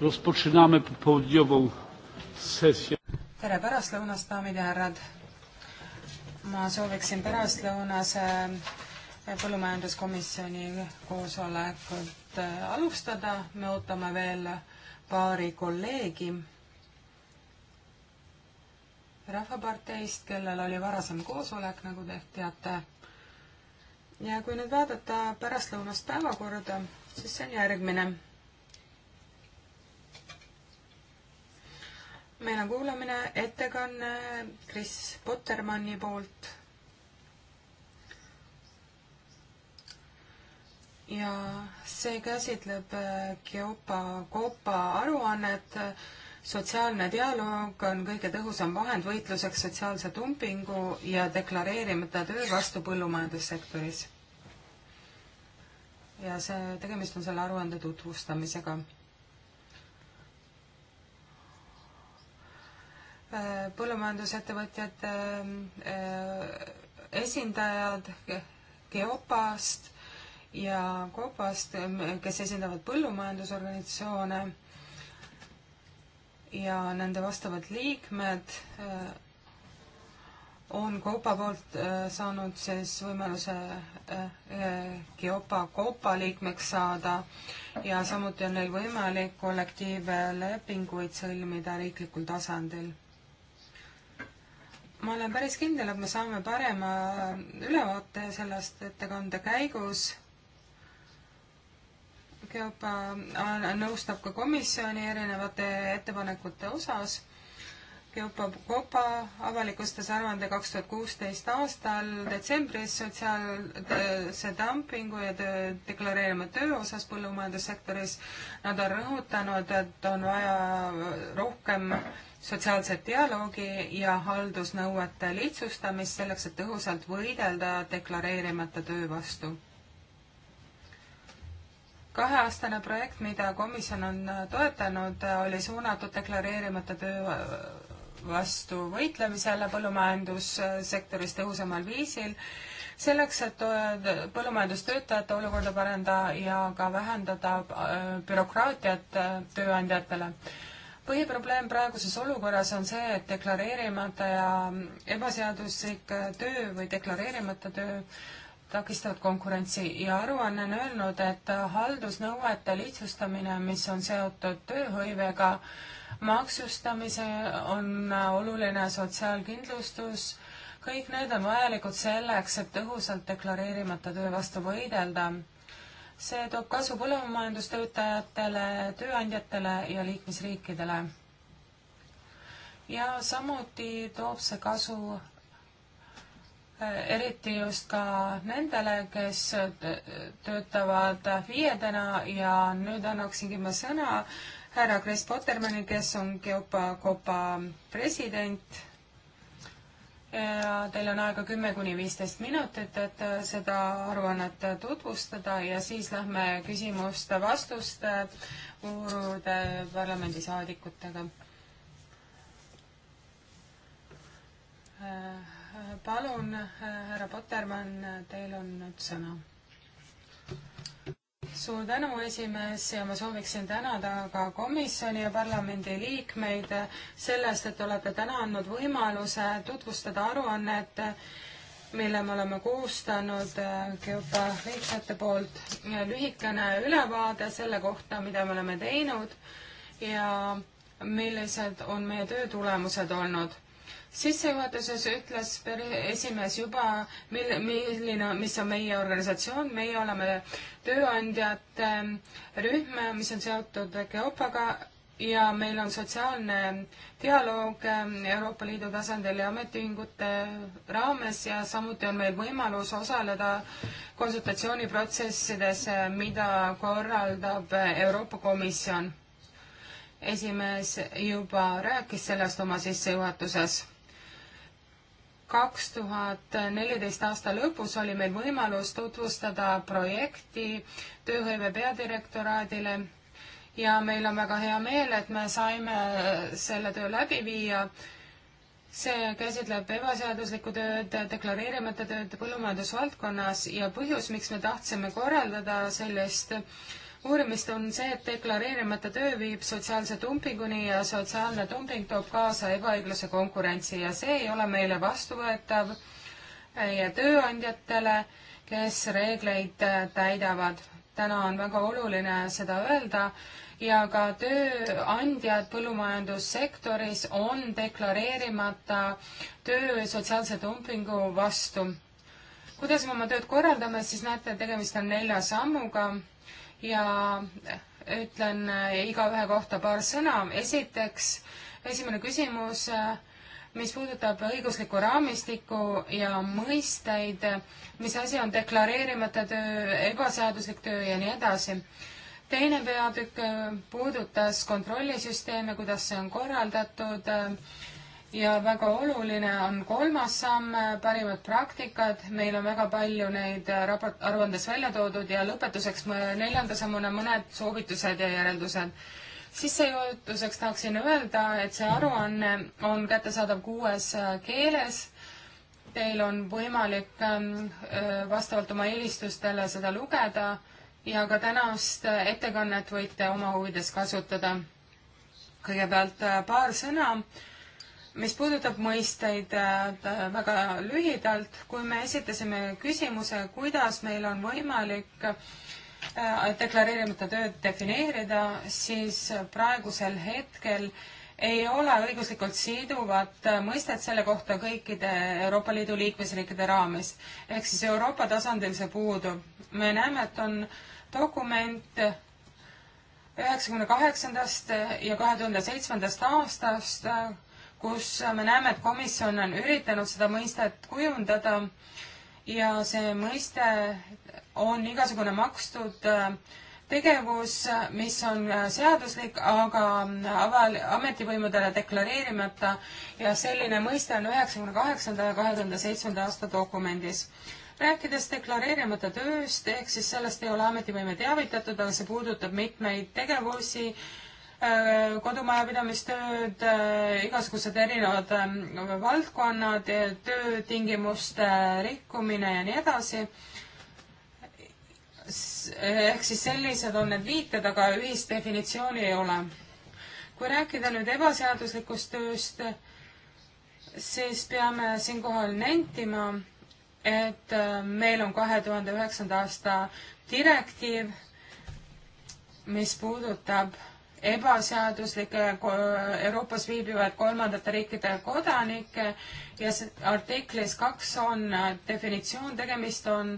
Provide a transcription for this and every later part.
Rozpoczynamy popołudniową sesję. tere pärastlõunast, daamid ja härrad. ma sooviksin pärastlõunase äh, põllumajanduskomisjoni koosolekut äh, alustada, me ootame veel paari kolleegi Rahvaparteist, kellel oli varasem koosolek, nagu te ehk teate. ja kui nüüd vaadata pärastlõunast päevakorda, siis see on järgmine meil on kuulamine, ettekanne Kris Pottermanni poolt. ja see käsitleb Geopa Coopa aruannet. sotsiaalne dialoog on kõige tõhusam vahend võitluseks sotsiaalse dumpingu ja deklareerimata töö vastu põllumajandussektoris. ja see, tegemist on selle aruande tutvustamisega Äh, põllumajandusettevõtjate ähm, äh, esindajad Geopast ja Kopast, ähm, kes esindavad põllumajandusorganisatsioone ja nende vastavad liikmed äh, on Koopa poolt saanud siis võimaluse Geopa Koopa liikmeks saada ja samuti on neil võimalik kollektiivlepinguid sõlmida riiklikul tasandil ma olen päris kindel, et me saame parema ülevaate sellest ettekande käigus. Geopa äh, nõustab ka komisjoni erinevate ettepanekute osas. Geopa Kopa avalikustas aruande kaks tuhat kuusteist aastal detsembris sotsiaalse dumpingu ja töö, deklareerima töö osas põllumajandussektoris. Nad on rõhutanud, et on vaja rohkem sotsiaalse dialoogi ja haldusnõuete lihtsustamist selleks, et tõhusalt võidelda deklareerimata töö vastu. kaheaastane projekt, mida komisjon on toetanud, oli suunatud deklareerimata töö vastu võitlemisele põllumajandussektoris tõhusamal viisil, selleks, et äh, põllumajandustöötajate olukorda parandada ja ka vähendada äh, bürokraatiat äh, tööandjatele põhiprobleem praeguses olukorras on see, et deklareerimata ja ebaseaduslik töö või deklareerimata töö takistavad konkurentsi ja aruanne on öelnud, et haldusnõuete lihtsustamine, mis on seotud tööhõivega, maksustamise on oluline sotsiaalkindlustus, kõik need on vajalikud selleks, et tõhusalt deklareerimata töö vastu võidelda see toob kasu põllumajandustöötajatele, tööandjatele ja liikmesriikidele. ja samuti toob see kasu äh, eriti just ka nendele, kes töötavad viiedena ja nüüd annaksingi ma sõna härra Kris Pottermanni, kes on Geopa Kopa president ja teil on aega kümme kuni viisteist minutit, et äh, seda aruannet tutvustada ja siis lähme küsimuste-vastuste uurude parlamendisaadikutega. Äh, palun, äh, härra Potermann, teil on nüüd sõna suur tänu, esimees, ja ma sooviksin tänada ka komisjoni ja parlamendi liikmeid sellest, et olete täna andnud võimaluse tutvustada aruannet, mille me oleme koostanud Geopa liikmete poolt. lühikene ülevaade selle kohta, mida me oleme teinud ja millised on meie töö tulemused olnud sissejuhatuses ütles esimees juba, mil, milline, mis on meie organisatsioon, meie oleme tööandjate ähm, rühm, mis on seotud Geopaga ja meil on sotsiaalne dialoog ähm, Euroopa Liidu tasandil ja ametiühingute raames ja samuti on meil võimalus osaleda konsultatsiooniprotsessides, äh, mida korraldab äh, Euroopa Komisjon. esimees juba rääkis sellest oma sissejuhatuses kaks tuhat neliteist aasta lõpus oli meil võimalus tutvustada projekti tööhõive peadirektoraadile ja meil on väga hea meel, et me saime selle töö läbi viia. see käsitleb ebaseaduslikku tööd, deklareerimata tööd põllumajandusvaldkonnas ja põhjus, miks me tahtsime korraldada sellist äh, uurimist, on see, et deklareerimata töö viib sotsiaalse dumpinguni ja sotsiaalne dumping toob kaasa ebaõiglase konkurentsi ja see ei ole meile vastuvõetav ja tööandjatele, kes reegleid äh, täidavad. täna on väga oluline seda öelda ja ka tööandjad põllumajandussektoris on deklareerimata töö sotsiaalse dumpingu vastu kuidas me oma tööd korraldame, siis näete, tegemist on nelja sammuga ja ütlen äh, igaühe kohta paar sõna. esiteks, esimene küsimus, äh, mis puudutab õiguslikku raamistikku ja mõisteid, mis asi on deklareerimata töö, ebaseaduslik töö ja nii edasi. teine peatükk äh, puudutas kontrollisüsteeme, kuidas see on korraldatud ja väga oluline on kolmas samm, parimad praktikad, meil on väga palju neid raport, aruandes välja toodud ja lõpetuseks neljanda sammuna mõned soovitused ja järeldused. sissejuhatuseks tahaksin öelda, et see aruanne on, on kättesaadav kuues äh, keeles. Teil on võimalik ähm, äh, vastavalt oma eelistustele seda lugeda ja ka tänast äh, ettekannet võite oma huvides kasutada. kõigepealt paar sõna mis puudutab mõisteid äh, väga lühidalt, kui me esitasime küsimuse, kuidas meil on võimalik äh, deklareerimata tööd defineerida, siis praegusel hetkel ei ole õiguslikult siduvat mõistet selle kohta kõikide Euroopa Liidu liikmesriikide raames. ehk siis Euroopa tasandil see puudub. me näeme, et on dokument üheksakümne kaheksandast ja kahe tuhande seitsmendast aastast, kus me näeme, et komisjon on üritanud seda mõistet kujundada ja see mõiste on igasugune makstud äh, tegevus, mis on äh, seaduslik, aga äh, aval-, ametivõimudele deklareerimata ja selline mõiste on üheksakümne kaheksanda ja kahe tuhande seitsmenda aasta dokumendis rääkides deklareerimata tööst, ehk siis sellest ei ole ametivõime teavitatud, aga see puudutab mitmeid tegevusi Äh, kodumajapidamistööd, äh, igasugused erinevad ähm, valdkonnad, äh, töötingimuste rikkumine ja nii edasi. ehk siis sellised on need viited, aga ühist definitsiooni ei ole. kui rääkida nüüd ebaseaduslikust tööst, siis peame siinkohal nentima, et meil on kahe tuhande üheksanda aasta direktiiv, mis puudutab ebaseaduslikke Euroopas viibivaid kolmandate riikide kodanikke ja artiklis kaks on äh, definitsioon, tegemist on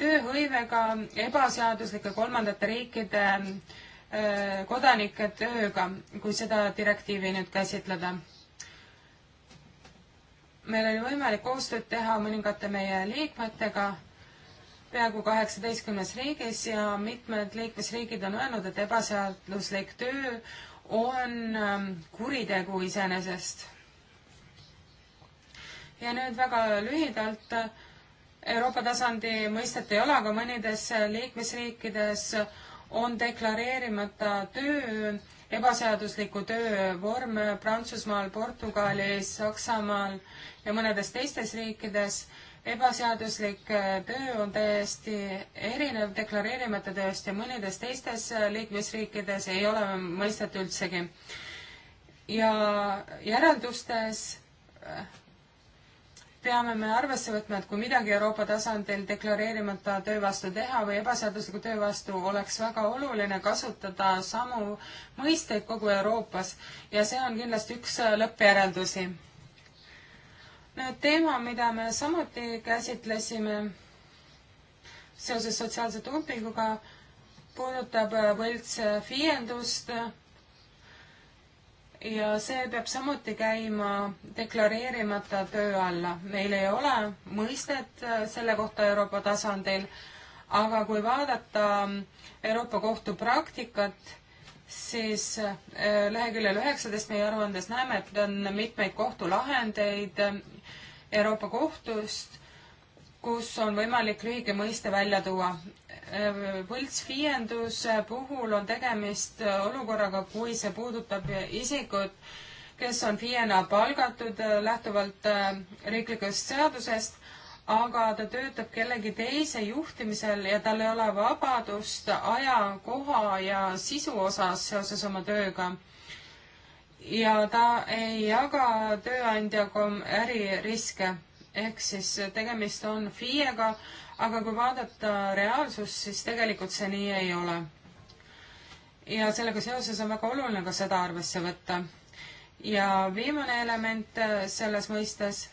tööhõivega ebaseaduslike kolmandate riikide äh, kodanike tööga, kui seda direktiivi nüüd käsitleda. meil oli võimalik koostööd teha mõningate meie liikmetega peaaegu kaheksateistkümnes riigis ja mitmed liikmesriigid on öelnud, et ebaseaduslik töö on ähm, kuritegu iseenesest. ja nüüd väga lühidalt, Euroopa tasandi mõistet ei ole, aga mõnides liikmesriikides on deklareerimata töö, ebaseadusliku töö vorm Prantsusmaal, Portugalis, Saksamaal ja mõnedes teistes riikides ebaseaduslik äh, töö on täiesti erinev deklareerimata tööst ja mõnedes teistes äh, liikmesriikides ei ole mõistet üldsegi. ja järeldustes äh, peame me arvesse võtma, et kui midagi Euroopa tasandil deklareerimata töö vastu teha või ebaseadusliku töö vastu, oleks väga oluline kasutada samu mõisteid kogu Euroopas ja see on kindlasti üks lõppjäreldusi teema, mida me samuti käsitlesime seoses sotsiaalse dumpinguga, puudutab äh, võltsfiiendust ja see peab samuti käima deklareerimata töö alla. meil ei ole mõistet äh, selle kohta Euroopa tasandil, aga kui vaadata mm, Euroopa Kohtu praktikat, siis äh, leheküljel üheksateist meie aruandes näeme, et on mitmeid kohtulahendeid Euroopa Kohtust, kus on võimalik lühike mõiste välja tuua. võltsviienduse puhul on tegemist olukorraga, kui see puudutab isikut, kes on FIE-na palgatud lähtuvalt äh, riiklikust seadusest, aga ta töötab kellegi teise juhtimisel ja tal ei ole vabadust aja, koha ja sisu osas seoses oma tööga ja ta ei jaga tööandja äririske. ehk siis tegemist on FIE-ga, aga kui vaadata reaalsust, siis tegelikult see nii ei ole. ja sellega seoses on väga oluline ka seda arvesse võtta. ja viimane element äh, selles mõistes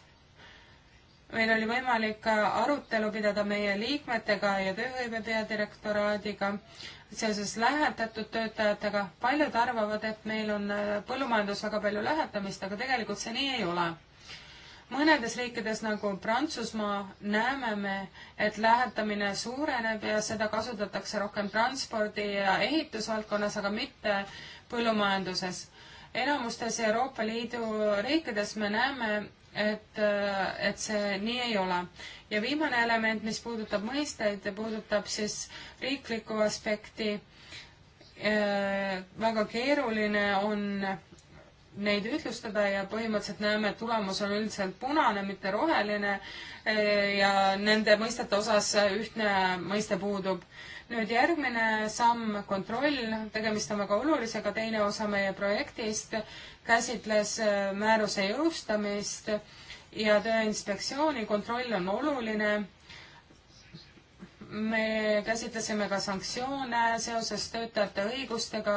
meil oli võimalik äh, arutelu pidada meie liikmetega ja tööhõive peadirektoraadiga seoses lähetatud töötajatega. paljud arvavad, et meil on äh, põllumajandus väga palju lähetamist, aga tegelikult see nii ei ole. mõnedes riikides nagu Prantsusmaa näeme me, et lähetamine suureneb ja seda kasutatakse rohkem transpordi ja ehitusvaldkonnas, aga mitte põllumajanduses enamustes Euroopa Liidu riikides me näeme, et, äh, et see nii ei ole. ja viimane element, mis puudutab mõisteid, puudutab siis riiklikku aspekti. Äh, väga keeruline on neid ütlustada ja põhimõtteliselt näeme, et tulemus on üldiselt punane, mitte roheline äh, ja nende mõistete osas ühtne mõiste puudub nüüd järgmine samm, kontroll, tegemist on väga olulisega, teine osa meie projektist käsitles äh, määruse jõustamist ja Tööinspektsiooni kontroll on oluline. me käsitlesime ka sanktsioone seoses töötajate õigustega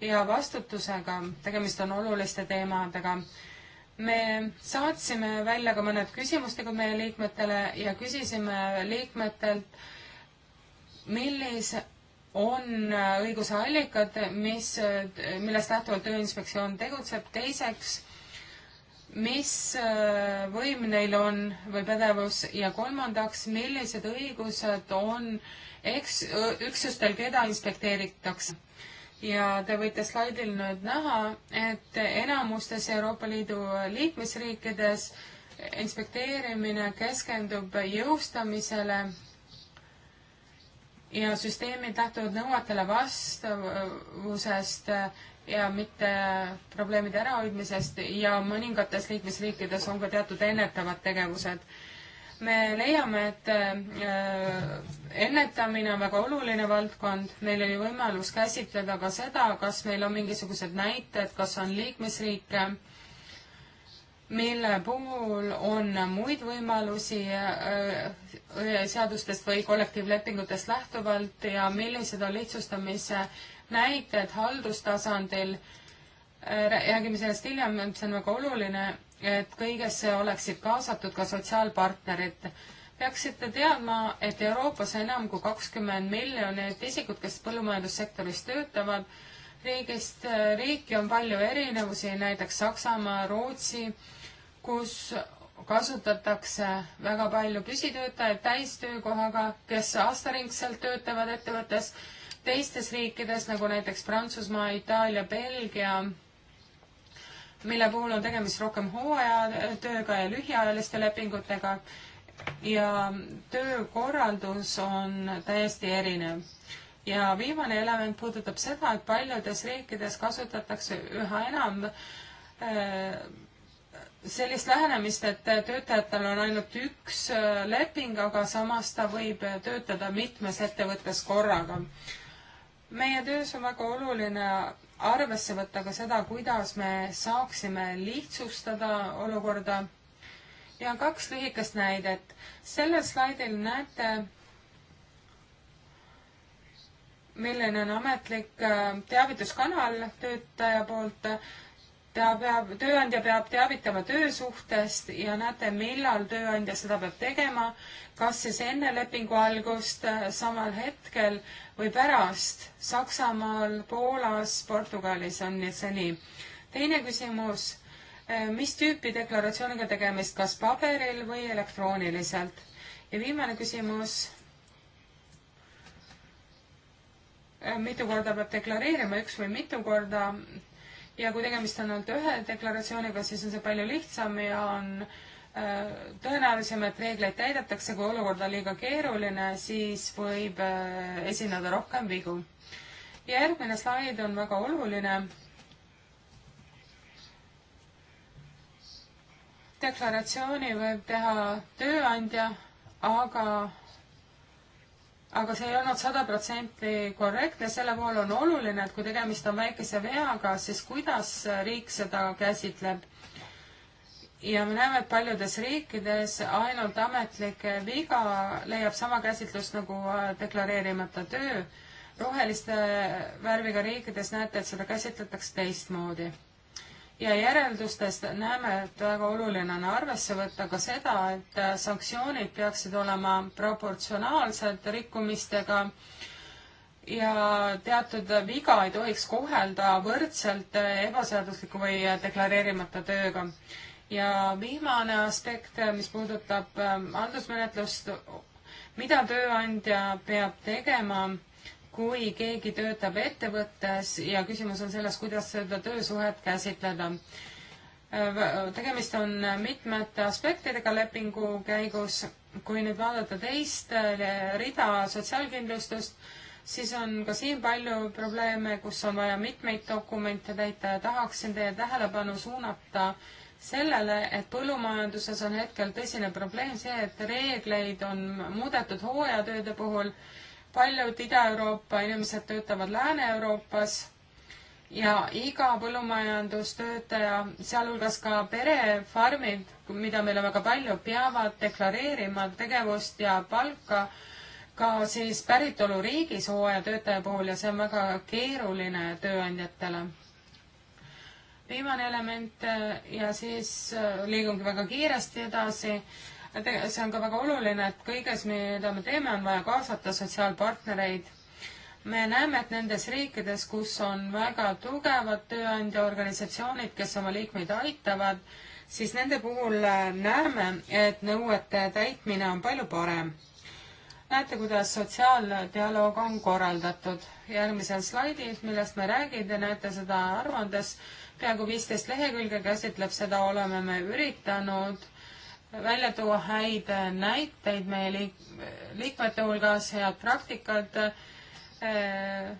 ja vastutusega, tegemist on oluliste teemadega me saatsime välja ka mõned küsimused meie liikmetele ja küsisime liikmetelt millis on õiguse allikad, mis, millest lähtuvalt Tööinspektsioon tegutseb, teiseks, mis võim neil on või pädevus ja kolmandaks, millised õigused on eks-, üksustel, keda inspekteeritakse. ja te võite slaidil nüüd näha, et enamustes Euroopa Liidu liikmesriikides inspekteerimine keskendub jõustamisele ja süsteemid lähtuvad nõuetele vastavusest äh, ja mitte probleemide ärahoidmisest ja mõningates liikmesriikides on ka teatud ennetavad tegevused. me leiame, et äh, ennetamine on väga oluline valdkond, meil oli võimalus käsitleda ka seda, kas meil on mingisugused näited, kas on liikmesriike, mille puhul on muid võimalusi äh, äh, seadustest või kollektiivlepingutest lähtuvalt ja millised on lihtsustamise näited haldustasandil. Äh, räägime sellest hiljem, see on väga oluline, et kõigesse oleksid kaasatud ka sotsiaalpartnerid. peaksite teadma, et Euroopas enam kui kakskümmend miljonit isikut, kes põllumajandussektoris töötavad, riigist riiki on palju erinevusi, näiteks Saksamaa, Rootsi kus kasutatakse väga palju püsitöötajaid täistöökohaga, kes aastaringselt töötavad ettevõttes. teistes riikides nagu näiteks Prantsusmaa, Itaalia, Belgia, mille puhul on tegemist rohkem hooajatööga ja lühiajaliste lepingutega ja töökorraldus on täiesti erinev. ja viimane element puudutab seda, et paljudes riikides kasutatakse üha enam äh, sellist lähenemist, et töötajatel on ainult üks äh, leping, aga samas ta võib äh, töötada mitmes ettevõttes korraga. meie töös on väga oluline arvesse võtta ka seda, kuidas me saaksime lihtsustada olukorda. ja kaks lühikest näidet. sellel slaidil näete, milline on ametlik äh, teavituskanal töötaja poolt ta peab, tööandja peab teavitama töösuhtest ja näete, millal tööandja seda peab tegema, kas siis enne lepingu algust äh, samal hetkel või pärast. Saksamaal, Poolas, Portugalis on see nii. teine küsimus, äh, mis tüüpi deklaratsiooniga tegemist, kas paberil või elektrooniliselt? ja viimane küsimus äh, mitu korda peab deklareerima, üks või mitu korda ja kui tegemist on ainult ühe deklaratsiooniga, siis on see palju lihtsam ja on äh, tõenäolisem, et reegleid täidetakse, kui olukord on liiga keeruline, siis võib äh, esineda rohkem vigu. ja järgmine slaid on väga oluline. deklaratsiooni võib teha tööandja, aga aga see ei olnud sada protsenti korrektne, selle puhul on oluline, et kui tegemist on väikese veaga, siis kuidas riik seda käsitleb. ja me näeme, et paljudes riikides ainult ametlik viga leiab sama käsitlust nagu deklareerimata töö. roheliste värviga riikides näete, et seda käsitletakse teistmoodi ja järeldustest näeme, et väga oluline on arvesse võtta ka seda, et sanktsioonid peaksid olema proportsionaalsed rikkumistega ja teatud viga ei tohiks kohelda võrdselt ebaseadusliku või deklareerimata tööga. ja viimane aspekt, mis puudutab haldusmenetlust, mida tööandja peab tegema kui keegi töötab ettevõttes ja küsimus on selles, kuidas seda töösuhet käsitleda. Äh, tegemist on mitmete aspektidega lepingu käigus. kui nüüd vaadata teist äh, rida sotsiaalkindlustust, siis on ka siin palju probleeme, kus on vaja mitmeid dokumente täita ja tahaksin teie tähelepanu suunata sellele, et põllumajanduses on hetkel tõsine probleem see, et reegleid on muudetud hooajatööde puhul paljud Ida-Euroopa inimesed töötavad Lääne-Euroopas ja iga põllumajandustöötaja, sealhulgas ka perefarmid, mida meil on väga palju, peavad deklareerima tegevust ja palka ka siis päritoluriigis hooajatöötaja puhul ja see on väga keeruline tööandjatele. viimane element äh, ja siis äh, liigungi väga kiiresti edasi see on ka väga oluline, et kõiges, mida me teeme, on vaja kaasata sotsiaalpartnereid. me näeme, et nendes riikides, kus on väga tugevad tööandjaorganisatsioonid, kes oma liikmeid aitavad, siis nende puhul äh, näeme, et nõuete täitmine on palju parem. näete, kuidas sotsiaaldialoog on korraldatud. järgmisel slaidil, millest me räägin, te näete seda aruandes, peaaegu viisteist lehekülge käsitleb seda, oleme me üritanud välja tuua häid näiteid meie liik liikmete hulgas, head praktikad äh,,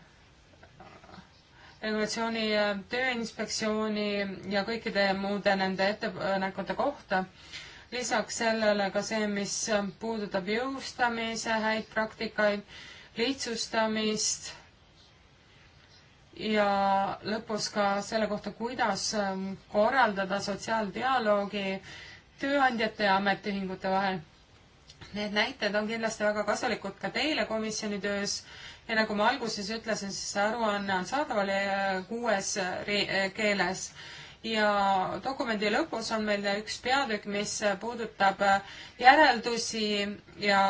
regulatsiooni ja Tööinspektsiooni ja kõikide muude nende ettepanekute kohta. lisaks sellele ka see, mis puudutab jõustamise häid praktikaid, lihtsustamist ja lõpus ka selle kohta, kuidas eh, korraldada sotsiaaldialoogi äh, tööandjate ja ametiühingute vahel. Need näited on kindlasti väga kasulikud ka teile komisjoni töös ja nagu ma alguses ütlesin, siis see aruanne on, on saadaval kuues eh, keeles ja dokumendi lõpus on meil üks peatükk, mis puudutab eh, järeldusi ja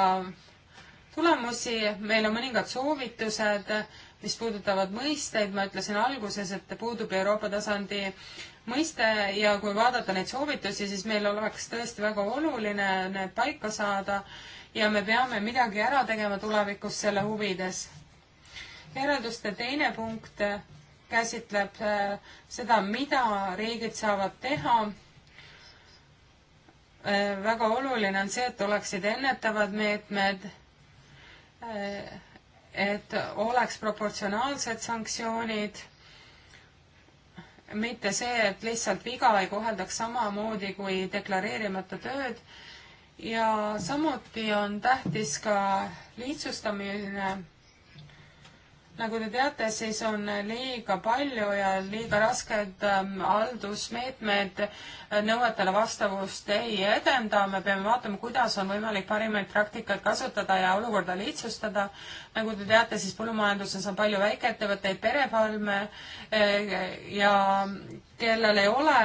tulemusi. meil on mõningad soovitused, mis puudutavad mõisteid. ma ütlesin alguses, et puudub Euroopa tasandi mõiste ja kui vaadata neid soovitusi, siis meil oleks tõesti väga oluline need paika saada ja me peame midagi ära tegema tulevikus selle huvides. järelduste teine punkt käsitleb äh, seda, mida riigid saavad teha äh, väga oluline on see, et oleksid ennetavad meetmed, äh, et oleks proportsionaalsed sanktsioonid mitte see, et lihtsalt viga ei koheldaks samamoodi kui deklareerimata tööd. ja samuti on tähtis ka lihtsustamine nagu te teate, siis on liiga palju ja liiga rasked ähm, haldusmeetmed nõuetele vastavust ei edenda. me peame vaatama, kuidas on võimalik parimaid praktikaid kasutada ja olukorda lihtsustada. nagu te teate, siis põllumajanduses on palju väikeettevõtteid, perepalme äh, ja kellel ei ole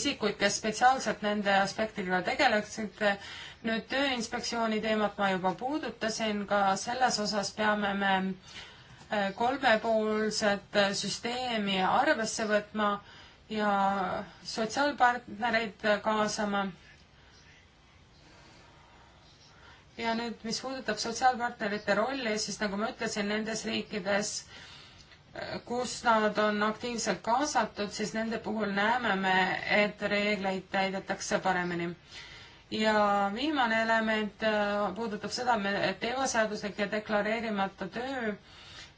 isikuid, kes spetsiaalselt nende aspektidega tegeleksid. nüüd Tööinspektsiooni teemat ma juba puudutasin, ka selles osas peame me Äh, kolmepoolset süsteemi arvesse võtma ja sotsiaalpartnereid kaasama. ja nüüd, mis puudutab sotsiaalpartnerite rolli, siis nagu ma ütlesin, nendes riikides, äh, kus nad on aktiivselt kaasatud, siis nende puhul näeme me, et reegleid täidetakse paremini ja viimane element äh, puudutab seda, et ebaseaduslik ja deklareerimata töö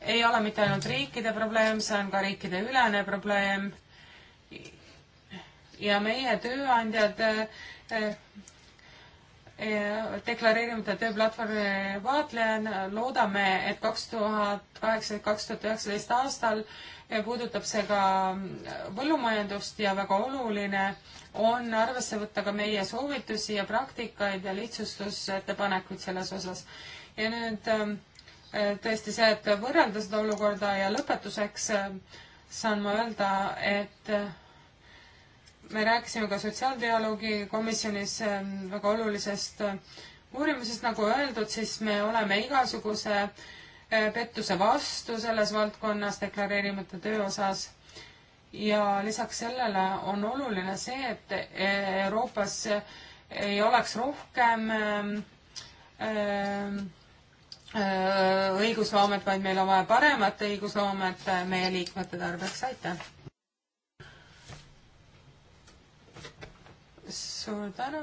ei ole mitte ainult riikide probleem, see on ka riikide ülene probleem. ja meie tööandjad eh, eh, deklareerimata tööplatvormi vaatlejana loodame, et kaks tuhat kaheksa, kaks tuhat üheksateist aastal eh, puudutab see ka mm, põllumajandust ja väga oluline on arvesse võtta ka meie soovitusi ja praktikaid ja lihtsustusettepanekuid selles osas. ja nüüd mm, tõesti see, et võrrelda seda olukorda ja lõpetuseks äh, saan ma öelda, et äh, me rääkisime ka sotsiaaldialoogi komisjonis äh, väga olulisest uurimusest, nagu öeldud, siis me oleme igasuguse pettuse vastu selles valdkonnas deklareerimata töö osas. ja lisaks sellele on oluline see, et Euroopas ei oleks rohkem äh, äh, Äh, õigusloomet, vaid meil on vaja paremat õigusloomet äh, meie liikmete tarbeks, aitäh! suur tänu,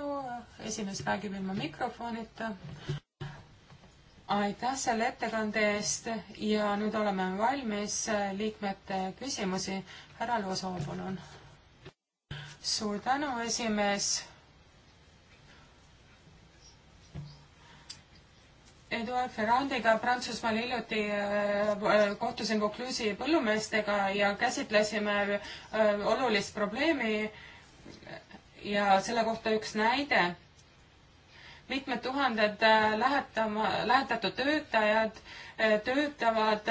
esimees räägib ilma mikrofonita. aitäh selle ettekande eest ja nüüd oleme valmis äh, liikmete küsimusi. härra Loosoov, palun. suur tänu, esimees Eduard Ferrandiga Prantsusmaal hiljuti äh, äh, kohtusin Vaucluse'i põllumeestega ja käsitlesime äh, olulist probleemi ja selle kohta üks näide. mitmed tuhanded lähetama, lähetatud töötajad töötavad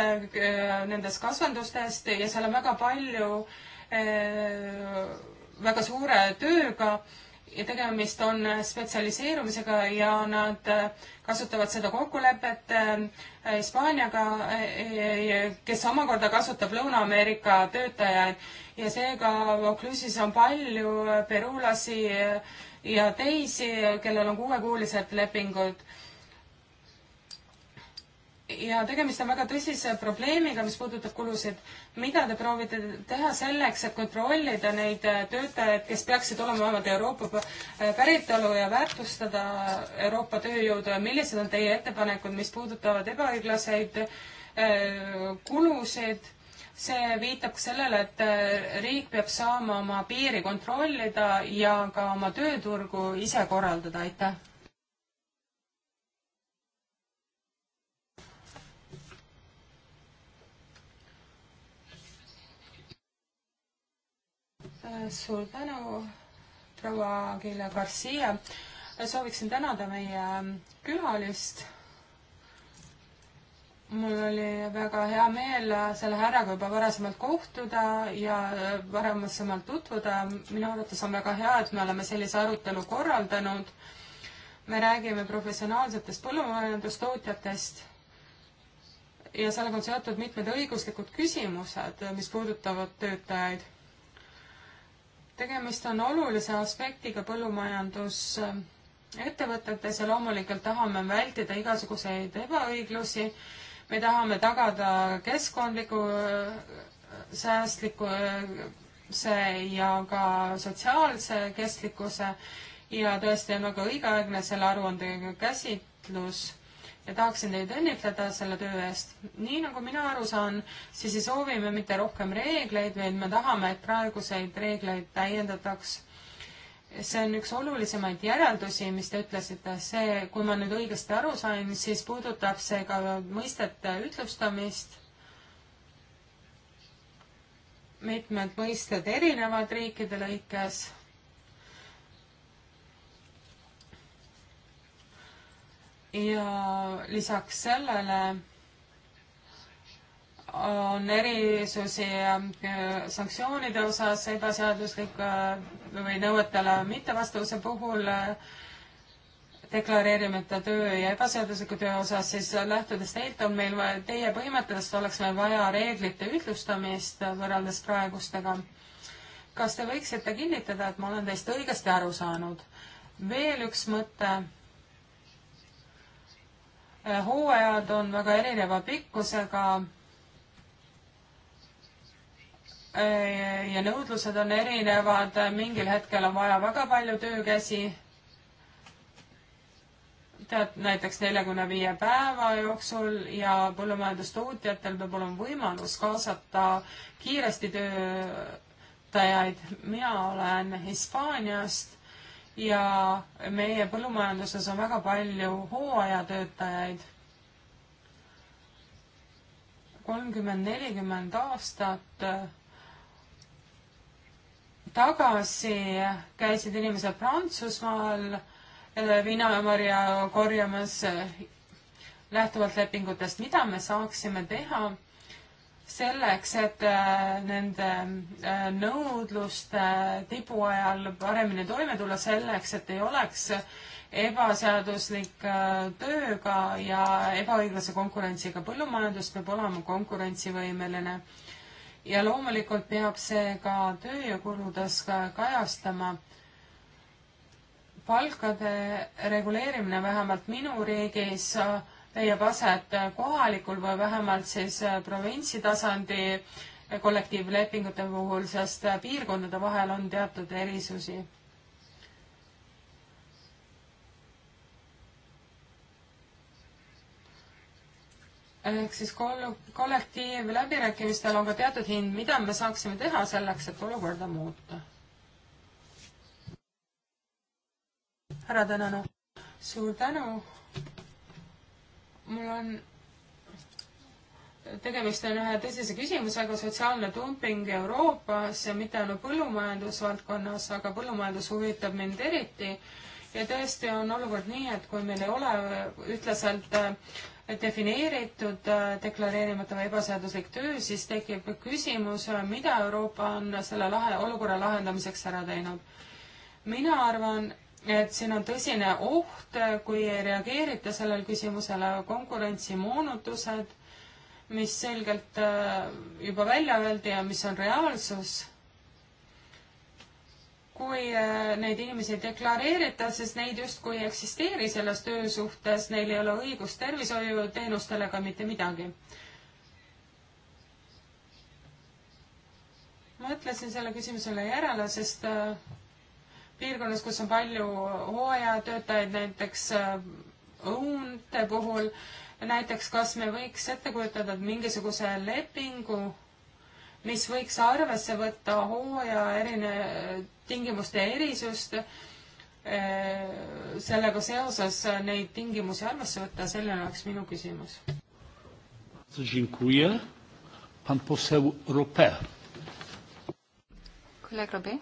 nendes kasvandustes ja seal on väga palju, väga suure tööga ja tegemist on spetsialiseerumisega ja nad äh, kasutavad seda kokkulepet äh, Hispaaniaga, äh, kes omakorda kasutab Lõuna-Ameerika töötajaid ja seega Vaucluse'is on palju peruulasi ja teisi, kellel on kuuekuulised lepingud ja tegemist on väga tõsise probleemiga, mis puudutab kulusid. mida te proovite teha selleks, et kontrollida neid äh, töötajaid, kes peaksid olema vähemalt Euroopa äh, päritolu ja väärtustada Euroopa tööjõudu ja millised on teie ettepanekud, mis puudutavad ebaõiglaseid äh, kulusid? see viitab sellele, et riik peab saama oma piiri kontrollida ja ka oma tööturgu ise korraldada, aitäh suur tänu, proua Keila Garcia. sooviksin tänada meie külalist. mul oli väga hea meel selle härraga juba varasemalt kohtuda ja varasemalt tutvuda. minu arvates on väga hea, et me oleme sellise arutelu korraldanud. me räägime professionaalsetest põllumajandustootjatest ja sellega on seotud mitmed õiguslikud küsimused, mis puudutavad töötajaid tegemist on olulise aspektiga põllumajandusettevõtetes ja loomulikult tahame vältida igasuguseid ebaõiglusi. me tahame tagada keskkondliku säästliku see ja ka sotsiaalse kestlikkuse ja tõesti on väga õigeaegne selle aruande käsitlus ja tahaksin teid õnnitleda selle töö eest. nii nagu mina aru saan, siis ei soovi me mitte rohkem reegleid, vaid me tahame, et praeguseid reegleid täiendataks. see on üks olulisemaid järeldusi, mis te ütlesite, see, kui ma nüüd õigesti aru sain, siis puudutab see ka mõistete ütlustamist mitmed mõisted erinevad riikide lõikes ja lisaks sellele on erisusi äh, sanktsioonide osas ebaseadusliku äh, või nõuetele mittevastavuse puhul äh, deklareerimata töö ja ebaseadusliku töö osas, siis lähtudes teilt on meil, teie põhimõtteliselt oleks meil vaja reeglite ühtlustamist võrreldes praegustega. kas te võiksite kinnitada, et ma olen teist õigesti aru saanud? veel üks mõte Äh, hooajad on väga erineva pikkusega äh, ja nõudlused on erinevad, mingil hetkel on vaja väga palju töökäsi, tead, näiteks neljakümne viie päeva jooksul ja põllumajandustootjatel peab olema võimalus kaasata kiiresti töötajaid. mina olen Hispaaniast ja meie põllumajanduses on väga palju hooajatöötajaid. kolmkümmend, nelikümmend aastat äh, tagasi käisid inimesed Prantsusmaal äh, vinamarja korjamas äh, lähtuvalt lepingutest, mida me saaksime teha selleks, et äh, nende äh, nõudluste tibu ajal paremini toime tulla, selleks, et ei oleks ebaseaduslik äh, tööga ja ebaõiglase konkurentsiga. põllumajandus peab olema konkurentsivõimeline ja loomulikult peab see ka tööjõukuludes ka kajastama. palkade reguleerimine vähemalt minu riigis äh, leiab aset kohalikul või vähemalt siis äh, provintsi tasandi äh, kollektiivlepingute puhul, sest äh, piirkondade vahel on teatud erisusi ehk siis koll-, kollektiivläbirääkimistel on ka teatud hind, mida me saaksime teha selleks, et olukorda muuta? härra Tänanu, suur tänu mul on, tegemist on ühe tõsise küsimusega, sotsiaalne dumping Euroopas ja mitte ainult põllumajandusvaldkonnas, aga põllumajandus huvitab mind eriti. ja tõesti on olukord nii, et kui meil ei ole ühtlaselt äh, defineeritud äh, deklareerimata või ebaseaduslik töö, siis tekib küsimus, äh, mida Euroopa on selle lahe, olukorra lahendamiseks ära teinud. mina arvan, et siin on tõsine oht, kui ei reageerita sellele küsimusele, konkurentsimoonutused, mis selgelt äh, juba välja öeldi ja mis on reaalsus kui äh, neid inimesi deklareerida, siis neid justkui ei eksisteeri selles töösuhtes, neil ei ole õigust tervishoiuteenustele ega mitte midagi. mõtlesin selle küsimusele järele, sest äh, piirkonnas, kus on palju hooajatöötajaid, näiteks äh, õunte puhul, näiteks kas me võiks ette kujutada mingisuguse lepingu, mis võiks arvesse võtta hooaja erine, tingimuste erisust, äh, sellega seoses neid tingimusi arvesse võtta, selline oleks minu küsimus. kolleeg Robe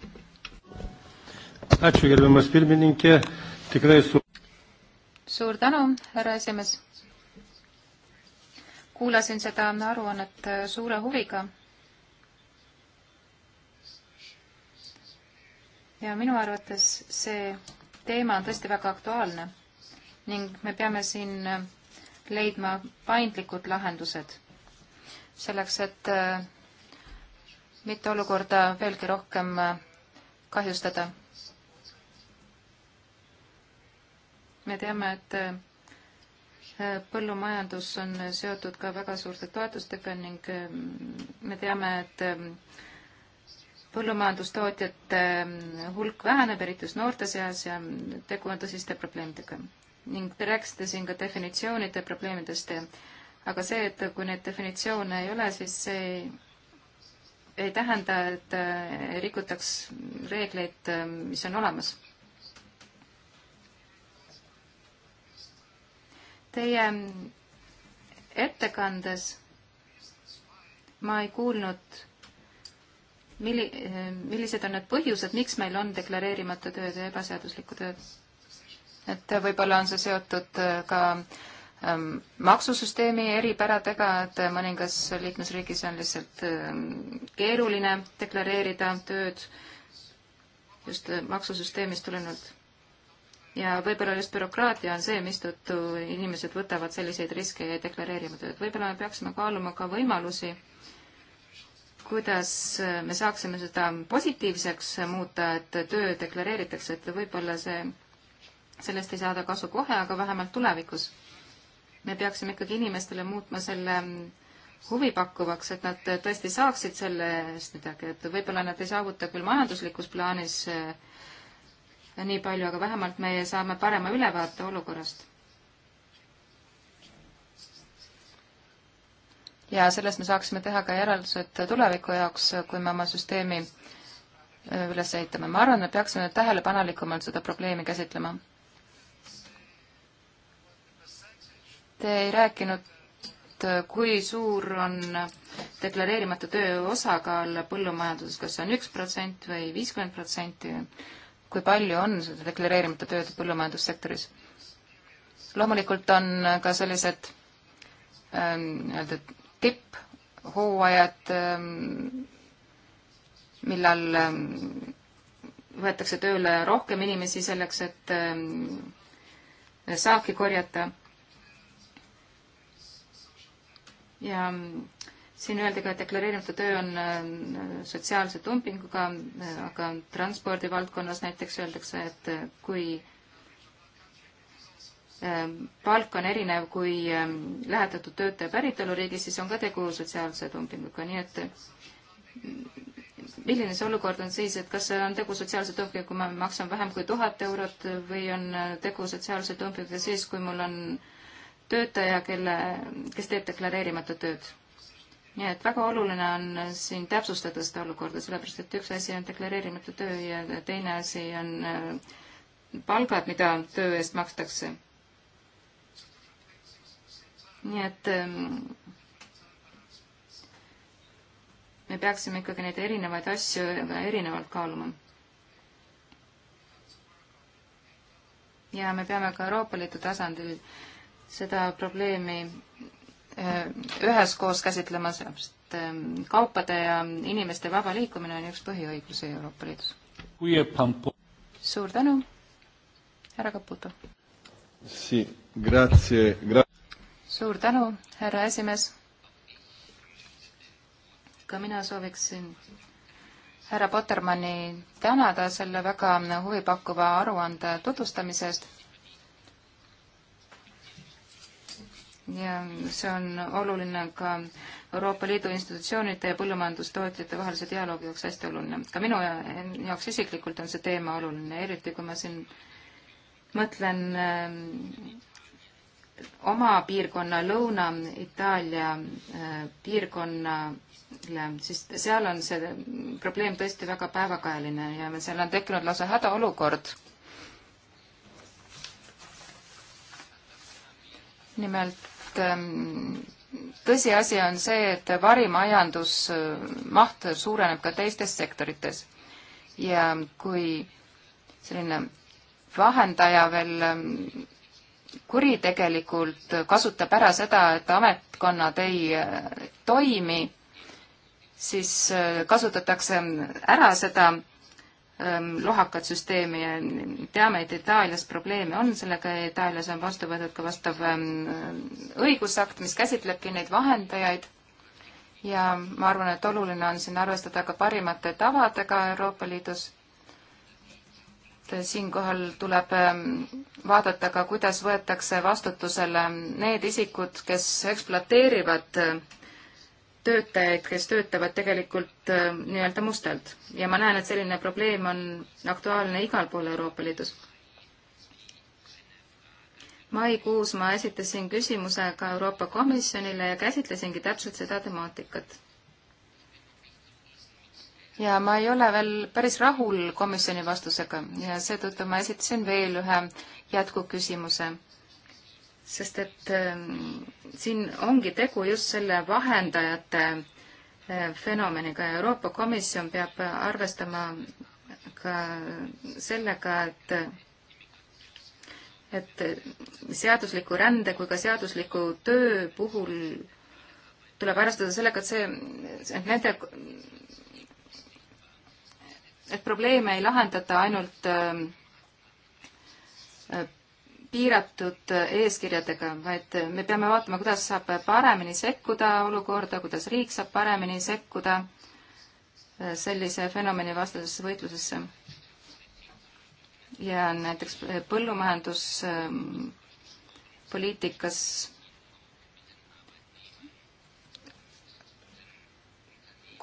suur tänu, härra esimees. kuulasin seda aruannet äh, suure huviga. ja minu arvates see teema on tõesti väga aktuaalne ning me peame siin äh, leidma paindlikud lahendused selleks, et äh, mitte olukorda veelgi rohkem kahjustada. me teame, et äh, põllumajandus on seotud ka väga suurte toetustega ning äh, me teame, et äh, põllumajandustootjate hulk väheneb, eriti just noorte seas ja tegu on tõsiste probleemidega. ning te rääkisite siin ka definitsioonide probleemidest, aga see, et kui neid definitsioone ei ole, siis see ei ei tähenda, et rikutaks reegleid, mis on olemas. Teie ettekandes ma ei kuulnud, milli-, millised on need põhjused, miks meil on deklareerimata tööd ja ebaseaduslikku tööd? et võib-olla on see seotud äh, ka ähm, maksusüsteemi eripäradega, et mõningas liikmesriigis on lihtsalt ähm, keeruline deklareerida tööd just äh, maksusüsteemist tulenevalt ja võib-olla just bürokraatia on see, mistõttu inimesed võtavad selliseid riske ja deklareerivad, et võib-olla me peaksime kaaluma ka võimalusi, kuidas me saaksime seda positiivseks muuta, et töö deklareeritakse, et võib-olla see, sellest ei saada kasu kohe, aga vähemalt tulevikus. me peaksime ikkagi inimestele muutma selle huvipakkuvaks, et nad tõesti saaksid selle eest midagi, et võib-olla nad ei saavuta küll majanduslikus plaanis äh, nii palju, aga vähemalt me saame parema ülevaate olukorrast. ja sellest me saaksime teha ka järeldused tuleviku jaoks, kui me oma süsteemi üles ehitame. ma arvan, et peaksime tähelepanelikumalt seda probleemi käsitlema. Te ei rääkinud, kui suur on deklareerimata töö osakaal põllumajanduses, kas see on üks protsent või viiskümmend protsenti? kui palju on seda deklareerimata tööd põllumajandussektoris. loomulikult on ka sellised äh, nii-öelda ähm, tipphooajad ähm,, millal ähm, võetakse tööle rohkem inimesi selleks, et ähm, saaki korjata. ja siin öeldi ka, et deklareerimata töö on äh, sotsiaalse dumpinguga, äh, aga transpordivaldkonnas näiteks öeldakse, et äh, kui palk on erinev kui lähetatud töötaja päritoluriigis, siis on ka tegu sotsiaalse dumpinguga, nii et milline see olukord on siis, et kas on tegu sotsiaalse dumpinguga, kui ma maksan vähem kui tuhat eurot või on tegu sotsiaalse dumpinguga siis, kui mul on töötaja, kelle, kes teeb deklareerimata tööd? nii et väga oluline on siin täpsustada seda olukorda, sellepärast et üks asi on deklareerimata töö ja teine asi on äh, palgad, mida töö eest makstakse. nii et ähm, me peaksime ikkagi neid erinevaid asju erinevalt kaaluma. ja me peame ka Euroopa Liidu tasandil seda probleemi Äh, üheskoos käsitlema, sellepärast äh, kaupade ja inimeste vaba liikumine on üks põhiõigusi Euroopa Liidus. E suur tänu, härra Caputo si,. suur tänu, härra esimees. ka mina sooviksin härra Pottermanni tänada selle väga huvipakkuva aruande tutvustamise eest ja see on oluline ka Euroopa Liidu institutsioonide ja põllumajandustootjate vahelise dialoogi jaoks hästi oluline. ka minu jaoks isiklikult on see teema oluline, eriti kui ma siin mõtlen ähm, oma piirkonna, Lõuna-Itaalia äh, piirkonnale, siis seal on see probleem tõesti väga päevakajaline ja seal on tekkinud lausa hädaolukord nimelt ähm, tõsiasi on see, et varimajandusmaht äh, suureneb ka teistes sektorites ja kui selline vahendaja veel ähm, kuritegelikult kasutab ära seda, et ametkonnad ei äh, toimi, siis äh, kasutatakse ära seda Ähm, lohakat süsteemi ja teame, et Itaalias probleeme on sellega ja Itaalias on vastu võetud ka vastav ähm, õigusakt, mis käsitlebki neid vahendajaid ja ma arvan, et oluline on siin arvestada ka parimate tavadega Euroopa Liidus. siinkohal tuleb ähm, vaadata ka, kuidas võetakse vastutusele need isikud, kes ekspluateerivad äh, töötajaid, kes töötavad tegelikult äh, nii-öelda mustalt ja ma näen, et selline probleem on aktuaalne igal pool Euroopa Liidus. maikuus ma esitasin küsimuse ka Euroopa Komisjonile ja käsitlesingi täpselt seda temaatikat. ja ma ei ole veel päris rahul komisjoni vastusega ja seetõttu ma esitasin veel ühe jätkuküsimuse sest et ähm, siin ongi tegu just selle vahendajate äh, fenomeniga ja Euroopa Komisjon peab arvestama ka sellega, et et seadusliku rände kui ka seadusliku töö puhul tuleb arvestada sellega, et see, et nende, et probleeme ei lahendata ainult äh, piiratud eeskirjadega, vaid me peame vaatama, kuidas saab paremini sekkuda olukorda, kuidas riik saab paremini sekkuda sellise fenomeni vastasesse võitlusesse. ja näiteks põllumajanduspoliitikas ähm,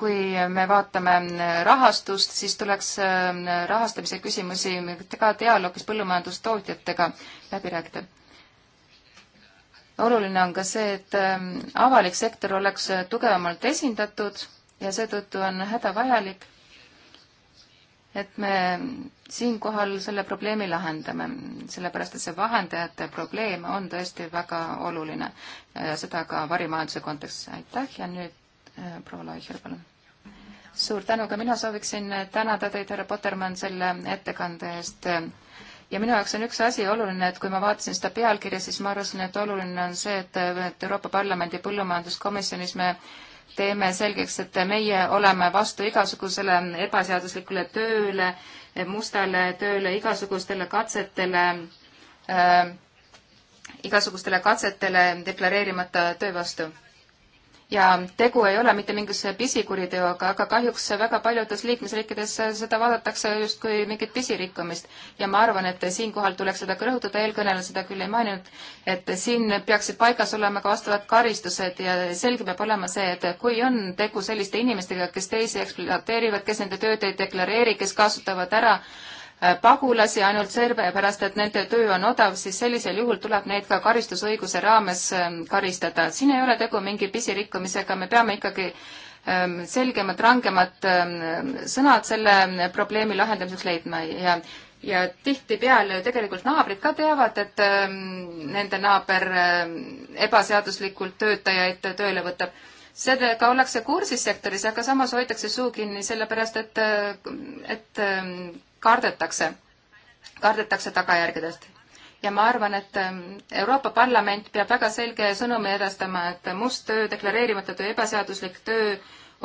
kui me vaatame rahastust, siis tuleks äh, rahastamise küsimusi ka dialoogis põllumajandustootjatega läbi rääkida. oluline on ka see, et ähm, avalik sektor oleks tugevamalt esindatud ja seetõttu on hädavajalik, et me siinkohal selle probleemi lahendame, sellepärast et see vahendajate probleem on tõesti väga oluline, äh, seda ka varimajanduse kontekstis. aitäh ja nüüd Äh, proua Laicher, palun. suur tänu, ka mina sooviksin äh, tänada teid, härra Pottermann, selle ettekande eest. Äh, ja minu jaoks on üks asi oluline, et kui ma vaatasin seda pealkirja, siis ma arvasin, et oluline on see, et, et Euroopa Parlamendi põllumajanduskomisjonis me teeme selgeks, et meie oleme vastu igasugusele ebaseaduslikule tööle, mustale tööle, igasugustele katsetele äh,, igasugustele katsetele deklareerimata töö vastu ja tegu ei ole mitte mingisuguse pisikuriteoga, aga kahjuks väga paljudes liikmesriikides seda vaadatakse justkui mingit pisirikkumist. ja ma arvan, et siinkohal tuleks seda ka rõhutada, eelkõneleja seda küll ei maininud, et siin peaksid paigas olema ka vastavad karistused ja selge peab olema see, et kui on tegu selliste inimestega, kes teisi ekspluateerivad, kes nende tööd ei deklareeri, kes kasutavad ära äh, Äh, pagulasi ainult sellepärast, et nende töö on odav, siis sellisel juhul tuleb neid ka karistusõiguse raames ähm, karistada. siin ei ole tegu mingi pisirikkumisega, me peame ikkagi ähm, selgemad, rangemad ähm, sõnad selle probleemi lahendamiseks leidma ja ja tihtipeale tegelikult naabrid ka teavad, et nende naaber ebaseaduslikult töötajaid tööle võtab sellega ollakse kursis sektoris, aga samas hoitakse suu kinni, sellepärast et, äh, et kardetakse, kardetakse tagajärgedest. ja ma arvan, et ähm, Euroopa Parlament peab väga selge sõnumi edastama, et must töö, deklareerimata töö, ebaseaduslik töö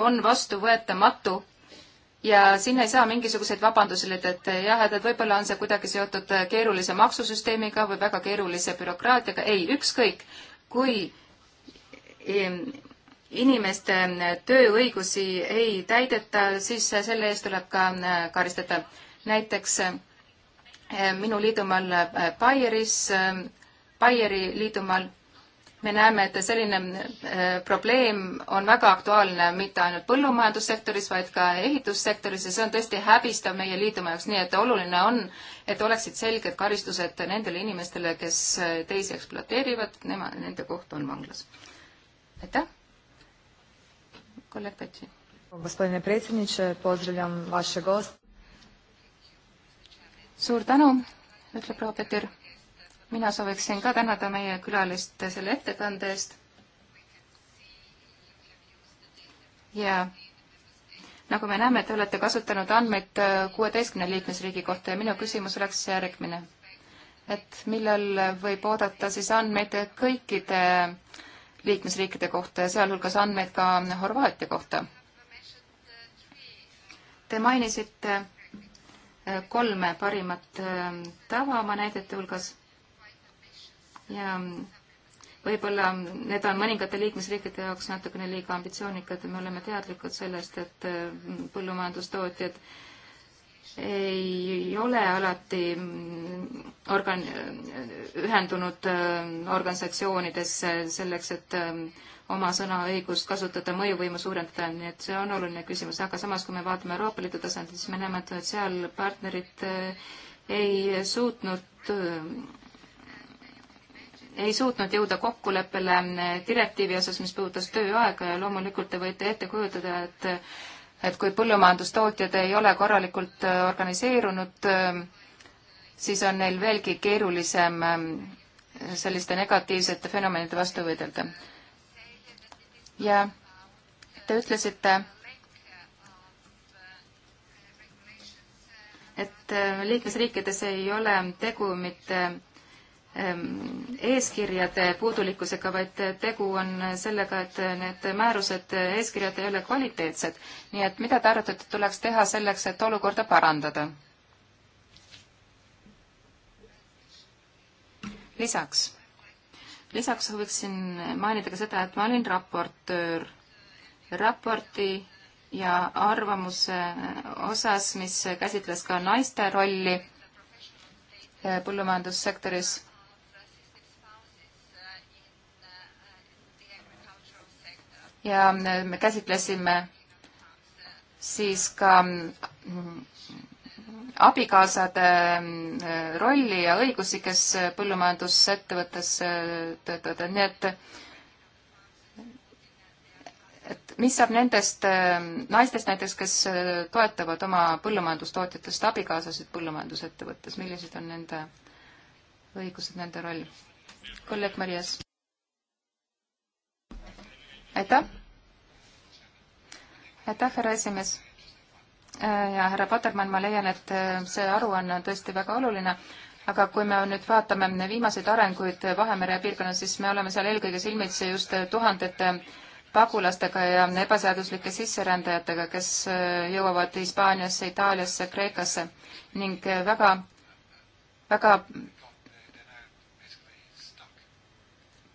on vastuvõetamatu ja siin ei saa mingisuguseid vabandusi, et jah, et, et võib-olla on see kuidagi seotud keerulise maksusüsteemiga või väga keerulise bürokraatiaga, ei, ükskõik, kui ehm, inimeste äh, tööõigusi ei täideta, siis äh, selle eest tuleb ka äh, karistada näiteks eh, minu liidumaal eh, Baieris, eh, Baieri liidumaal me näeme, et selline probleem on väga aktuaalne mitte ainult põllumajandussektoris, vaid ka ehitussektoris ja see on tõesti häbistav meie liidumaa jaoks, nii et oluline on, et oleksid selged karistused nendele inimestele, kes teisi ekspluateerivad, nema, nende koht on vanglas. aitäh. kolleeg Petši. Gospodine predsjedniče, pozdravljam vaše gost suur tänu, ütleb proua Petir. mina sooviksin ka tänada meie külalist selle ettekande eest. ja nagu me näeme, te olete kasutanud andmeid kuueteistkümne liikmesriigi kohta ja minu küsimus oleks järgmine. et millal võib oodata siis andmeid kõikide liikmesriikide kohta ja sealhulgas andmeid ka Horvaatia kohta? Te mainisite kolme parimat ähm, tava oma näidete hulgas ja ähm, võib-olla need on mõningate liikmesriikide jaoks natukene liiga ambitsioonikad ja me oleme teadlikud sellest, et ähm, põllumajandustootjad ei ole alati mm, organ-, ühendunud organisatsioonidesse selleks, et oma sõnaõigust kasutada, mõjuvõimu suurendada, nii et see on oluline küsimus, aga samas, kui me vaatame Euroopa Liidu tasandil, siis me näeme, et sotsiaalpartnerid äh, ei suutnud äh, ei suutnud jõuda kokkuleppele äh, direktiivi osas, mis puudutas tööaega ja loomulikult te võite ette kujutada, et et kui põllumajandustootjad ei ole korralikult organiseerunud, siis on neil veelgi keerulisem selliste negatiivsete fenomenide vastu võidelda ja te ütlesite, et äh, liikmesriikides ei ole tegu mitte ähm, eeskirjade puudulikkusega, vaid tegu on sellega, et need määrused, eeskirjad ei ole kvaliteetsed. nii et mida te arvate, et tuleks teha selleks, et olukorda parandada? lisaks lisaks sooviksin mainida ka seda, et ma olin raportöör raporti ja arvamuse osas, mis käsitles ka naiste rolli äh, põllumajandussektoris. ja me käsitlesime siis ka mm, abikaasade mm, äh, rolli ja õigusi, kes põllumajandusettevõttes äh, töötavad, nii et et mis saab nendest äh, naistest näiteks, kes toetavad oma põllumajandustootjatest abikaasasid põllumajandusettevõttes, millised on nende õigused, nende roll? kolleeg Marias. aitäh. aitäh, härra esimees Äh, ja härra Patermann, ma leian, et äh, see aruanne on, on tõesti väga oluline, aga kui me nüüd vaatame viimaseid arenguid Vahemere piirkonnas, siis me oleme seal eelkõige silmitsi just äh, tuhandete pagulastega ja ebaseaduslike sisserändajatega, kes jõuavad Hispaaniasse, Itaaliasse, Kreekasse ning väga, väga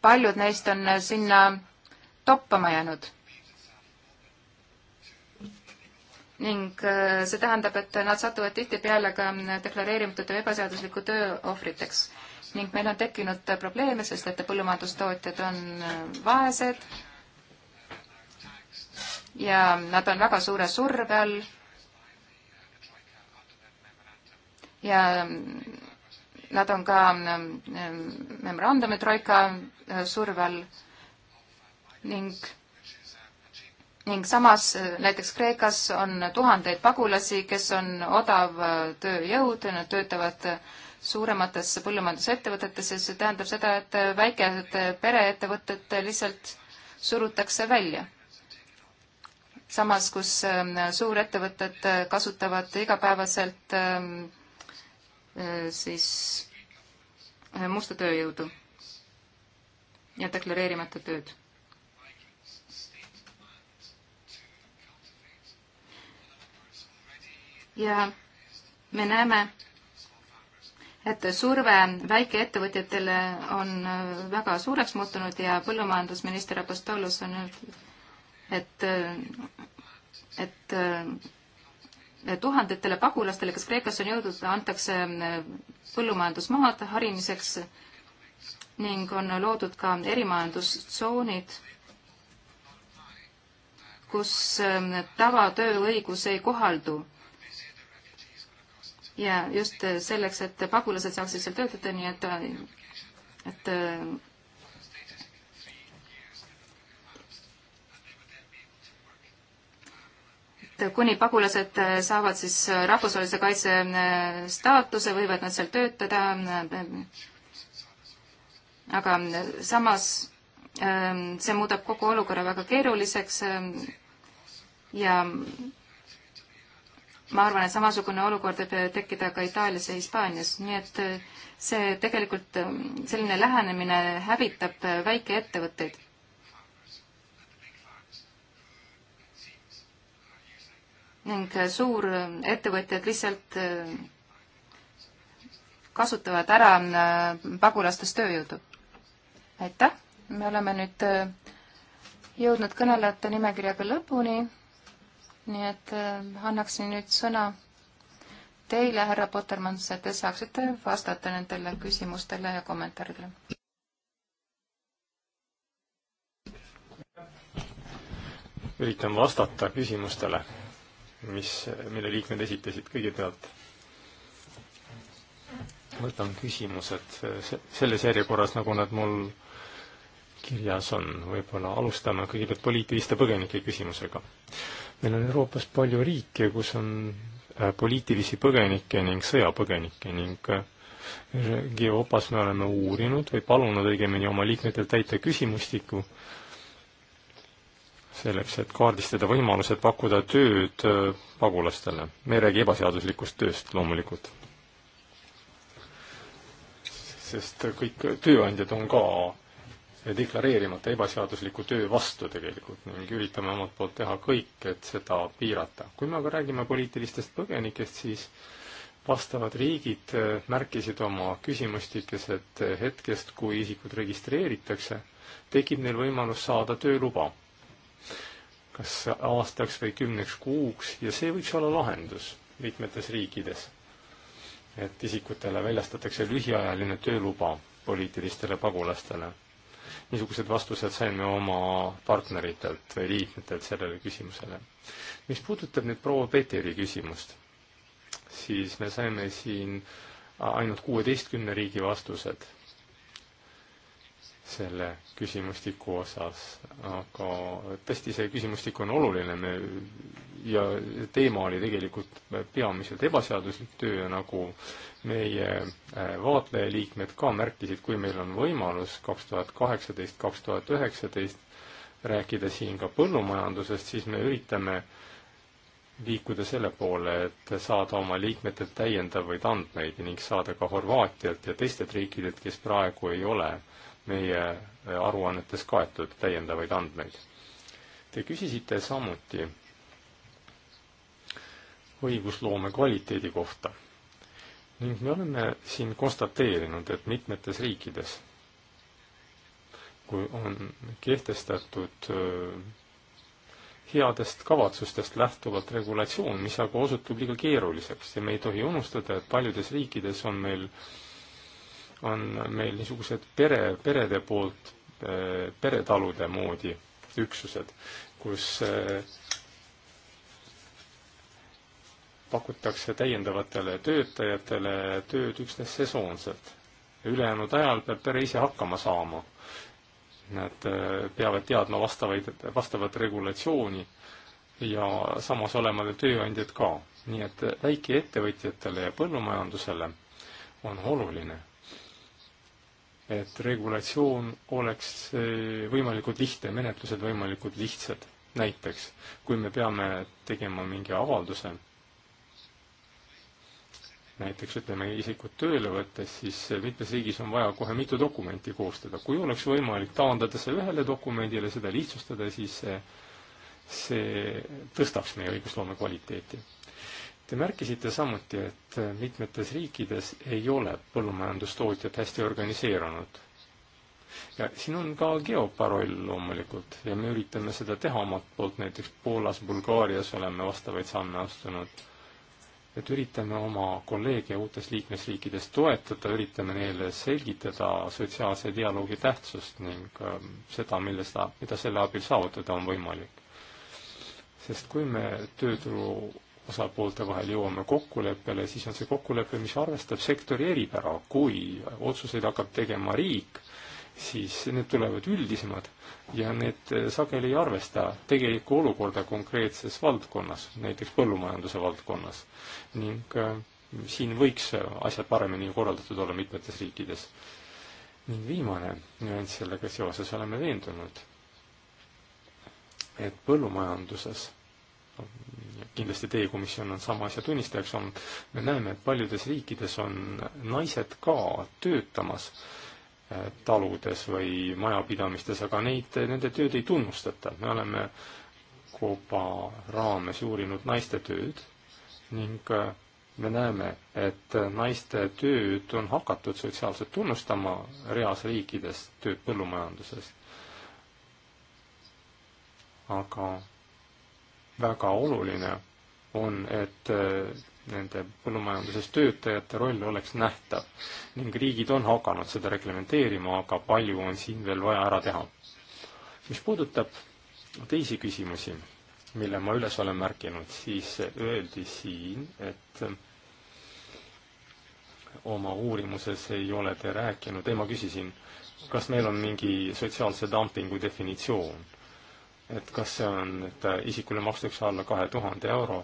paljud neist on sinna toppama jäänud ning äh, see tähendab, et nad satuvad tihtipeale ka mm, deklareerimata ebaseadusliku töö ohvriteks. ning meil on tekkinud probleeme, sest et põllumajandustootjad on äh, vaesed ja nad on väga suure surve all ja mm, nad on ka mm, memorandumi troika äh, surve all ning ning samas äh, näiteks Kreekas on tuhandeid pagulasi, kes on odav äh, tööjõud, nad töötavad äh, suuremates põllumajandusettevõtetes ja see tähendab seda, et väikesed pereettevõtted lihtsalt surutakse välja. samas, kus ähm, suurettevõtted kasutavad igapäevaselt ähm, siis musta tööjõudu ja deklareerimata tööd ja me näeme, et surve väikeettevõtjatele on äh, väga suureks muutunud ja põllumajandusminister Apostolos on öelnud, et, äh, äh, et tuhandetele pagulastele, kes Kreekasse on jõudnud, antakse põllumajandusmaad harimiseks ning on loodud ka erimajandustsoonid, kus tavatööõigus ei kohaldu ja just selleks, et pagulased saaksid seal töötada, nii et, et et kuni pagulased saavad siis rahvusvahelise kaitse staatuse, võivad nad seal töötada, aga samas ehm, see muudab kogu olukorra väga keeruliseks ehm, ja ma arvan, et samasugune olukord võib tekkida ka Itaalias ja Hispaanias, nii et äh, see tegelikult, ähm, selline lähenemine hävitab äh, väikeettevõtteid. ning äh, suurettevõtjad lihtsalt kasutavad ära pagulastest tööjõudu. aitäh, me oleme nüüd jõudnud kõnelejate nimekirjaga lõpuni nii et äh, annaksin nüüd sõna teile, härra Pottermans, et te saaksite vastata nendele küsimustele ja kommentaaridele. üritan vastata küsimustele, mis, mille liikmed esitasid kõigepealt. võtan küsimused äh, selles järjekorras, nagu nad mul kirjas on, võib-olla alustame kõigepealt poliitiliste põgenike küsimusega meil on Euroopas palju riike, kus on äh, poliitilisi põgenikke ning sõjapõgenikke ning äh, Geopas me oleme uurinud või palunud õigemini oma liikmetel täita küsimustikku selleks, et kaardistada võimalused pakkuda tööd äh, pagulastele. me ei räägi ebaseaduslikust tööst loomulikult. sest kõik tööandjad on ka deklareerimata ebaseadusliku töö vastu tegelikult ning üritame omalt poolt teha kõik, et seda piirata. kui me aga räägime poliitilistest põgenikest, siis vastavad riigid äh, märkisid oma küsimustikes, et hetkest, kui isikud registreeritakse, tekib neil võimalus saada tööluba, kas aastaks või kümneks kuuks ja see võiks olla lahendus mitmetes riikides, et isikutele väljastatakse lühiajaline tööluba poliitilistele pagulastele niisugused vastused saime oma partneritelt või liikmetelt sellele küsimusele. mis puudutab nüüd proua Peteri küsimust, siis me saime siin ainult kuueteistkümne riigi vastused selle küsimustiku osas, aga tõesti, see küsimustik on oluline, me ja teema oli tegelikult peamiselt ebaseaduslik töö ja nagu meie äh, vaatlejaliikmed ka märkisid, kui meil on võimalus kaks tuhat kaheksateist, kaks tuhat üheksateist rääkida siin ka põllumajandusest, siis me üritame liikuda selle poole, et saada oma liikmetelt täiendavaid andmeid ning saada ka Horvaatialt ja teistelt riikidelt, kes praegu ei ole äh, meie äh, aruannetes kaetud täiendavaid andmeid. Te küsisite samuti õigusloome kvaliteedi kohta ning me oleme siin konstateerinud, et mitmetes riikides, kui on kehtestatud äh, headest kavatsustest lähtuvalt regulatsioon, mis aga osutub liiga keeruliseks ja me ei tohi unustada, et paljudes riikides on meil äh, on meil niisugused pere, perede poolt, eh, peretalude moodi üksused, kus eh, pakutakse täiendavatele töötajatele tööd üksnes sesoonselt. ülejäänud ajal peab pere ise hakkama saama. Nad eh, peavad teadma vastavaid, vastavat regulatsiooni ja samas olema tööandjad ka. nii et väikeettevõtjatele ja põllumajandusele on oluline et regulatsioon oleks eh, võimalikult lihtne, menetlused võimalikult lihtsad. näiteks, kui me peame tegema mingi avalduse, näiteks ütleme isikut tööle võttes, siis mitmes riigis on vaja kohe mitu dokumenti koostada. kui oleks võimalik taandada see ühele dokumendile, seda lihtsustada, siis see, see tõstaks meie õigusloome kvaliteeti Te märkisite samuti, et mitmetes riikides ei ole põllumajandustootjad hästi organiseerunud. ja siin on ka geoparoll loomulikult ja me üritame seda teha omalt poolt, näiteks Poolas, Bulgaarias oleme vastavaid samme astunud. et üritame oma kolleege uutes liikmesriikides toetada, üritame neile selgitada sotsiaalse dialoogi tähtsust ning ähm, seda, millest, mida selle abil saavutada on võimalik sest kui me tööturu osapoolte vahel jõuame kokkuleppele, siis on see kokkulepe, mis arvestab sektori eripära. kui otsuseid hakkab tegema riik, siis need tulevad üldisemad ja need sageli ei arvesta tegelikku olukorda konkreetses valdkonnas, näiteks põllumajanduse valdkonnas. ning äh, siin võiks asjad paremini korraldatud olla mitmetes riikides. ning viimane nüanss sellega seoses, oleme veendunud, et põllumajanduses kindlasti teie komisjon on sama asja tunnistajaks olnud, me näeme, et paljudes riikides on naised ka töötamas eh, taludes või majapidamistes, aga neid, nende tööd ei tunnustata. me oleme Koba raames uurinud naiste tööd ning eh, me näeme, et naiste tööd on hakatud sotsiaalselt tunnustama reas riikides, tööd põllumajanduses. aga väga oluline on, et äh, nende põllumajanduses töötajate roll oleks nähtav ning riigid on hakanud seda reglementeerima, aga palju on siin veel vaja ära teha. mis puudutab teisi küsimusi, mille ma üles olen märkinud, siis öeldi siin, et oma uurimuses ei ole te rääkinud, ei ma küsisin, kas meil on mingi sotsiaalse dumpingu definitsioon et kas see on, et isikule makstakse alla kahe tuhande euro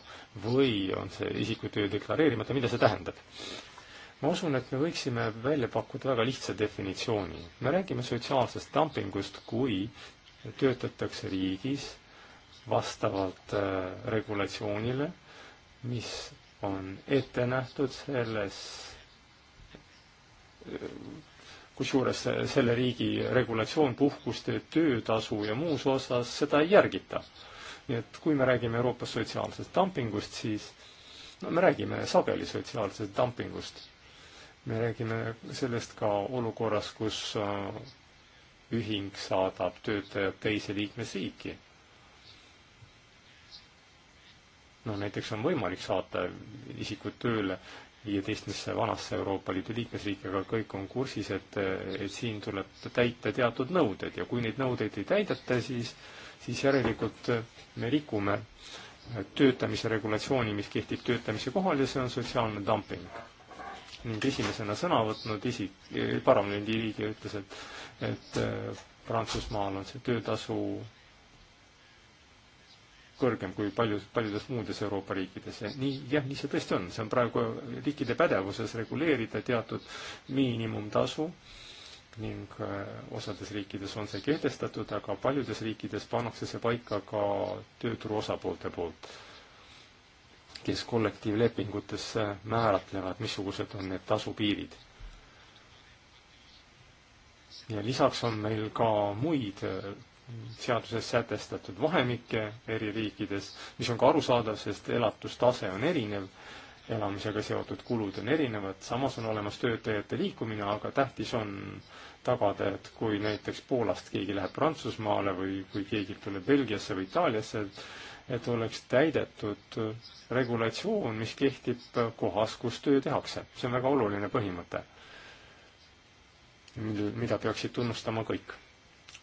või on see isiku töö deklareerimata, mida see tähendab? ma usun, et me võiksime välja pakkuda väga lihtsa definitsiooni. me räägime sotsiaalsest dumpingust, kui töötatakse riigis vastavalt äh, regulatsioonile, mis on ette nähtud selles äh, kusjuures selle riigi regulatsioon puhkuste, töötasu ja muus osas seda ei järgita. nii et kui me räägime Euroopas sotsiaalsest dumpingust, siis no me räägime sageli sotsiaalsest dumpingust. me räägime sellest ka olukorras, kus äh, ühing saadab töötajad teise liikmesriiki. no näiteks on võimalik saata isikut tööle äh, viieteistkümnesse vanasse Euroopa Liidu liikmesriiki, aga kõik on kursis, et, et siin tuleb täita teatud nõuded ja kui neid nõudeid ei täideta, siis, siis järelikult me rikume töötamise regulatsiooni, mis kehtib töötamise kohal ja see on sotsiaalne dumping. ning esimesena sõna võtnud isik, parlamendi liige ütles, et, et äh, Prantsusmaal on see töötasu kõrgem kui paljud, paljudes muudes Euroopa riikides. nii, jah, nii see tõesti on, see on praegu riikide pädevuses reguleerida teatud miinimumtasu ning äh, osades riikides on see kehtestatud, aga paljudes riikides pannakse see paika ka tööturu osapoolte poolt, kes kollektiivlepingutes määratlevad, missugused on need tasupiirid. ja lisaks on meil ka muid äh, seaduses sätestatud vahemikke eri riikides, mis on ka arusaadav, sest elatustase on erinev, elamisega seotud kulud on erinevad, samas on olemas töötajate liikumine, aga tähtis on tagada, et kui näiteks Poolast keegi läheb Prantsusmaale või kui keegi tuleb Belgiasse või Itaaliasse, et oleks täidetud regulatsioon, mis kehtib kohas, kus töö tehakse. see on väga oluline põhimõte, mida peaksid tunnustama kõik.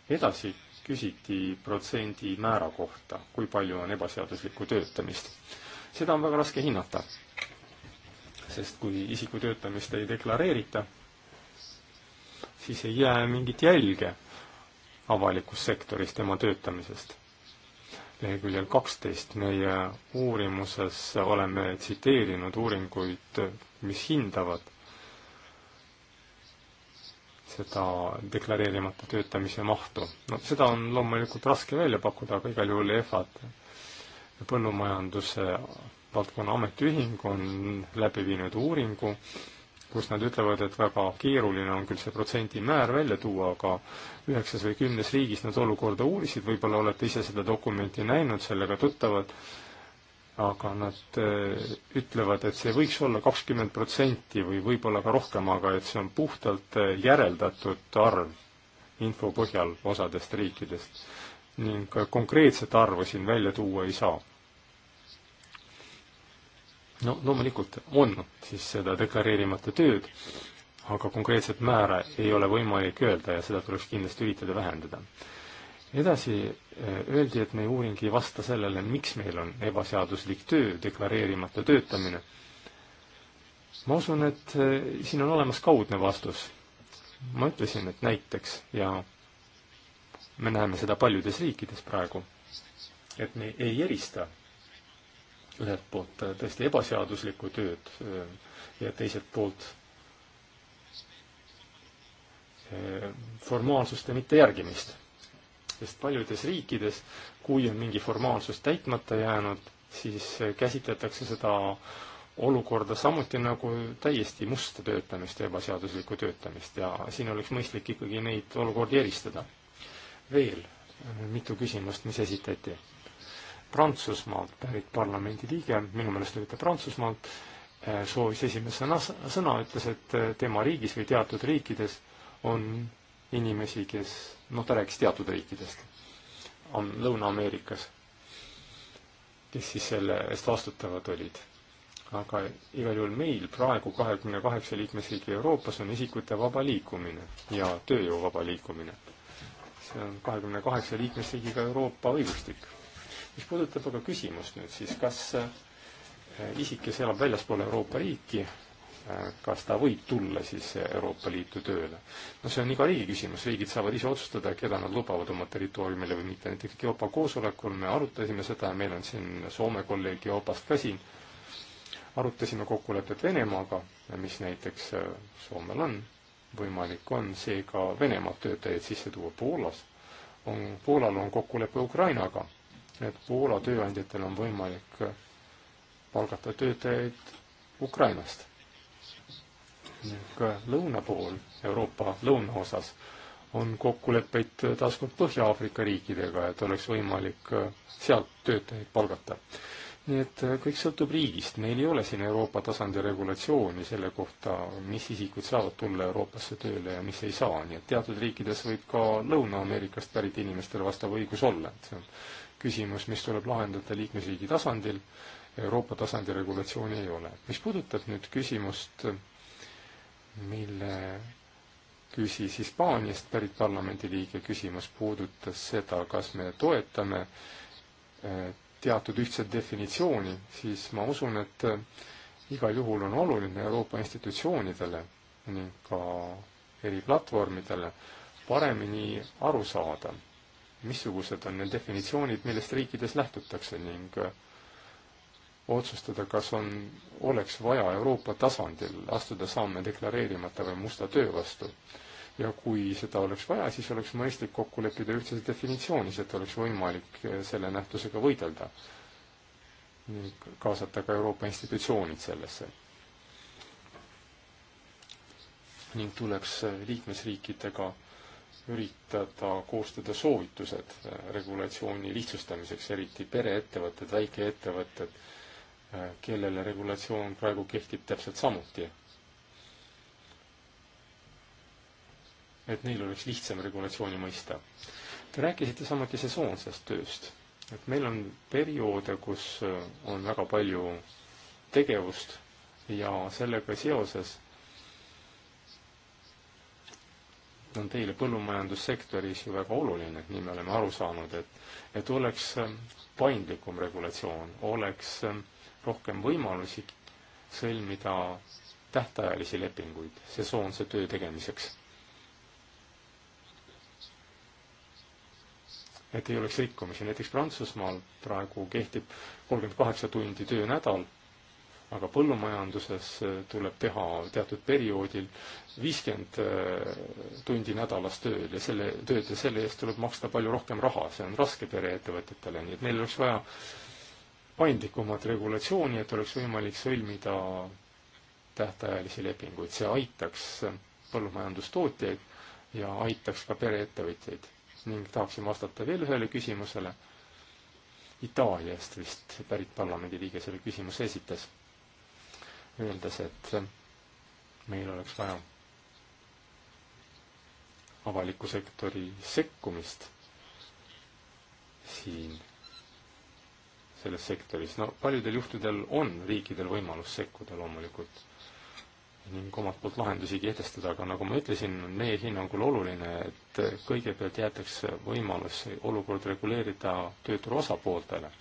edasi küsiti protsendi määra kohta, kui palju on ebaseaduslikku töötamist. seda on väga raske hinnata, sest kui isiku töötamist ei deklareerita, siis ei jää mingit jälge avalikus sektoris tema töötamisest. leheküljel kaksteist meie uurimuses oleme tsiteerinud uuringuid, mis hindavad seda deklareerimata töötamise mahtu. no seda on loomulikult raske välja pakkuda, aga igal juhul EFA-d, põllumajanduse valdkonna ametiühing on läbi viinud uuringu, kus nad ütlevad, et väga keeruline on küll see protsendimäär välja tuua, aga üheksas või kümnes riigis nad olukorda uurisid, võib-olla olete ise seda dokumenti näinud, sellega tuttavad aga nad äh, ütlevad, et see võiks olla kakskümmend protsenti või võib-olla ka rohkem, aga et see on puhtalt äh, järeldatud arv info põhjal osadest riikidest ning äh, konkreetset arvu siin välja tuua ei saa. no loomulikult on siis seda deklareerimata tööd, aga konkreetset määra ei ole võimalik öelda ja seda tuleks kindlasti üritada vähendada edasi eh, öeldi, et meie uuring ei vasta sellele, miks meil on ebaseaduslik töö, deklareerimata töötamine. ma usun, et eh, siin on olemas kaudne vastus. ma ütlesin, et näiteks ja me näeme seda paljudes riikides praegu, et me ei erista ühelt poolt eh, tõesti ebaseaduslikku tööd ja teiselt poolt formaalsuste mittejärgimist sest paljudes riikides, kui on mingi formaalsus täitmata jäänud, siis käsitletakse seda olukorda samuti nagu täiesti musta töötamist ja ebaseaduslikku töötamist ja siin oleks mõistlik ikkagi neid olukordi eristada. veel mitu küsimust, mis esitati. Prantsusmaalt pärit parlamendiliige, minu meelest oli ta Prantsusmaalt, soovis esimesena sõna, ütles, et tema riigis või teatud riikides on inimesi, kes, noh, ta rääkis teatud riikidest, on Lõuna-Ameerikas, kes siis selle eest vastutavad olid. aga igal juhul meil praegu kahekümne kaheksa liikmesriigi Euroopas on isikute vaba liikumine ja tööjõu vaba liikumine. see on kahekümne kaheksa liikmesriigiga Euroopa õigustik. mis puudutab aga küsimust nüüd, siis kas eh, isik, kes elab väljaspool Euroopa riiki, Äh, kas ta võib tulla siis Euroopa Liitu tööle. no see on iga riigi küsimus, riigid saavad ise otsustada, keda nad lubavad oma territooriumile või mitte, näiteks Geopa koosolekul me arutasime seda ja meil on siin Soome kolleeg Geopast ka siin, arutasime kokkulepet Venemaaga, mis näiteks äh, Soomel on, võimalik on seega Venemaa töötajaid sisse tuua Poolas, on, Poolal on kokkulepe Ukrainaga, et Poola tööandjatel on võimalik äh, palgata töötajaid Ukrainast ning äh, lõuna pool, Euroopa lõunaosas, on kokkuleppeid äh, taaskord Põhja-Aafrika riikidega, et oleks võimalik äh, sealt töötajaid palgata. nii et kõik sõltub riigist, meil ei ole siin Euroopa tasandi regulatsiooni selle kohta, mis isikud saavad tulla Euroopasse tööle ja mis ei saa, nii et teatud riikides võib ka Lõuna-Ameerikast pärit inimestel vastav õigus olla, et see on küsimus, mis tuleb lahendada liikmesriigi tasandil, Euroopa tasandi regulatsiooni ei ole. mis puudutab nüüd küsimust mille küsis Hispaaniast pärit parlamendiliige, küsimus puudutas seda, kas me toetame äh, teatud ühtset definitsiooni, siis ma usun, et äh, igal juhul on oluline Euroopa institutsioonidele ning ka eri platvormidele paremini aru saada, missugused on need definitsioonid, millest riikides lähtutakse ning äh, otsustada, kas on, oleks vaja Euroopa tasandil astuda samme deklareerimata või musta töö vastu. ja kui seda oleks vaja, siis oleks mõistlik kokku leppida ühtses definitsioonis, et oleks võimalik selle nähtusega võidelda ning kaasata ka Euroopa institutsioonid sellesse. ning tuleks liikmesriikidega üritada koostada soovitused regulatsiooni lihtsustamiseks, eriti pereettevõtted, väikeettevõtted kellele regulatsioon praegu kehtib täpselt samuti. et neil oleks lihtsam regulatsiooni mõista. Te rääkisite samuti sesoonsest tööst, et meil on perioode, kus äh, on väga palju tegevust ja sellega seoses on teile põllumajandussektoris ju väga oluline, nii me oleme aru saanud, et, et oleks äh, paindlikum regulatsioon, oleks äh, rohkem võimalusi sõlmida tähtajalisi lepinguid sesoonse töö tegemiseks. et ei oleks rikkumisi, näiteks Prantsusmaal praegu kehtib kolmkümmend kaheksa tundi töönädal, aga põllumajanduses tuleb teha teatud perioodil viiskümmend äh, tundi nädalas tööl ja selle, tööd ja selle eest tuleb maksta palju rohkem raha, see on raske pereettevõtetele, nii et meil oleks vaja paindlikumat regulatsiooni, et oleks võimalik sõlmida tähtajalisi lepinguid, see aitaks põllumajandustootjaid ja aitaks ka pereettevõtjaid. ning tahaksin vastata veel ühele küsimusele. Itaaliast vist pärit parlamendiliige selle küsimuse esitas, öeldes, et meil oleks vaja avaliku sektori sekkumist siin selles sektoris. no paljudel juhtudel on riikidel võimalus sekkuda loomulikult ning omalt poolt lahendusi kehtestada, aga nagu ma ütlesin, on meie hinnangul oluline, et kõigepealt jäetakse võimalus olukord reguleerida tööturu osapooltele.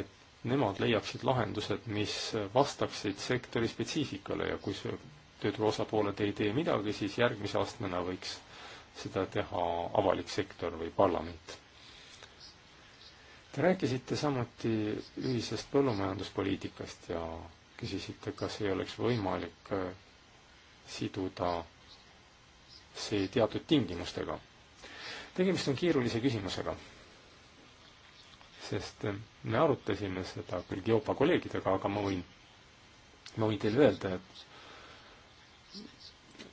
et nemad leiaksid lahendused, mis vastaksid sektori spetsiifikale ja kui see tööturu osapooled ei tee midagi, siis järgmise astmena võiks seda teha avalik sektor või parlament Te rääkisite samuti ühisest põllumajanduspoliitikast ja küsisite, kas ei oleks võimalik äh, siduda see teatud tingimustega. tegemist on keerulise küsimusega, sest äh, me arutasime seda küll Geopa kolleegidega, aga ma võin, ma võin teile öelda, et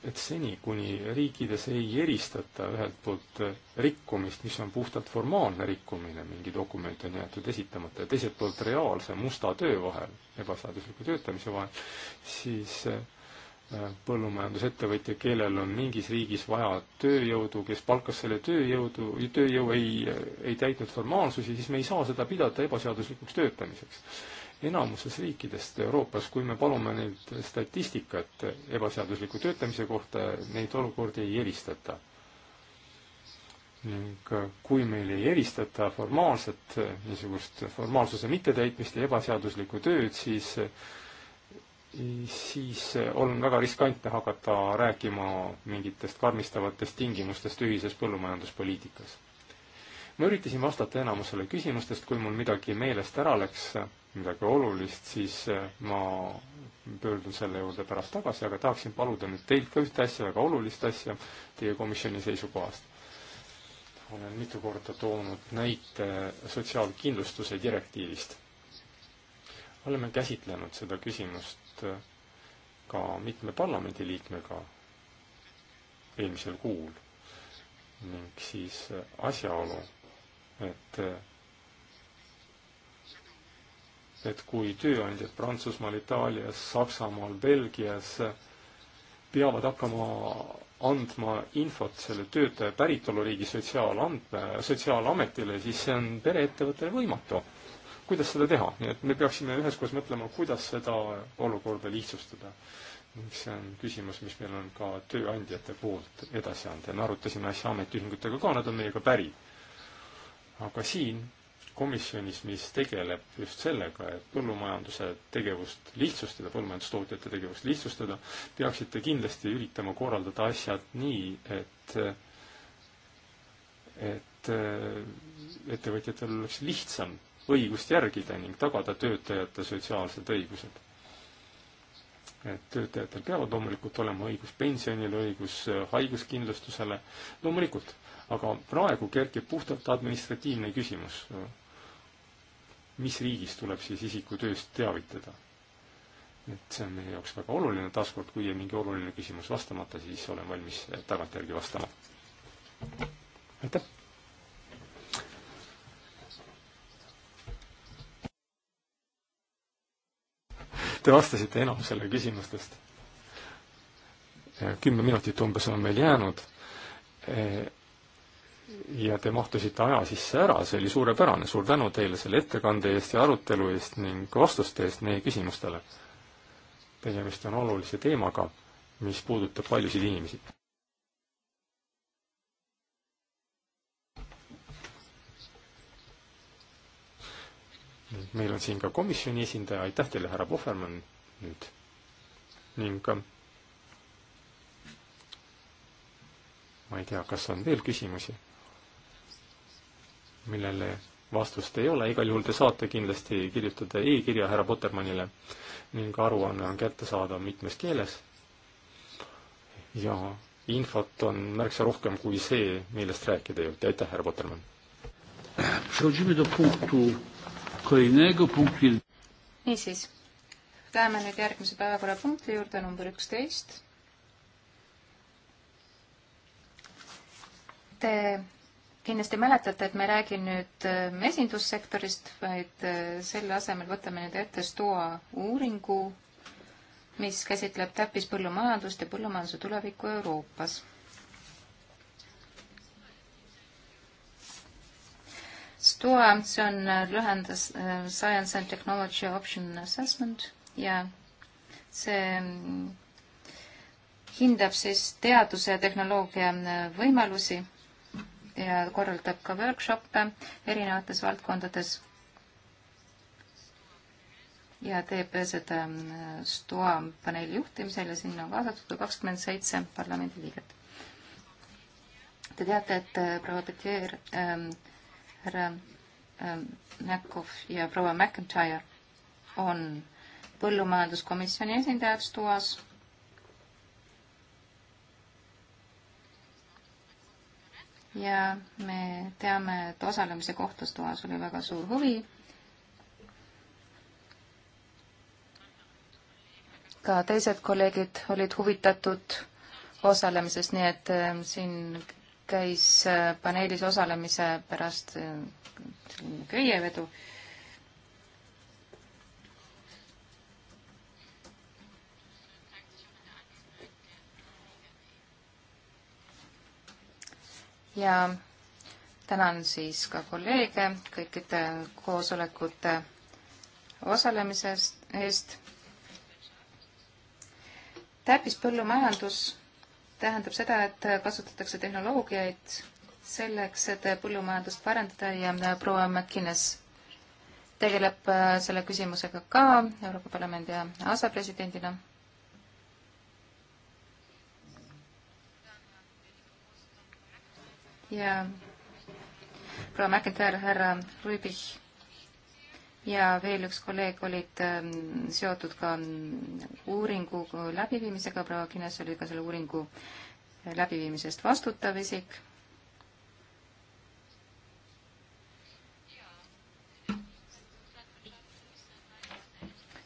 et seni, kuni riikides ei eristata ühelt poolt rikkumist, mis on puhtalt formaalne rikkumine, mingi dokument on jäetud esitamata, ja teiselt poolt reaalse musta töö vahel, ebaseadusliku töötamise vahel, siis äh, põllumajandusettevõtja, kellel on mingis riigis vaja tööjõudu, kes palkas selle tööjõudu, tööjõu ei, ei täitnud formaalsusi, siis me ei saa seda pidada ebaseaduslikuks töötamiseks enamuses riikidest Euroopas, kui me palume neilt statistikat ebaseadusliku töötamise kohta, neid olukordi ei eristata. ning äh, kui meil ei eristata formaalset, äh, niisugust formaalsuse mittetäitmist ja ebaseaduslikku tööd, siis äh, siis on väga riskantne hakata rääkima mingitest karmistavatest tingimustest ühises põllumajanduspoliitikas. ma üritasin vastata enamusele küsimustest, kui mul midagi meelest ära läks, midagi olulist, siis eh, ma pöördun selle juurde pärast tagasi, aga tahaksin paluda nüüd teilt ka ühte asja, väga olulist asja teie komisjoni seisukohast. olen mitu korda toonud näite sotsiaalkindlustuse direktiivist. oleme käsitlenud seda küsimust eh, ka mitme parlamendiliikmega eelmisel kuul ning siis eh, asjaolu, et et kui tööandjad Prantsusmaal, Itaalias, Saksamaal, Belgias peavad hakkama andma infot selle töötaja päritoluriigi sotsiaalandme, sotsiaalametile, siis see on pereettevõttele võimatu. kuidas seda teha, nii et me peaksime üheskoos mõtlema, kuidas seda olukorda lihtsustada. ning see on küsimus, mis meil on ka tööandjate poolt edasi anda ja me arutasime asja ametiühingutega ka, nad on meiega päri. aga siin komisjonis, mis tegeleb just sellega, et põllumajanduse tegevust lihtsustada, põllumajandustootjate tegevust lihtsustada, peaksite kindlasti üritama korraldada asjad nii, et et ettevõtjatel oleks lihtsam õigust järgida ning tagada töötajate sotsiaalsed õigused. et töötajatel peavad loomulikult olema õigus pensionile, õigus äh, haiguskindlustusele, loomulikult, aga praegu kerkib puhtalt administratiivne küsimus mis riigis tuleb siis isiku tööst teavitada. et see on meie jaoks väga oluline, taaskord, kui jäi mingi oluline küsimus vastamata, siis olen valmis tagantjärgi vastama. aitäh! Te vastasite enamusele küsimustest. kümme minutit umbes on meil jäänud ja te mahtusite aja sisse ära, see oli suurepärane, suur tänu teile selle ettekande eest ja arutelu eest ning vastuste eest meie küsimustele. tegemist on olulise teemaga, mis puudutab paljusid inimesi. meil on siin ka komisjoni esindaja, aitäh teile, härra Puhvermann, nüüd ning ähm, ma ei tea, kas on veel küsimusi millele vastust ei ole, igal juhul te saate kindlasti kirjutada e-kirja härra Pottermannile ning aruanne on kättesaadav mitmes keeles ja infot on märksa rohkem kui see, millest rääkida jõuti, aitäh, härra Pottermann! niisiis, läheme nüüd järgmise päevakorrapunkti juurde, number üksteist. Te kindlasti mäletate, et me ei räägi nüüd mesindussektorist, äh, vaid äh, selle asemel võtame nüüd ette STOA uuringu, mis käsitleb täppispõllumajandust ja põllumajanduse tulevikku Euroopas. STOA, see on äh, lühendas Science and Technology Option Assessment ja see mm, hindab siis teaduse ja tehnoloogia võimalusi ja korraldab ka workshoppe erinevates valdkondades ja teeb seda ähm, STOA paneeli juhtimisel ja sinna on kaasatud ka kakskümmend seitse parlamendiliiget. Te teate, et äh, proua Petier ähm,, härra ähm, Näkov ja proua McIntyre on põllumajanduskomisjoni esindajad STOA-s ja me teame, et osalemise kohtustoas oli väga suur huvi. ka teised kolleegid olid huvitatud osalemisest, nii et ähm, siin käis äh, paneelis osalemise pärast äh, selline köievedu ja tänan siis ka kolleege kõikide koosolekute osalemisest eest. täppispõllumajandus tähendab seda, et kasutatakse tehnoloogiaid selleks, et põllumajandust parandada ja proua McInnes tegeleb äh, selle küsimusega ka Euroopa Parlamendi asepresidendina ja proua McIntyre, härra Rüübich ja veel üks kolleeg olid ähm, seotud ka ähm, uuringu läbiviimisega, proua Kines oli ka selle uuringu äh, läbiviimisest vastutav isik.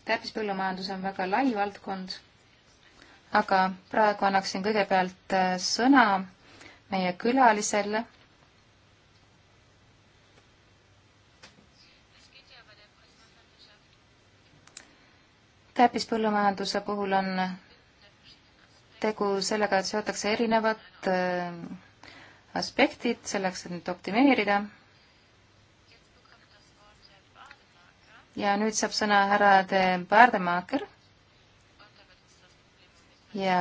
täppispõllumajandus on väga lai valdkond, aga praegu annaksin kõigepealt äh, sõna meie külalisel. täppispõllumajanduse puhul on tegu sellega, et seotakse erinevad äh, aspektid selleks, et neid optimeerida. ja nüüd saab sõna härra de Baardemaaker ja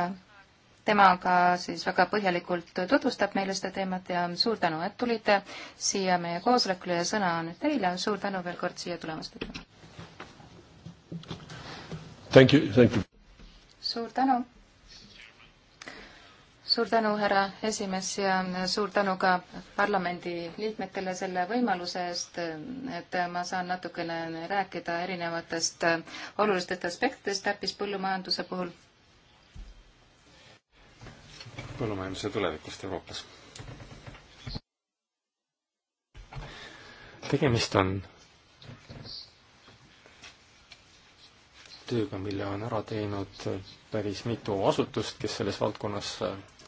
temaga siis väga põhjalikult tutvustab meile seda teemat ja suur tänu, et tulite siia meie koosolekule ja sõna on nüüd teile, suur tänu veel kord siia tulemast. Thank you, thank you. suur tänu. suur tänu, härra esimees ja suur tänu ka parlamendi liikmetele selle võimaluse eest, et ma saan natukene rääkida erinevatest olulistest aspektidest täppispõllumajanduse puhul põllumajanduse tulevikust Euroopas. tegemist on tööga, mille on ära teinud päris mitu asutust, kes selles valdkonnas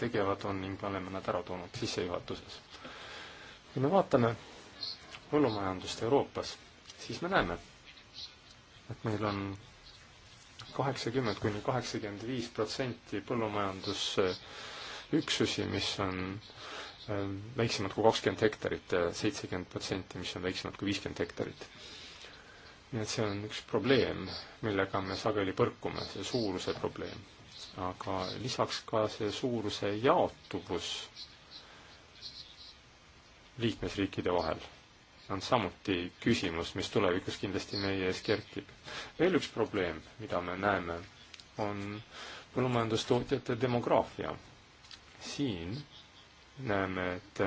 tegevad on ning me oleme nad ära toonud sissejuhatuses. kui me vaatame põllumajandust Euroopas, siis me näeme, et meil on kaheksakümmend kuni kaheksakümmend viis protsenti põllumajandus üksusi, mis on ähm, väiksemad kui kakskümmend hektarit ja seitsekümmend protsenti, mis on väiksemad kui viiskümmend hektarit. nii et see on üks probleem, millega me sageli põrkume, see suuruse probleem. aga lisaks ka see suuruse jaotuvus liikmesriikide vahel on samuti küsimus, mis tulevikus kindlasti meie ees kerkib. veel üks probleem, mida me näeme, on põllumajandustootjate demograafia siin näeme, et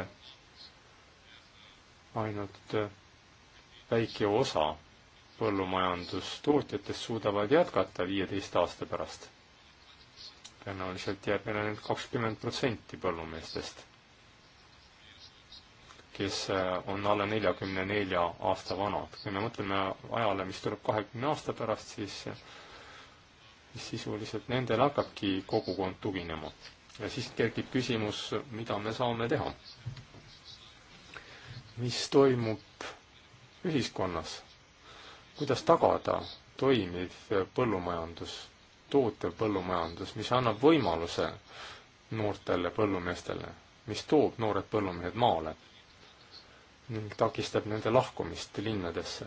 ainult väike osa põllumajandustootjatest suudavad jätkata viieteist aasta pärast. tõenäoliselt jääb meil ainult kakskümmend protsenti põllumeestest, kes on alla neljakümne nelja aasta vanad. kui me mõtleme ajale, mis tuleb kahekümne aasta pärast, siis sisuliselt nendel hakkabki kogukond tuginema ja siis kerkib küsimus, mida me saame teha. mis toimub ühiskonnas? kuidas tagada toimiv põllumajandus, tootev põllumajandus, mis annab võimaluse noortele põllumeestele, mis toob noored põllumehed maale ning takistab nende lahkumist linnadesse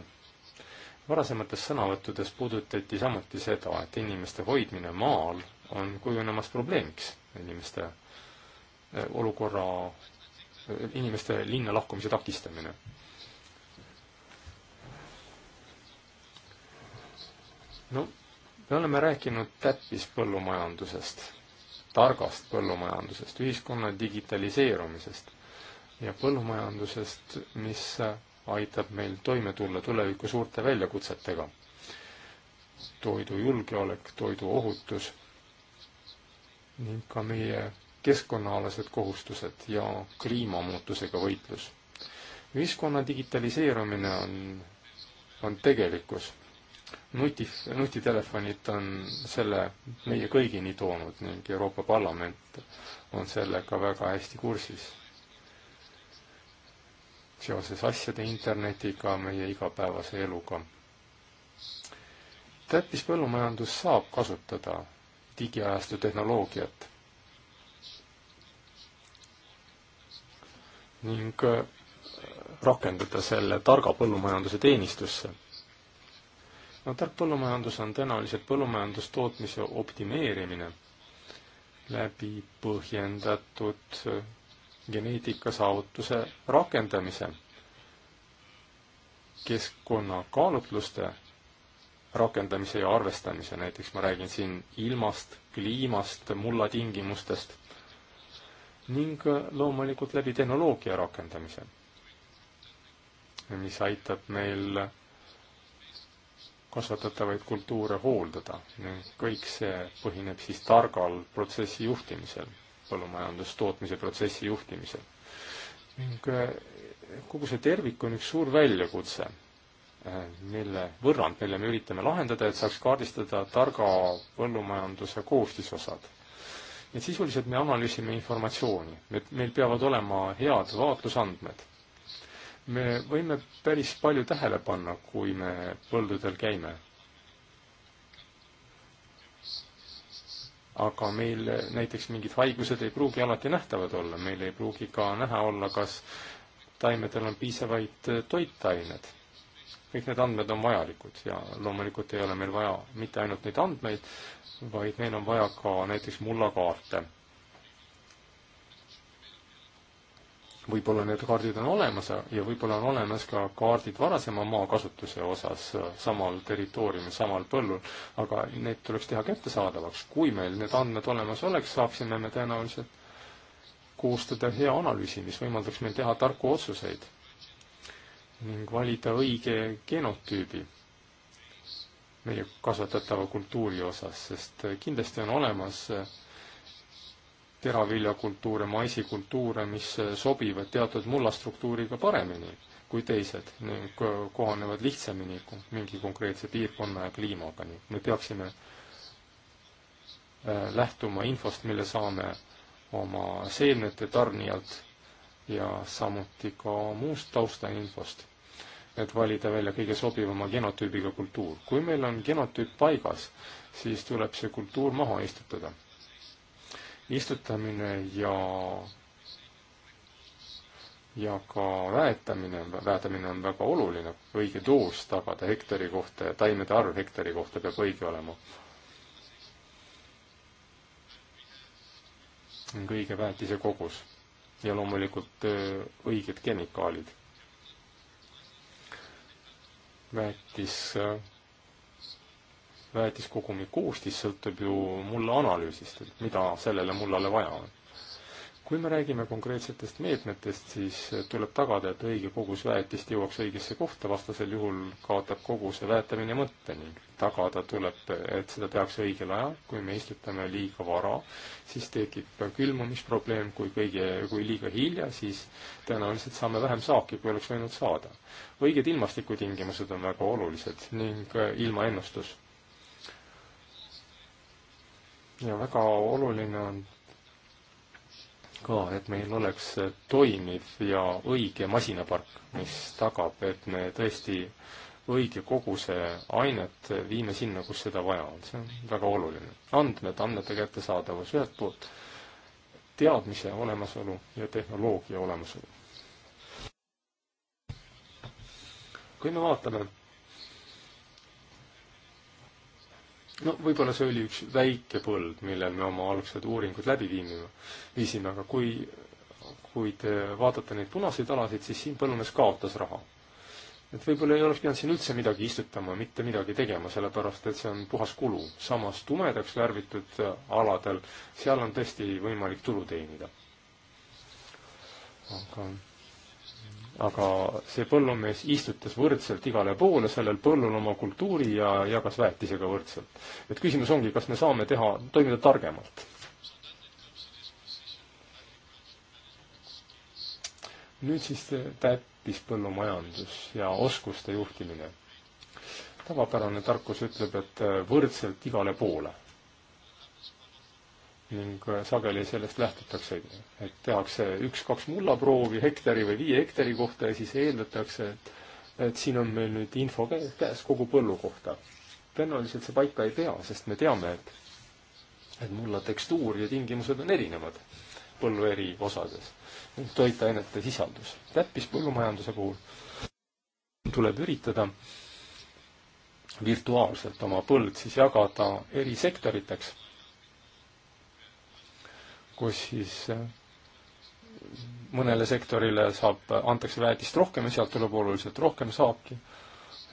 varasemates sõnavõttudes puudutati samuti seda, et inimeste hoidmine maal on kujunemas probleemiks inimeste eh, olukorra, eh, inimeste linna lahkumise takistamine. no me oleme rääkinud täppispõllumajandusest, targast põllumajandusest, ühiskonna digitaliseerumisest ja põllumajandusest, mis aitab meil toime tulla tuleviku suurte väljakutsetega. toidujulgeolek, toiduohutus ning ka meie keskkonnaalased kohustused ja kliimamuutusega võitlus. ühiskonna digitaliseerumine on, on tegelikkus. nuti, nutitelefonid on selle meie kõigini toonud ning Euroopa Parlament on sellega väga hästi kursis. seoses asjade internetiga, meie igapäevase eluga. täppispõllumajandus saab kasutada digiajastu tehnoloogiat. ning äh, rakendada selle targa põllumajanduse teenistusse. no tark põllumajandus on täna lihtsalt põllumajandustootmise optimeerimine läbi põhjendatud äh, geneetika saavutuse rakendamise keskkonnakaalutluste rakendamise ja arvestamise, näiteks ma räägin siin ilmast, kliimast, mullatingimustest ning loomulikult läbi tehnoloogia rakendamise, mis aitab meil kasvatatavaid kultuure hooldada ning kõik see põhineb siis targal protsessi juhtimisel, põllumajandustootmise protsessi juhtimisel. ning eh, kogu see tervik on üks suur väljakutse Äh, mille, võrrand, mille me üritame lahendada, et saaks kaardistada targa põllumajanduse koostisosad. et sisuliselt me analüüsime informatsiooni, et meil peavad olema head vaatlusandmed. me võime päris palju tähele panna, kui me põldudel käime. aga meil näiteks mingid haigused ei pruugi alati nähtavad olla, meil ei pruugi ka näha olla, kas taimedel on piisavaid toitained kõik need andmed on vajalikud ja loomulikult ei ole meil vaja mitte ainult neid andmeid, vaid meil on vaja ka näiteks mullakaarte. võib-olla need kaardid on olemas ja võib-olla on olemas ka kaardid varasema maakasutuse osas samal territooriumil, samal põllul, aga need tuleks teha kättesaadavaks. kui meil need andmed olemas oleks, saaksime me tõenäoliselt koostada hea analüüsi, mis võimaldaks meil teha tarku otsuseid ning valida õige genotüübi meie kasvatatava kultuuri osas, sest kindlasti on olemas teraviljakultuure, maisikultuure, mis sobivad teatud mullastruktuuriga paremini kui teised ning kohanevad lihtsamini mingi konkreetse piirkonna ja kliimaga, nii et me peaksime äh, lähtuma infost, mille saame oma seemnete tarnijalt ja samuti ka muust taustainfost, et valida välja kõige sobivama genotüübiga kultuur. kui meil on genotüüp paigas, siis tuleb see kultuur maha istutada. istutamine ja ja ka väetamine, väetamine on väga oluline, õige doos tagada hektari kohta ja taimede arv hektari kohta peab õige olema. ning õige väetise kogus ja loomulikult äh, õiged kemikaalid. väetis, äh, väetiskogumi koostis sõltub ju mulla analüüsist, et mida sellele mullale vaja on kui me räägime konkreetsetest meetmetest, siis tuleb tagada, et õige kogus väetist jõuaks õigesse kohta, vastasel juhul kaotab kogu see väetamine mõtte ning tagada tuleb, et seda tehakse õigel ajal, kui me istutame liiga vara, siis tekib külmumisprobleem, kui kõige, kui liiga hilja, siis tõenäoliselt saame vähem saaki, kui oleks võinud saada. õiged ilmastikutingimused on väga olulised ning ilmaennustus. ja väga oluline on ka, et meil oleks toimiv ja õige masinapark, mis tagab, et me tõesti õige koguse ainet viime sinna, kus seda vaja on, see on väga oluline. andmed, andmete kättesaadavus ühelt poolt, teadmise olemasolu ja tehnoloogia olemasolu. kui me vaatame no võib-olla see oli üks väike põld, millel me oma algsed uuringud läbi viimime, viisime, aga kui, kui te vaatate neid punaseid alasid, siis siin põllumees kaotas raha. et võib-olla ei oleks pidanud siin üldse midagi istutama, mitte midagi tegema, sellepärast et see on puhas kulu. samas tumedaks värvitud aladel, seal on tõesti võimalik tulu teenida. aga aga see põllumees istutas võrdselt igale poole sellel põllul oma kultuuri ja jagas väetisega võrdselt. et küsimus ongi, kas me saame teha, toimida targemalt. nüüd siis täppispõllumajandus ja oskuste juhtimine. tavapärane tarkus ütleb, et võrdselt igale poole ning äh, sageli sellest lähtutakse, et tehakse üks-kaks mullaproovi hektari või viie hektari kohta ja siis eeldatakse, et, et siin on meil nüüd info käes kogu põllu kohta. tõenäoliselt see paika ei pea, sest me teame, et, et mulla tekstuur ja tingimused on erinevad põllu eri osades. toitainete sisaldus. täppispõllumajanduse puhul tuleb üritada virtuaalselt oma põld siis jagada eri sektoriteks kus siis äh, mõnele sektorile saab, antakse väetist rohkem ja sealt tuleb oluliselt rohkem saaki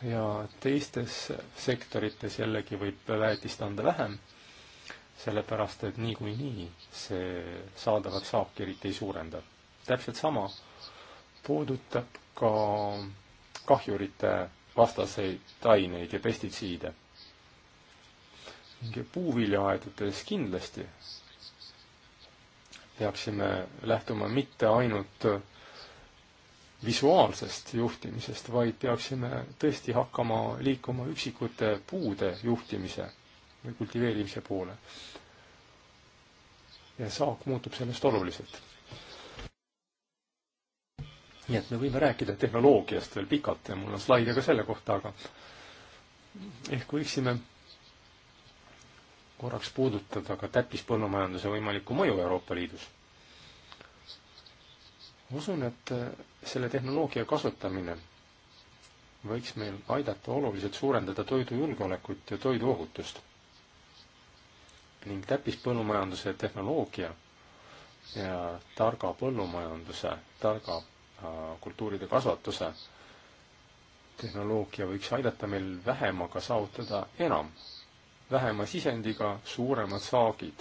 ja teistes sektorites jällegi võib väetist anda vähem, sellepärast et niikuinii nii see saadavat saaki eriti ei suurenda. täpselt sama puudutab ka kahjurite vastaseid aineid ja pestitsiide. mingi puuviljaaedades kindlasti peaksime lähtuma mitte ainult visuaalsest juhtimisest, vaid peaksime tõesti hakkama liikuma üksikute puude juhtimise või kultiveerimise poole. ja saak muutub sellest oluliselt. nii et me võime rääkida tehnoloogiast veel pikalt ja mul on slaide ka selle kohta, aga ehk võiksime korraks puudutada ka täppispõllumajanduse võimalikku mõju Euroopa Liidus. usun, et äh, selle tehnoloogia kasutamine võiks meil aidata oluliselt suurendada toidujulgeolekut ja toiduohutust. ning täppispõllumajanduse tehnoloogia ja targa põllumajanduse, targa äh, kultuuride kasvatuse tehnoloogia võiks aidata meil vähemaga saavutada enam vähema sisendiga suuremad saagid,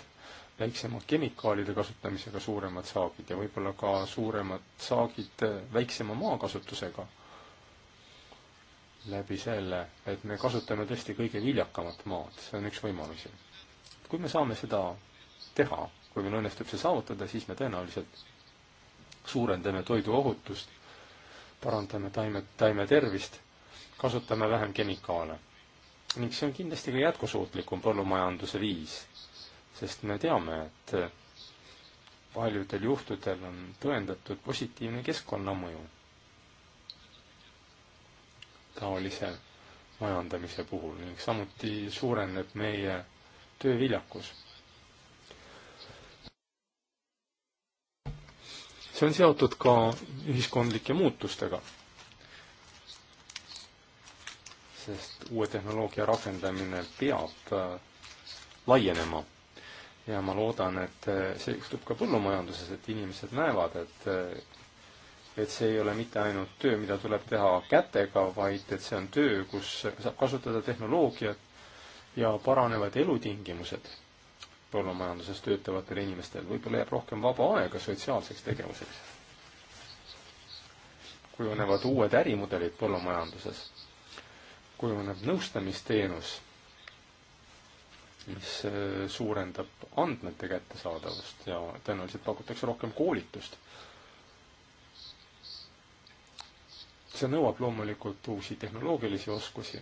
väiksema kemikaalide kasutamisega suuremad saagid ja võib-olla ka suuremad saagid eh, väiksema maakasutusega. läbi selle, et me kasutame tõesti kõige viljakamat maad, see on üks võimalusi. kui me saame seda teha, kui meil õnnestub see saavutada, siis me tõenäoliselt suurendame toiduohutust, parandame taime, taime tervist, kasutame vähem kemikaale ning see on kindlasti ka jätkusuutlikum põllumajanduse viis, sest me teame, et paljudel juhtudel on tõendatud positiivne keskkonnamõju taolise majandamise puhul ning samuti suureneb meie tööviljakus. see on seotud ka ühiskondlike muutustega sest uue tehnoloogia rakendamine peab äh, laienema. ja ma loodan, et äh, see juhtub ka põllumajanduses, et inimesed näevad, et äh, et see ei ole mitte ainult töö, mida tuleb teha kätega, vaid et see on töö, kus saab kasutada tehnoloogiat ja paranevad elutingimused põllumajanduses töötavatel inimestel. võib-olla jääb rohkem vaba aega sotsiaalseks tegevuseks. kujunevad uued ärimudelid põllumajanduses kujuneb nõustamisteenus, mis äh, suurendab andmete kättesaadavust ja tõenäoliselt pakutakse rohkem koolitust. see nõuab loomulikult uusi tehnoloogilisi oskusi,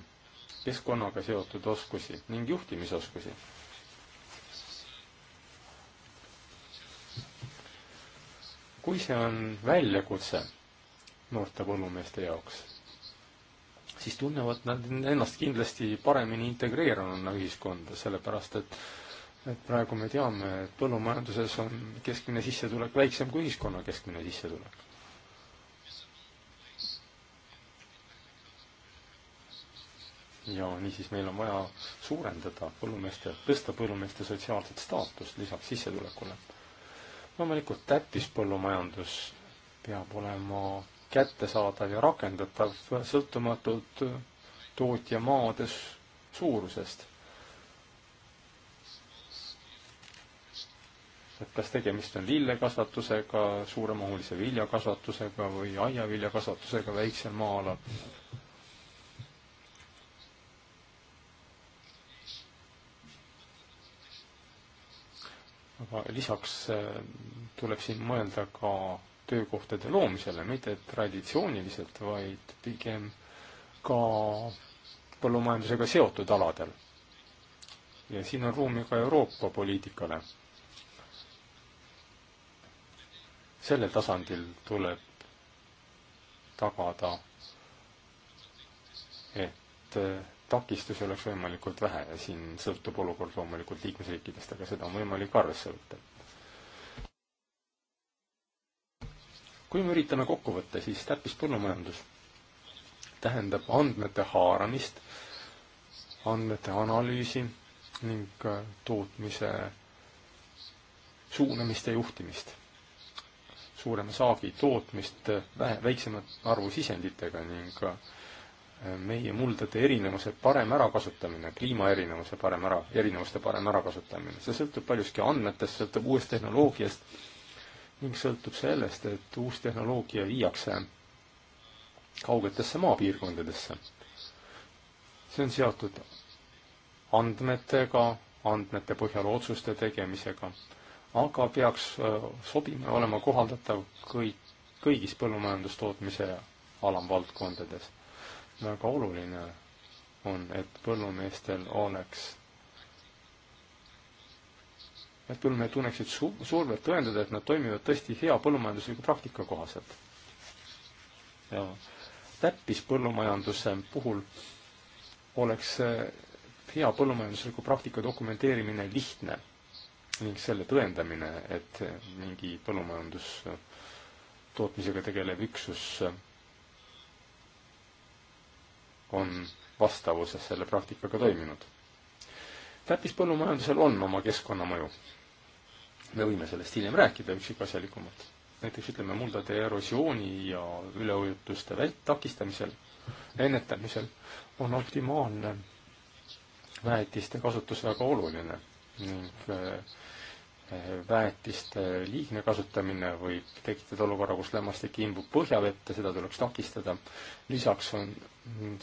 keskkonnaga seotud oskusi ning juhtimisoskusi kui see on väljakutse noorte põllumeeste jaoks, siis tunnevad nad ennast kindlasti paremini integreerununa ühiskonda, sellepärast et et praegu me teame, et põllumajanduses on keskmine sissetulek väiksem kui ühiskonna keskmine sissetulek. ja niisiis meil on vaja suurendada põllumeeste, tõsta põllumeeste sotsiaalset staatust lisaks sissetulekule. loomulikult täppispõllumajandus peab olema kättesaadav ja rakendatav sõltumatult tootja maades suurusest. et kas tegemist on lillekasvatusega, suuremahulise viljakasvatusega või aiaviljakasvatusega väiksel maa-alal. aga lisaks eh, tuleb siin mõelda ka töökohtade loomisele, mitte traditsiooniliselt, vaid pigem ka põllumajandusega seotud aladel. ja siin on ruumi ka Euroopa poliitikale. sellel tasandil tuleb tagada, et takistusi oleks võimalikult vähe ja siin sõltub olukord loomulikult liikmesriikidest, aga seda on võimalik arvesse võtta kui me üritame kokku võtta, siis täppispõllumajandus tähendab andmete haaramist, andmete analüüsi ning äh, tootmise suunamist ja juhtimist. suurema saagi tootmist äh, vähe, väiksema arvu sisenditega ning äh, meie muldade erinevuse parem ärakasutamine, kliimaerinevuse parem ära, erinevuste parem ärakasutamine, see sõltub paljuski andmetest, sõltub uuest tehnoloogiast ning sõltub sellest, et uus tehnoloogia viiakse kaugetesse maapiirkondadesse. see on seotud andmetega, andmete põhjal otsuste tegemisega, aga peaks äh, sobima olema kohaldatav kõik, kõigis põllumajandustootmise alamvaldkondades. väga oluline on, et põllumeestel oleks et küll me tunneksid su-, survet tõendada, et nad toimivad tõesti hea põllumajandusliku praktika kohaselt. ja täppispõllumajanduse puhul oleks hea põllumajandusliku praktika dokumenteerimine lihtne ning selle tõendamine, et mingi põllumajandustootmisega tegelev üksus on vastavuses selle praktikaga toiminud. täppispõllumajandusel on oma keskkonnamõju me võime sellest hiljem rääkida üksikasjalikumalt. näiteks ütleme muldade erosiooni ja üleujutuste vält-, takistamisel, ennetamisel on optimaalne väetiste kasutus väga oluline ning eh, väetiste liigne kasutamine võib tekitada olukorra, kus lämmastik imbub põhjavette, seda tuleks takistada. lisaks on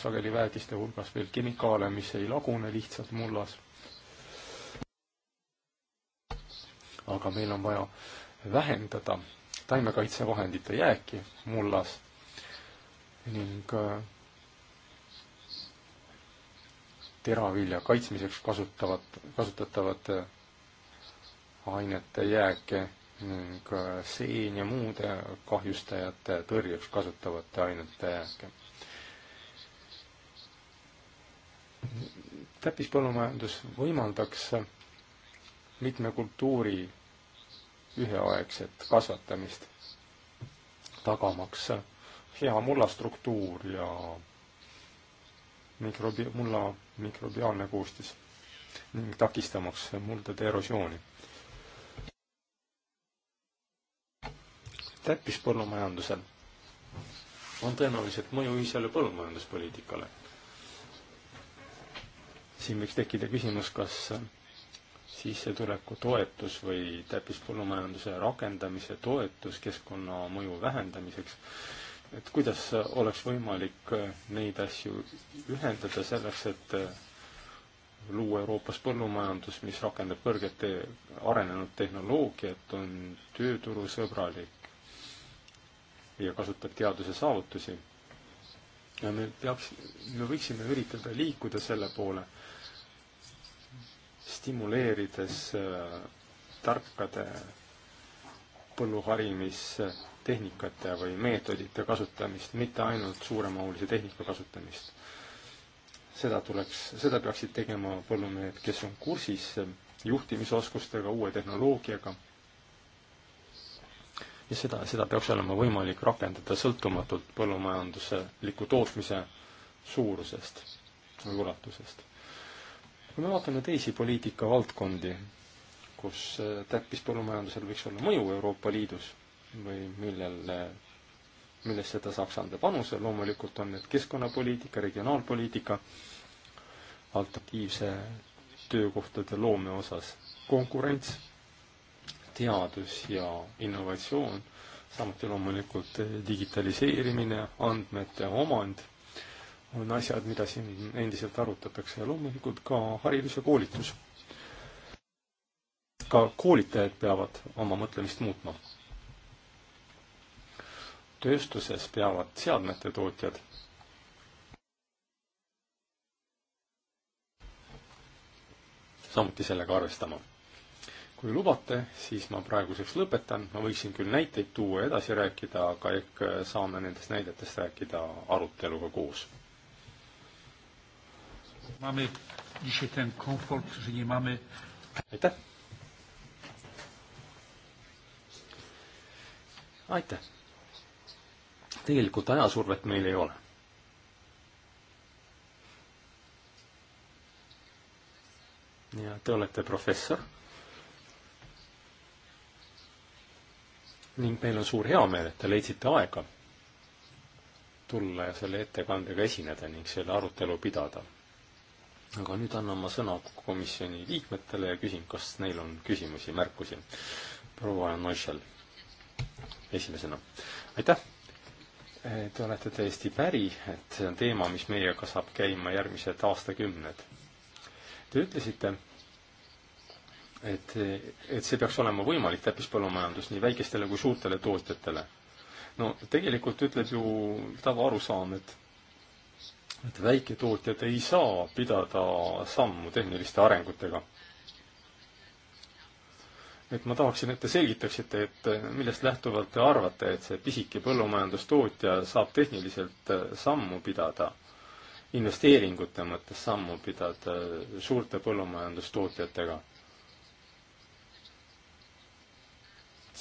sageli väetiste hulgas veel kemikaale, mis ei lagune lihtsalt mullas aga meil on vaja vähendada taimekaitsevahendite jääki mullas ning äh, teravilja kaitsmiseks kasutavad, kasutatavate ainete jääke ning äh, seen ja muude kahjustajate tõrjeks kasutavate ainete jääke. täppispõllumajandus võimaldaks mitme kultuuri üheaegset kasvatamist, tagamaks hea mullastruktuur ja mikrobi-, mulla mikrobiaalne koostis ning takistamaks muldade erosiooni. täppispõllumajandusel on tõenäoliselt mõju ühisele põllumajanduspoliitikale. siin võiks tekkida küsimus, kas sissetulekutoetus või täppispõllumajanduse rakendamise toetus keskkonnamõju vähendamiseks, et kuidas oleks võimalik äh, neid asju ühendada selleks, et äh, luua Euroopas põllumajandus, mis rakendab kõrget te äh, arenenud tehnoloogiat, on tööturusõbralik ja kasutab teaduse saavutusi. ja me peaks, me võiksime üritada liikuda selle poole stimuleerides äh, tarkade põlluharimistehnikate või meetodite kasutamist, mitte ainult suuremahulise tehnika kasutamist. seda tuleks, seda peaksid tegema põllumehed, kes on kursis juhtimisoskustega, uue tehnoloogiaga. ja seda, seda peaks olema võimalik rakendada sõltumatult põllumajandusliku tootmise suurusest või ulatusest kui me vaatame teisi poliitikavaldkondi, kus eh, täppispõllumajandusel võiks olla mõju Euroopa Liidus või millel, eh, millesse ta saaks anda panuse, loomulikult on need keskkonnapoliitika, regionaalpoliitika, alternatiivse töökohtade loome osas konkurents, teadus ja innovatsioon, samuti loomulikult eh, digitaliseerimine, andmete omand on asjad, mida siin endiselt arutatakse ja loomulikult ka haridus ja koolitus. ka koolitajad peavad oma mõtlemist muutma. tööstuses peavad seadmete tootjad samuti sellega arvestama. kui lubate, siis ma praeguseks lõpetan, ma võiksin küll näiteid tuua ja edasi rääkida, aga ehk saame nendest näidetest rääkida aruteluga koos aitäh. aitäh. tegelikult ajasurvet meil ei ole ja te olete professor. ning meil on suur heameel, et te leidsite aega tulla ja selle ettekandega esineda ning selle arutelu pidada aga nüüd annan ma sõna komisjoni liikmetele ja küsin, kas neil on küsimusi, märkusi. proua Noischel esimesena. aitäh! Eh, te olete täiesti päri, et see on teema, mis meiega saab käima järgmised aastakümned. Te ütlesite, et, et see peaks olema võimalik täppispõllumajandus nii väikestele kui suurtele tootjatele. no tegelikult ütleb ju tavaarusaam, et et väiketootjad ei saa pidada sammu tehniliste arengutega. et ma tahaksin, et te selgitaksite, et millest lähtuvalt te arvate, et see pisike põllumajandustootja saab tehniliselt sammu pidada, investeeringute mõttes sammu pidada suurte põllumajandustootjatega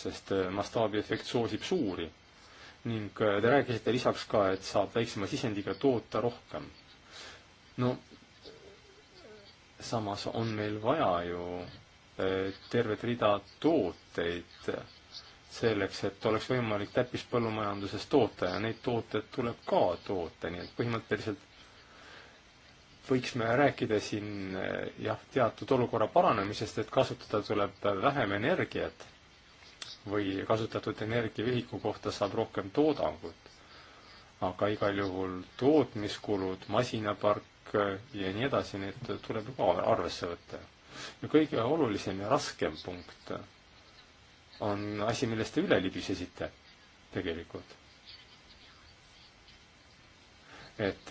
sest mastaabiefekt soosib suuri ning äh, te rääkisite lisaks ka, et saab väiksema sisendiga toota rohkem. no samas on meil vaja ju äh, tervet rida tooteid selleks, et oleks võimalik täppispõllumajanduses toota ja neid tooteid tuleb ka toota, nii et põhimõtteliselt võiks me rääkida siin äh, jah, teatud olukorra paranemisest, et kasutada tuleb vähem energiat või kasutatud energiaühiku kohta saab rohkem toodangut. aga igal juhul tootmiskulud, masinapark ja nii edasi, need tuleb ka arvesse võtta. ja kõige olulisem ja raskem punkt on asi, millest te üle libisesite tegelikult. et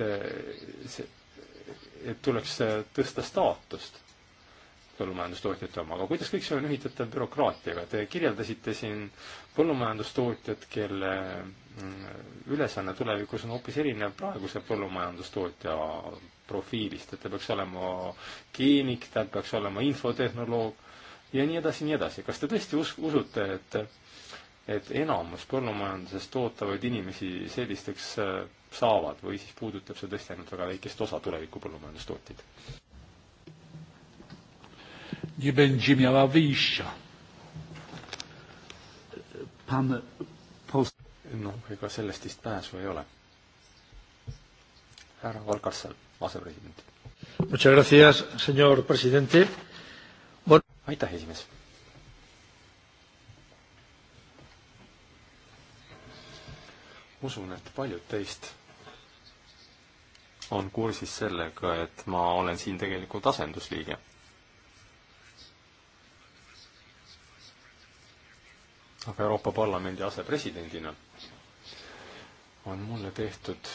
see, et tuleks tõsta staatust põllumajandustootjate oma, aga kuidas kõik see on ühitatav bürokraatiaga? Te kirjeldasite siin põllumajandustootjat, kelle mm, ülesanne tulevikus on hoopis erinev praeguse põllumajandustootja profiilist, et ta peaks olema geenik, ta peaks olema infotehnoloog ja nii edasi, nii edasi. kas te tõesti us-, usute, et et enamus põllumajanduses tootavaid inimesi sellisteks äh, saavad või siis puudutab see tõesti ainult väga väikest osa tuleviku põllumajandustootjaid? nie będzie miała wyjścia. Pan post-. no ega sellest vist pääsu ei ole. härra Valkarsel, asepresident. Muchas gracias, señor presidente bon.... aitäh, esimees. usun, et paljud teist on kursis sellega, et ma olen siin tegelikult asendusliige aga Euroopa Parlamendi asepresidendina on mulle tehtud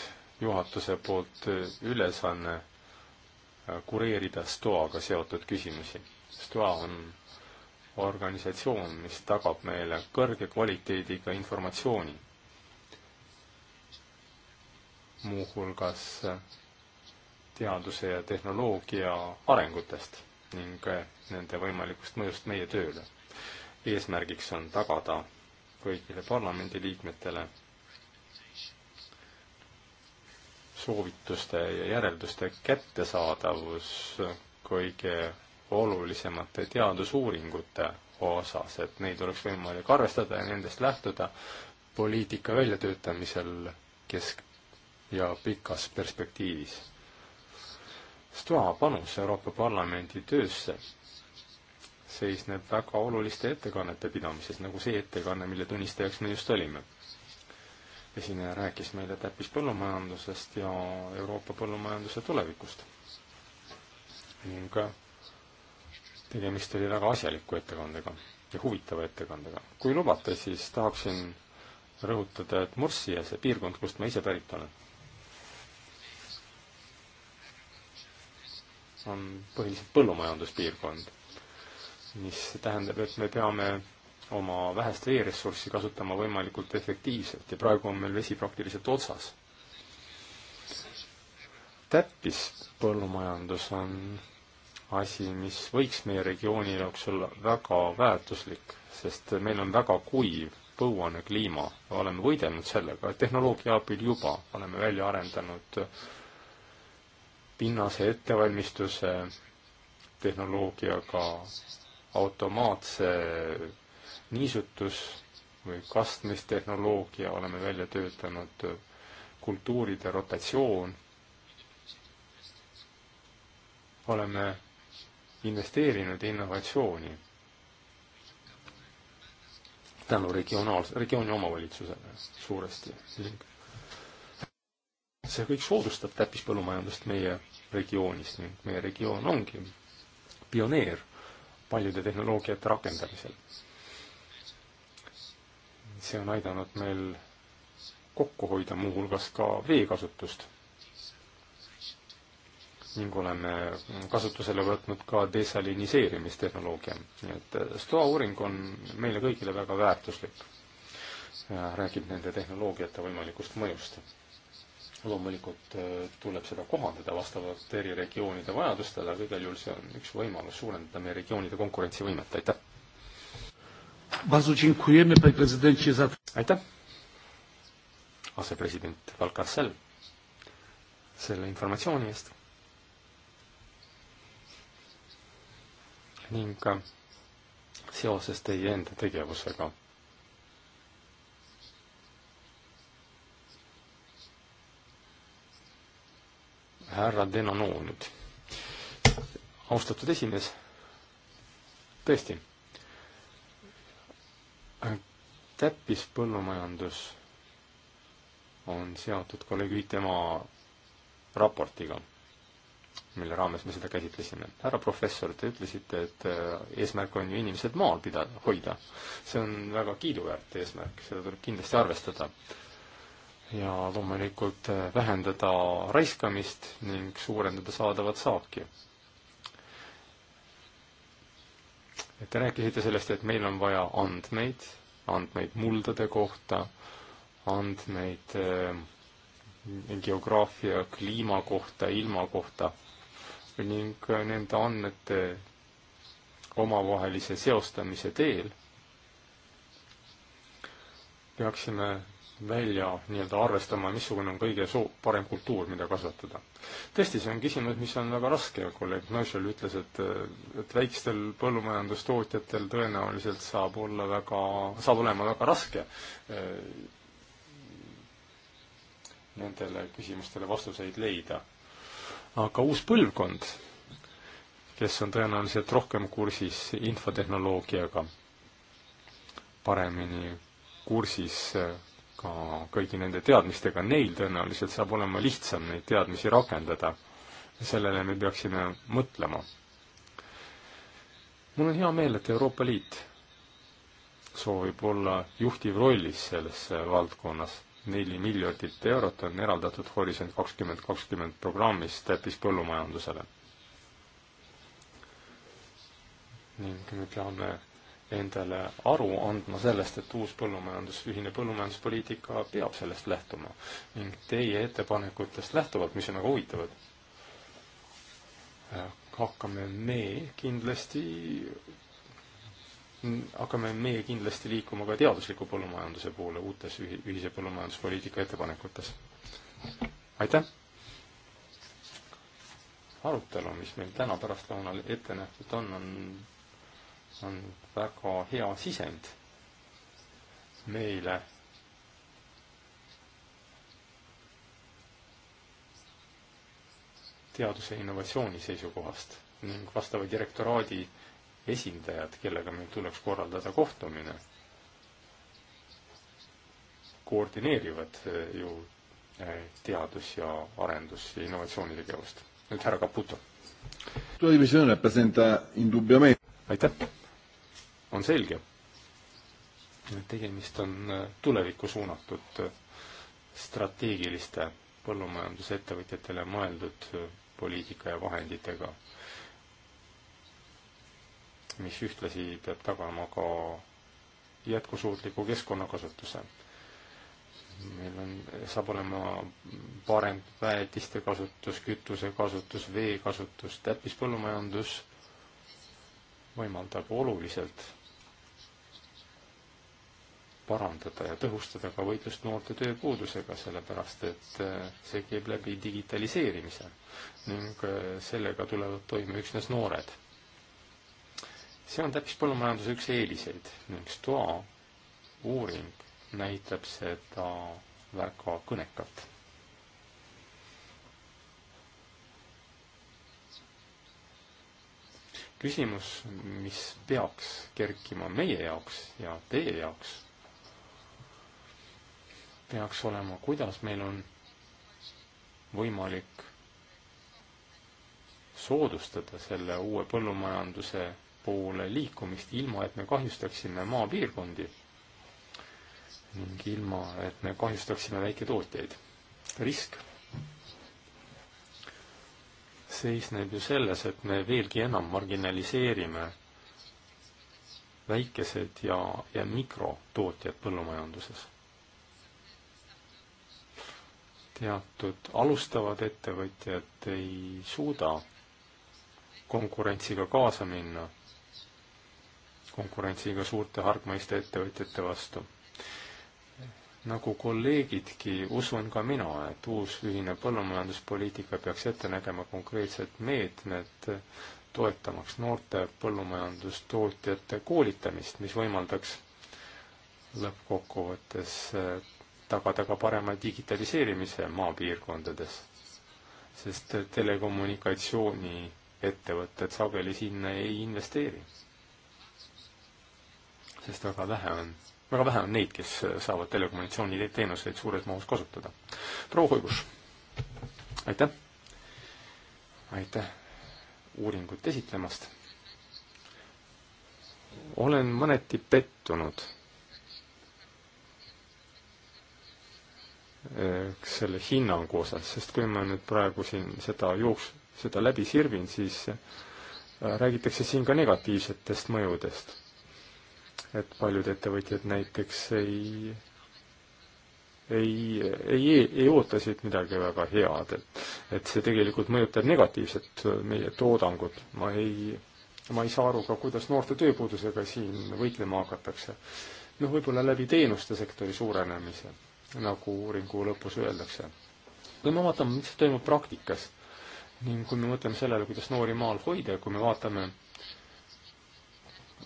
juhatuse poolt ülesanne äh, kureerida STOA-ga seotud küsimusi. STOA on organisatsioon, mis tagab meile kõrge kvaliteediga informatsiooni, muuhulgas äh, teaduse ja tehnoloogia arengutest ning äh, nende võimalikust mõjust meie tööle eesmärgiks on tagada kõigile parlamendiliikmetele soovituste ja järelduste kättesaadavus kõige olulisemate teadusuuringute osas, et neid oleks võimalik arvestada ja nendest lähtuda poliitika väljatöötamisel kesk- ja pikas perspektiivis. STOA panus Euroopa Parlamendi töösse seisneb väga oluliste ettekannete pidamises, nagu see ettekanne, mille tunnistajaks me just olime. esineja rääkis meile täppispõllumajandusest ja Euroopa põllumajanduse tulevikust. ning tegemist oli väga asjaliku ettekandega ja huvitava ettekandega. kui lubate, siis tahaksin rõhutada, et Murssi ja see piirkond, kust ma ise pärit olen, on põhiliselt põllumajanduspiirkond mis tähendab, et me peame oma vähest veeressurssi kasutama võimalikult efektiivselt ja praegu on meil vesi praktiliselt otsas. täppispõllumajandus on asi, mis võiks meie regiooni jaoks olla väga väärtuslik, sest meil on väga kuiv põuane kliima, oleme võidelnud sellega, tehnoloogia abil juba oleme välja arendanud pinnase ettevalmistuse tehnoloogiaga automaatse niisutus või kastmistehnoloogia, oleme välja töötanud kultuuride rotatsioon, oleme investeerinud innovatsiooni tänu regionaalse, regiooni omavalitsusele suuresti. see kõik soodustab täppispõllumajandust meie regioonis ning meie regioon ongi pioneer paljude tehnoloogiate rakendamisel. see on aidanud meil kokku hoida muuhulgas ka veekasutust ning oleme kasutusele võtnud ka desaliniseerimistehnoloogia. nii et STOA uuring on meile kõigile väga väärtuslik ja räägib nende tehnoloogiate võimalikust mõjust loomulikult äh, tuleb seda kohandada vastavalt eri regioonide vajadustele, aga igal juhul see on üks võimalus suurendada meie regioonide konkurentsivõimet, aitäh! aitäh! asepresident Valkassel selle informatsiooni eest ning seoses teie enda tegevusega härra Denano nüüd. austatud esimees, tõesti, täppispõllumajandus on seotud kolleeg Viitemaa raportiga, mille raames me seda käsitlesime. härra professor, te ütlesite, et äh, eesmärk on ju inimesed maal pidada, hoida. see on väga kiiduväärt eesmärk, seda tuleb kindlasti arvestada ja loomulikult eh, vähendada raiskamist ning suurendada saadavat saaki. Te rääkisite sellest, et meil on vaja andmeid, andmeid muldade kohta, andmeid eh, geograafia, kliima kohta, ilma kohta ning eh, nende andmete omavahelise seostamise teel peaksime välja nii-öelda arvestama, missugune on kõige soo-, parem kultuur, mida kasvatada. tõesti, see on küsimus, mis on väga raske, kolleeg Möšel ütles, et, et väikestel põllumajandustootjatel tõenäoliselt saab olla väga, saab olema väga raske e, nendele küsimustele vastuseid leida. aga uus põlvkond, kes on tõenäoliselt rohkem kursis infotehnoloogiaga, paremini kursis e, ka kõigi nende teadmistega, neil tõenäoliselt saab olema lihtsam neid teadmisi rakendada. sellele me peaksime mõtlema. mul on hea meel, et Euroopa Liit soovib olla juhtiv rollis selles valdkonnas. neli miljardit eurot on eraldatud Horisont kakskümmend kakskümmend programmis täppispõllumajandusele. ning me peame endale aru andma sellest, et uus põllumajandus, ühine põllumajanduspoliitika peab sellest lähtuma. ning teie ettepanekutest lähtuvalt, mis on väga huvitavad, äh, hakkame me kindlasti, hakkame me kindlasti liikuma ka teadusliku põllumajanduse poole uutes ühi-, ühise põllumajanduspoliitika ettepanekutes. aitäh! arutelu, mis meil täna pärastlõunal ette nähtud on, on on väga hea sisend meile teaduse innovatsiooni seisukohast ning vastava direktoraadi esindajad, kellega meil tuleks korraldada kohtumine, koordineerivad eh, ju eh, teadus- ja arendus- ja innovatsioonitegevust. nüüd härra Caputo. aitäh! on selge, et tegemist on äh, tulevikku suunatud äh, strateegiliste põllumajandusettevõtjatele mõeldud äh, poliitika ja vahenditega, mis ühtlasi peab tagama ka jätkusuutliku keskkonnakasutuse. meil on, saab olema parem väetiste kasutus, kütuse kasutus, vee kasutus, täppispõllumajandus võimaldab oluliselt parandada ja tõhustada ka võitlust noorte tööpuudusega, sellepärast et äh, see käib läbi digitaliseerimise ning äh, sellega tulevad toime üksnes noored. see on täppispõllumajanduse üks eeliseid ning STOA uuring näitab seda väga kõnekalt. küsimus, mis peaks kerkima meie jaoks ja teie jaoks peaks olema, kuidas meil on võimalik soodustada selle uue põllumajanduse poole liikumist, ilma et me kahjustaksime maapiirkondi ning ilma, et me kahjustaksime väiketootjaid. risk seisneb ju selles, et me veelgi enam marginaliseerime väikesed ja, ja mikrotootjad põllumajanduses teatud alustavad ettevõtjad ei suuda konkurentsiga kaasa minna, konkurentsiga suurte hargmaiste ettevõtjate vastu. nagu kolleegidki, usun ka mina, et uus ühine põllumajanduspoliitika peaks ette nägema konkreetsed meetmed, toetamaks noorte põllumajandustootjate koolitamist, mis võimaldaks lõppkokkuvõttes tagada ka parema digitaliseerimise maapiirkondades, sest telekommunikatsiooni ettevõtted sageli sinna ei investeeri. sest väga vähe on, väga vähe on neid, kes saavad telekommunikatsiooniteenuseid suures mahus kasutada. proua Koibus, aitäh! aitäh uuringut esitlemast! olen mõneti pettunud Eh, selle hinnangu osas, sest kui ma nüüd praegu siin seda jooks-, seda läbi sirvin, siis eh, räägitakse siin ka negatiivsetest mõjudest. et paljud ettevõtjad näiteks ei, ei, ei, ei oota siit midagi väga head, et, et see tegelikult mõjutab negatiivselt eh, meie toodangut, ma ei, ma ei saa aru ka, kuidas noorte tööpuudusega siin võitlema hakatakse. noh, võib-olla läbi teenuste sektori suurenemise nagu uuringu lõpus öeldakse. kui me vaatame, mis toimub praktikas ning kui me mõtleme sellele, kuidas noori maal hoida ja kui me vaatame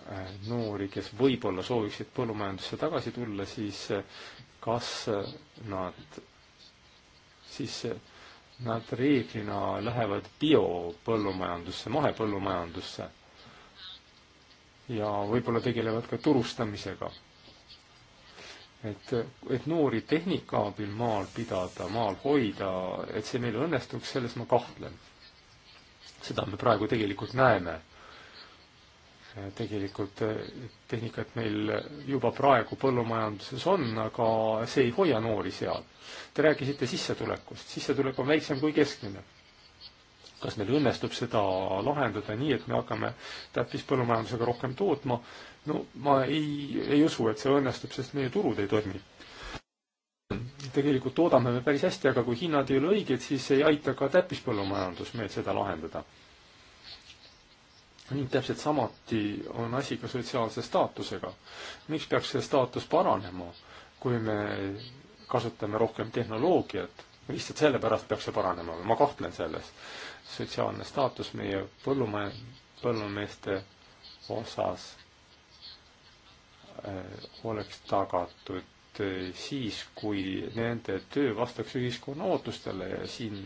äh, noori, kes võib-olla sooviksid põllumajandusse tagasi tulla, siis äh, kas äh, nad, siis nad reeglina lähevad biopõllumajandusse, mahepõllumajandusse ja võib-olla tegelevad ka turustamisega et, et noori tehnika abil maal pidada, maal hoida, et see meil õnnestuks, selles ma kahtlen. seda me praegu tegelikult näeme. tegelikult eh, tehnikat meil juba praegu põllumajanduses on, aga see ei hoia noori seal. Te rääkisite sissetulekust, sissetulek on väiksem kui keskmine kas meil õnnestub seda lahendada nii, et me hakkame täppispõllumajandusega rohkem tootma no ma ei, ei usu, et see õnnestub, sest meie turud ei toimi. tegelikult toodame me päris hästi, aga kui hinnad ei ole õiged, siis ei aita ka täppispõllumajandus meil seda lahendada. ning täpselt samuti on asi ka sotsiaalse staatusega. miks peaks see staatus paranema, kui me kasutame rohkem tehnoloogiat? lihtsalt sellepärast peaks see paranema, ma kahtlen selles. sotsiaalne staatus meie põllumaj-, põllumeeste osas Äh, oleks tagatud äh, siis, kui nende töö vastaks ühiskonna ootustele ja siin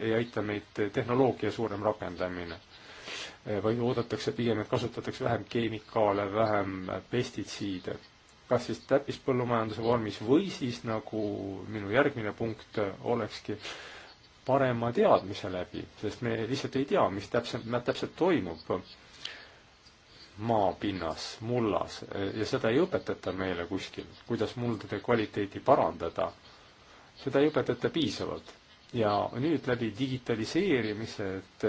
ei aita meid tehnoloogia suurem rakendamine. Äh, vaid oodatakse pigem, et kasutatakse vähem keemikaale, vähem pestitsiide. kas siis täppispõllumajanduse vormis või siis nagu minu järgmine punkt olekski, parema teadmise läbi, sest me lihtsalt ei tea, mis täpselt, täpselt toimub maapinnas, mullas ja seda ei õpetata meile kuskil, kuidas muldade kvaliteeti parandada. seda ei õpetata piisavalt ja nüüd läbi digitaliseerimise, et,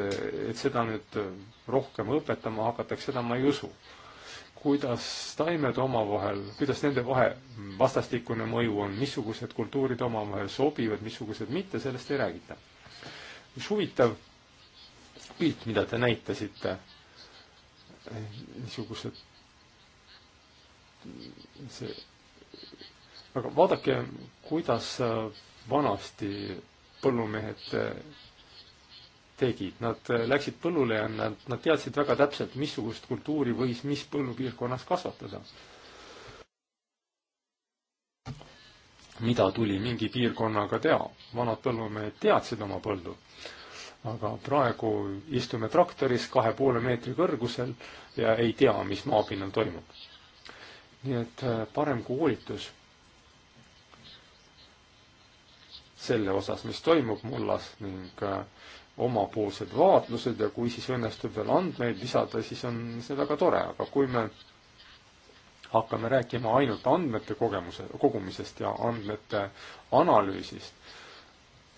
et seda nüüd rohkem õpetama hakatakse, seda ma ei usu. kuidas taimed omavahel, kuidas nende vahe vastastikune mõju on, missugused kultuurid omavahel sobivad, missugused mitte, sellest ei räägita. üks huvitav pilt, mida te näitasite niisugused see, aga vaadake, kuidas äh, vanasti põllumehed äh, tegid, nad äh, läksid põllule ja nad, nad teadsid väga täpselt, missugust kultuuri võis mis põllupiirkonnas kasvatada. mida tuli mingi piirkonnaga teha, vanad põllumehed teadsid oma põldu aga praegu istume traktoris kahe poole meetri kõrgusel ja ei tea, mis maapinnal toimub. nii et äh, parem koolitus selle osas, mis toimub mullas ning äh, omapoolsed vaatlused ja kui siis õnnestub veel andmeid lisada, siis on see väga tore, aga kui me hakkame rääkima ainult andmete kogemuse, kogumisest ja andmete analüüsist,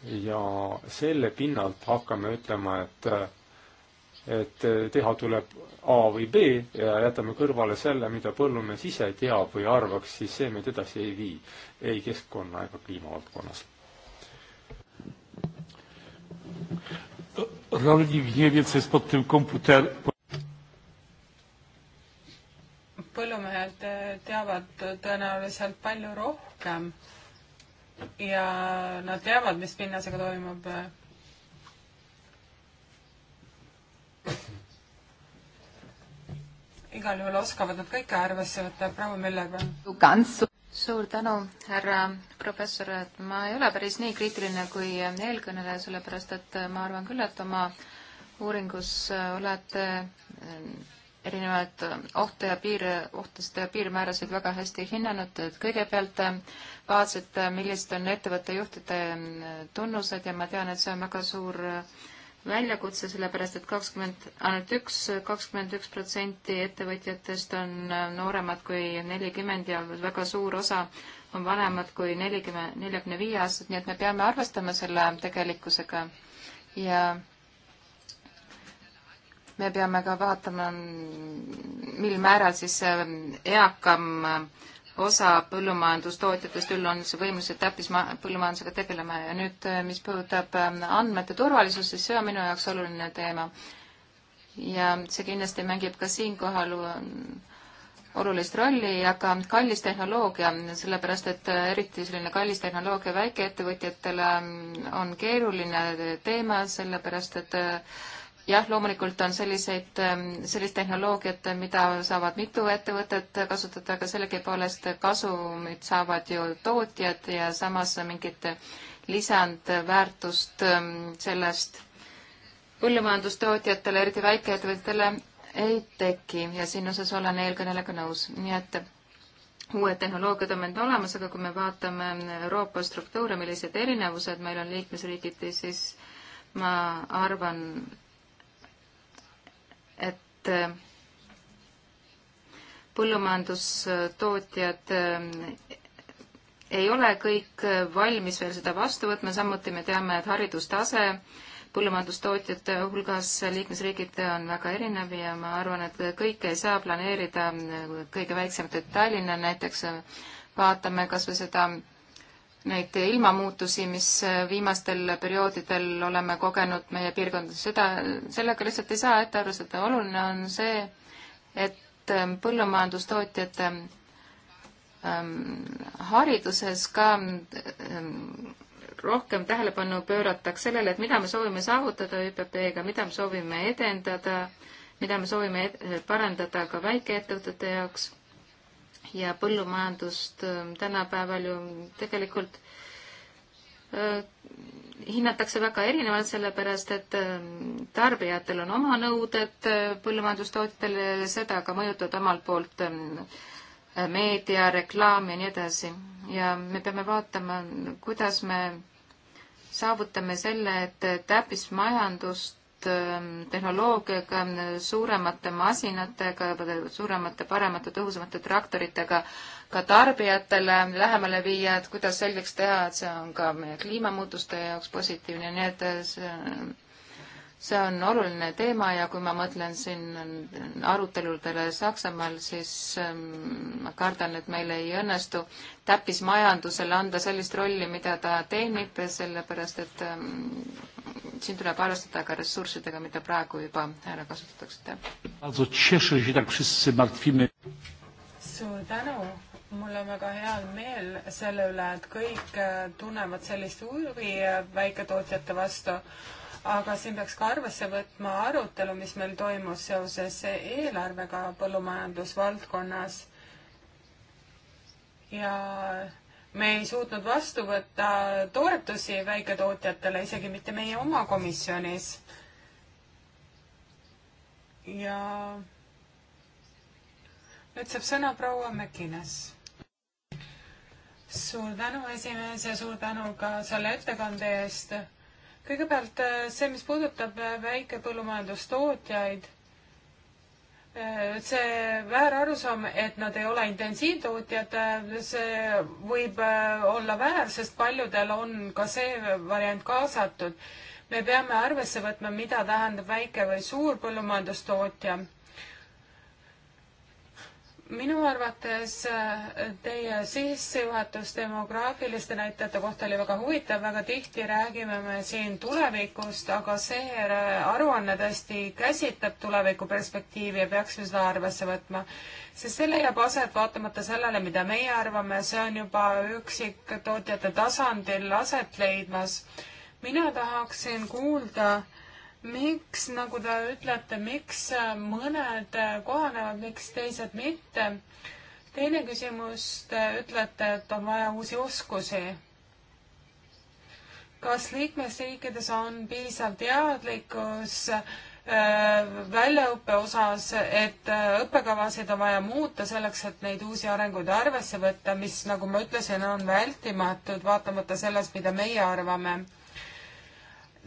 ja selle pinnalt hakkame ütlema, et, et teha tuleb A või B ja jätame kõrvale selle, mida põllumees ise teab või arvaks, siis see meid edasi ei vii, ei keskkonna ega kliima valdkonnas. rolnik nie wie, co jest pod tym komputer... põllumehed teavad tõenäoliselt palju rohkem ja nad teavad, mis pinnasega toimub. igal juhul oskavad nad kõike arvesse võtta, proua Müller, palun. suur tänu, härra professor, et ma ei ole päris nii kriitiline kui eelkõneleja, sellepärast et ma arvan küll, et oma uuringus olete erinevaid ohte ja piire, ohtasid ja piirmäärasid väga hästi hinnanud, et kõigepealt äh, vaatasite, äh, millised on ettevõtte juhtide äh, tunnused ja ma tean, et see on väga suur väljakutse, sellepärast et kakskümmend, ainult üks, kakskümmend üks protsenti ettevõtjatest on nooremad kui nelikümmend ja väga suur osa on vanemad kui nelikümmend, neljakümne viie aastased, nii et me peame arvestama selle tegelikkusega ja me peame ka vaatama, mil määral siis eakam osa põllumajandustootjatest üldse on see võimelised täppispõllumajandusega tegelema ja nüüd, mis puudutab äh, andmete turvalisust, siis see on minu jaoks oluline teema. ja see kindlasti mängib ka siinkohal äh, olulist rolli ja ka kallis tehnoloogia, sellepärast et äh, eriti selline kallis tehnoloogia väikeettevõtjatele on keeruline teema, sellepärast et äh, jah, loomulikult on selliseid, ähm, sellist tehnoloogiat, mida saavad mitu ettevõtet kasutada, aga sellegipoolest kasumit saavad ju tootjad ja samas mingit lisandväärtust ähm, sellest põllumajandustootjatele, eriti väikeettevõtetele, ei teki ja siin osas olen eelkõnelejaga nõus, nii et uued tehnoloogiad on meil olemas, aga kui me vaatame Euroopa struktuure, millised erinevused meil on liikmesriigiti, siis ma arvan, et äh, põllumajandustootjad äh, ei ole kõik äh, valmis veel seda vastu võtma, samuti me teame, et haridustase põllumajandustootjate hulgas liikmesriigiti on väga erinev ja ma arvan, et kõike ei saa planeerida kõige väiksemate detailina, näiteks vaatame kas või seda neid ilmamuutusi, mis viimastel perioodidel oleme kogenud meie piirkondades, seda, sellega lihtsalt ei saa ette arvestada. oluline on see, et ähm, põllumajandustootjate ähm, hariduses ka ähm, rohkem tähelepanu pöörataks sellele, et mida me soovime saavutada ÜPP-ga, mida me soovime edendada, mida me soovime äh, parandada ka väikeettevõtete jaoks ja põllumajandust ähm, tänapäeval ju tegelikult äh, hinnatakse väga erinevalt, sellepärast et ähm, tarbijatel on oma nõuded äh, põllumajandustootjatele ja seda ka mõjutavad omalt poolt ähm, meedia, reklaam ja nii edasi. ja me peame vaatama, kuidas me saavutame selle, et täppismajandust Ähm, tehnoloogiaga, suuremate masinatega, suuremate, paremate, tõhusamate traktoritega ka tarbijatele lähemale viia, et kuidas selgeks teha, et see on ka meie kliimamuutuste jaoks positiivne, nii et äh, see see on oluline teema ja kui ma mõtlen siin aruteludele Saksamaal, siis ähm, ma kardan, et meil ei õnnestu täppismajandusele anda sellist rolli, mida ta teenib, sellepärast et ähm, siin tuleb arvestada ka ressurssidega, mida praegu juba ära kasutatakse. suur tänu mul on väga hea meel selle üle, et kõik äh, tunnevad sellist huvi äh, väiketootjate vastu, aga siin peaks ka arvesse võtma arutelu, mis meil toimus seoses eelarvega põllumajandusvaldkonnas. ja me ei suutnud vastu võtta toetusi väiketootjatele, isegi mitte meie oma komisjonis. ja nüüd saab sõna proua Mäkines. suur tänu, esimees, ja suur tänu ka selle ettekande eest kõigepealt äh, see, mis puudutab äh, väikepõllumajandustootjaid, äh, see väär arusaam, et nad ei ole intensiivtootjad, see võib olla väär, sest paljudel on ka see variant kaasatud. me peame arvesse võtma, mida tähendab väike või suur põllumajandustootja minu arvates äh, teie sissejuhatus demograafiliste näitajate kohta oli väga huvitav, väga tihti räägime me siin tulevikust, aga see äh, aruanne tõesti käsitleb tulevikuperspektiivi ja peaksime seda arvesse võtma. sest see leiab aset vaatamata sellele, mida meie arvame, see on juba üksiktootjate tasandil aset leidmas. mina tahaksin kuulda äh, miks, nagu te ütlete, miks mõned kohanevad, miks teised mitte? teine küsimus, te ütlete, et on vaja uusi oskusi. kas liikmesriikides on piisav teadlikkus äh, väljaõppe osas, et äh, õppekavasid on vaja muuta selleks, et neid uusi arenguid arvesse võtta, mis, nagu ma ütlesin, on vältimatud, vaatamata sellest, mida meie arvame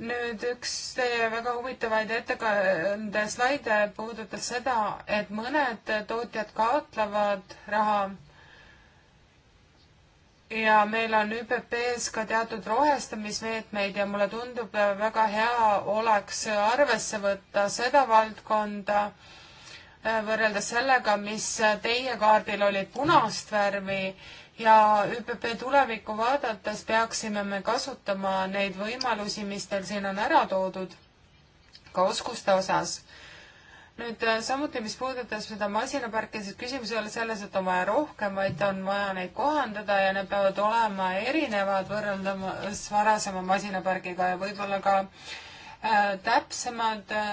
nüüd üks teie väga huvitavaid ettekande slaide puudutas seda, et mõned tootjad kaotlevad raha. ja meil on ÜPP-s ka teatud rohestamismeetmeid ja mulle tundub väga hea oleks arvesse võtta seda valdkonda eh, võrreldes sellega, mis teie kaardil olid punast värvi ja ÜPP tulevikku vaadates peaksime me kasutama neid võimalusi, mis teil siin on ära toodud, ka oskuste osas. nüüd äh, samuti, mis puudutab seda masinaparki, siis küsimus ei ole selles, et on vaja rohkem, vaid on vaja neid kohandada ja need peavad olema erinevad võrreldes varasema masinapargiga ja võib-olla ka äh, täpsemad äh,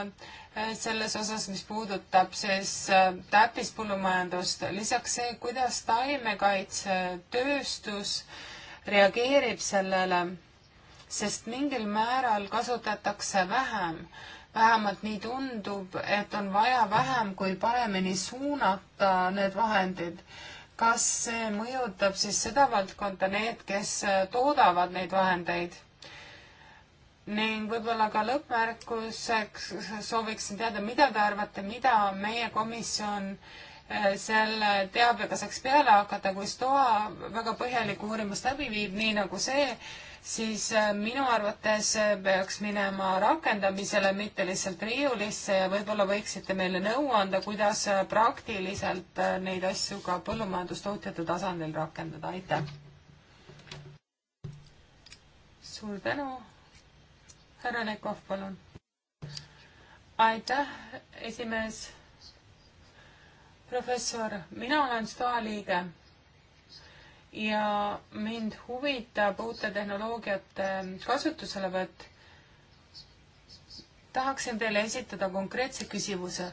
Äh, selles osas, mis puudutab siis äh, täppispõllumajandust, lisaks see, kuidas taimekaitsetööstus reageerib sellele, sest mingil määral kasutatakse vähem, vähemalt nii tundub, et on vaja vähem kui paremini suunata need vahendid. kas see mõjutab siis seda valdkonda, need, kes toodavad neid vahendeid? ning võib-olla ka lõppmärkuseks sooviksin teada, mida te arvate, mida meie komisjon äh, selle teabega saaks peale hakata, kui STOA väga põhjalikku uurimust läbi viib, nii nagu see, siis äh, minu arvates peaks minema rakendamisele, mitte lihtsalt riiulisse ja võib-olla võiksite meile nõu anda, kuidas praktiliselt äh, neid asju ka põllumajandustootjate tasandil rakendada, aitäh! suur tänu! härra Lekov, palun. aitäh, esimees. professor, mina olen STOA liige ja mind huvitab uute tehnoloogiate kasutuselevõtt. tahaksin teile esitada konkreetse küsimuse,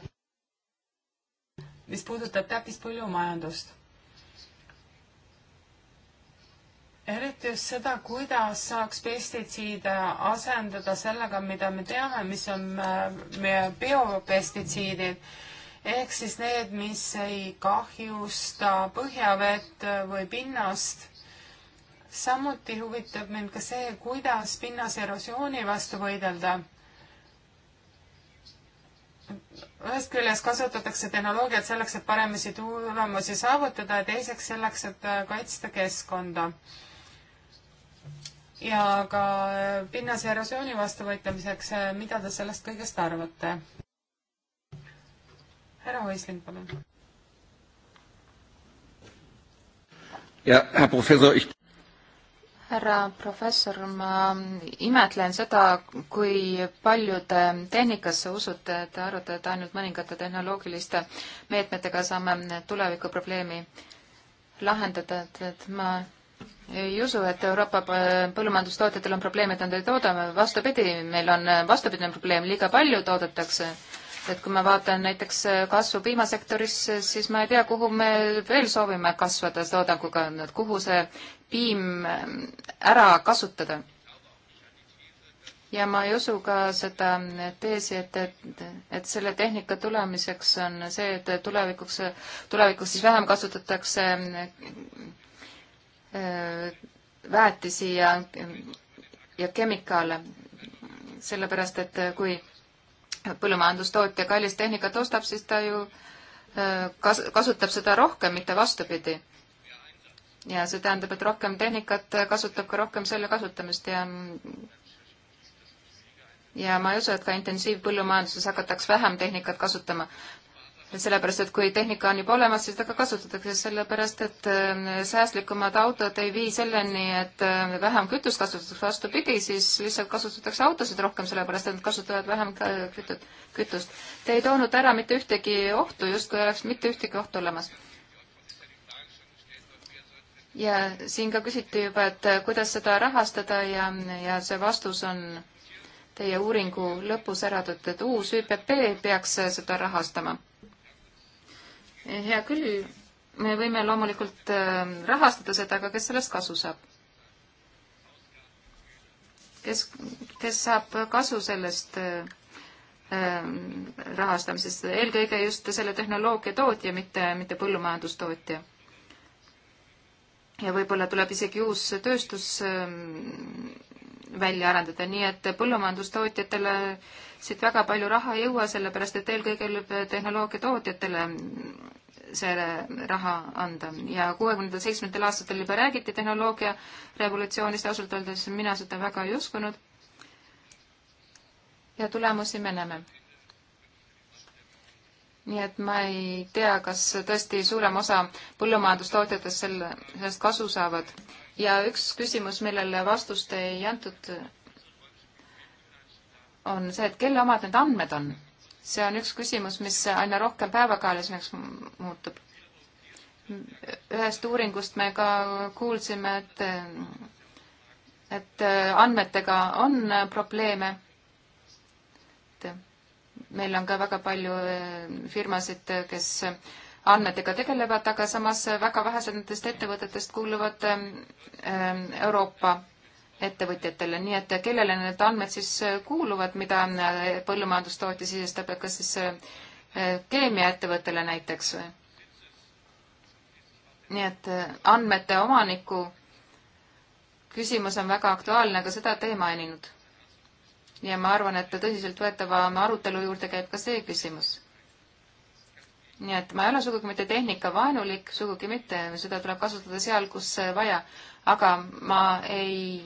mis puudutab täppispõllumajandust eriti just seda, kuidas saaks pestitsiide asendada sellega, mida me teame, mis on äh, meie biopestitsiidid, ehk siis need, mis ei kahjusta põhjavett või pinnast. samuti huvitab mind ka see, kuidas pinnase erosiooni vastu võidelda ühest küljest kasutatakse tehnoloogiat selleks, et paremisi tulemusi saavutada ja teiseks selleks, et äh, kaitsta keskkonda ja ka äh, pinnase erosiooni vastu võitlemiseks, äh, mida te sellest kõigest arvate? härra Oisling, palun. ja härra professor ich..., härra professor, ma imetlen seda, kui palju te tehnikasse usute, te arvate, et ainult mõningate tehnoloogiliste meetmetega saame tulevikuprobleemi lahendada, et, et ma ei usu, et Euroopa põllumajandustootjatel on probleem, et nad ei tooda, vastupidi, meil on vastupidine probleem, liiga palju toodetakse. et kui ma vaatan näiteks kasvu piimasektoris, siis ma ei tea, kuhu me veel soovime kasvada toodanguga, et kuhu see piim ähm, ära kasutada. ja ma ei usu ka seda teesi, et, et, et selle tehnika tulemiseks on see, et tulevikuks, tulevikus siis vähem kasutatakse Äh, väetisi ja, ja kemikaale, sellepärast et kui põllumajandustootja kallist tehnikat ostab, siis ta ju äh, kas-, kasutab seda rohkem, mitte vastupidi. ja see tähendab, et rohkem tehnikat kasutab ka rohkem selle kasutamist ja ja ma ei usu, et ka intensiivpõllumajanduses hakatakse vähem tehnikat kasutama sellepärast, et kui tehnika on juba olemas, siis seda ka kasutatakse, sellepärast et ähm, säästlikumad autod ei vii selleni, et ähm, vähem kütust kasutatakse, vastupidi, siis lihtsalt kasutatakse autosid rohkem, sellepärast et nad kasutavad vähem äh, kütut, kütust. Te ei toonud ära mitte ühtegi ohtu, justkui oleks mitte ühtegi ohtu olemas. ja siin ka küsiti juba, et äh, kuidas seda rahastada ja, ja see vastus on teie uuringu lõpus ära toodud, et uus ÜPP peaks äh, seda rahastama hea küll, me võime loomulikult äh, rahastada seda, aga kes sellest kasu saab? kes, kes saab kasu sellest äh, äh, rahastamisest, eelkõige just selle tehnoloogia tootja, mitte, mitte põllumajandustootja. ja võib-olla tuleb isegi uus tööstus välja arendada, nii et põllumajandustootjatele siit väga palju raha ei jõua, sellepärast et eelkõige tehnoloogia tootjatele see raha anda ja kuuekümnendatel, seitsmendatel aastatel juba räägiti tehnoloogia revolutsioonist, ausalt öeldes mina seda väga ei uskunud. ja tulemusi me näeme. nii et ma ei tea, kas tõesti suurem osa põllumajandustootjatest selle, sellest kasu saavad ja üks küsimus, millele vastust ei antud, on see, et kelle omad need andmed on see on üks küsimus, mis aina rohkem päevakajaliseks muutub. ühest uuringust me ka kuulsime, et et andmetega on probleeme. et meil on ka väga palju eh, firmasid, kes andmetega tegelevad, aga samas väga vähesed nendest ettevõtetest kuuluvad eh, Euroopa ettevõtjatele, nii et kellele need andmed siis kuuluvad, mida põllumajandustootja sisestab, et kas siis äh, keemiaettevõttele näiteks või? nii et äh, andmete omaniku küsimus on väga aktuaalne, aga seda te ei maininud. ja ma arvan, et tõsiseltvõetava arutelu juurde käib ka see küsimus nii et ma ei ole sugugi mitte tehnikavaenulik, sugugi mitte, seda tuleb kasutada seal, kus vaja. aga ma ei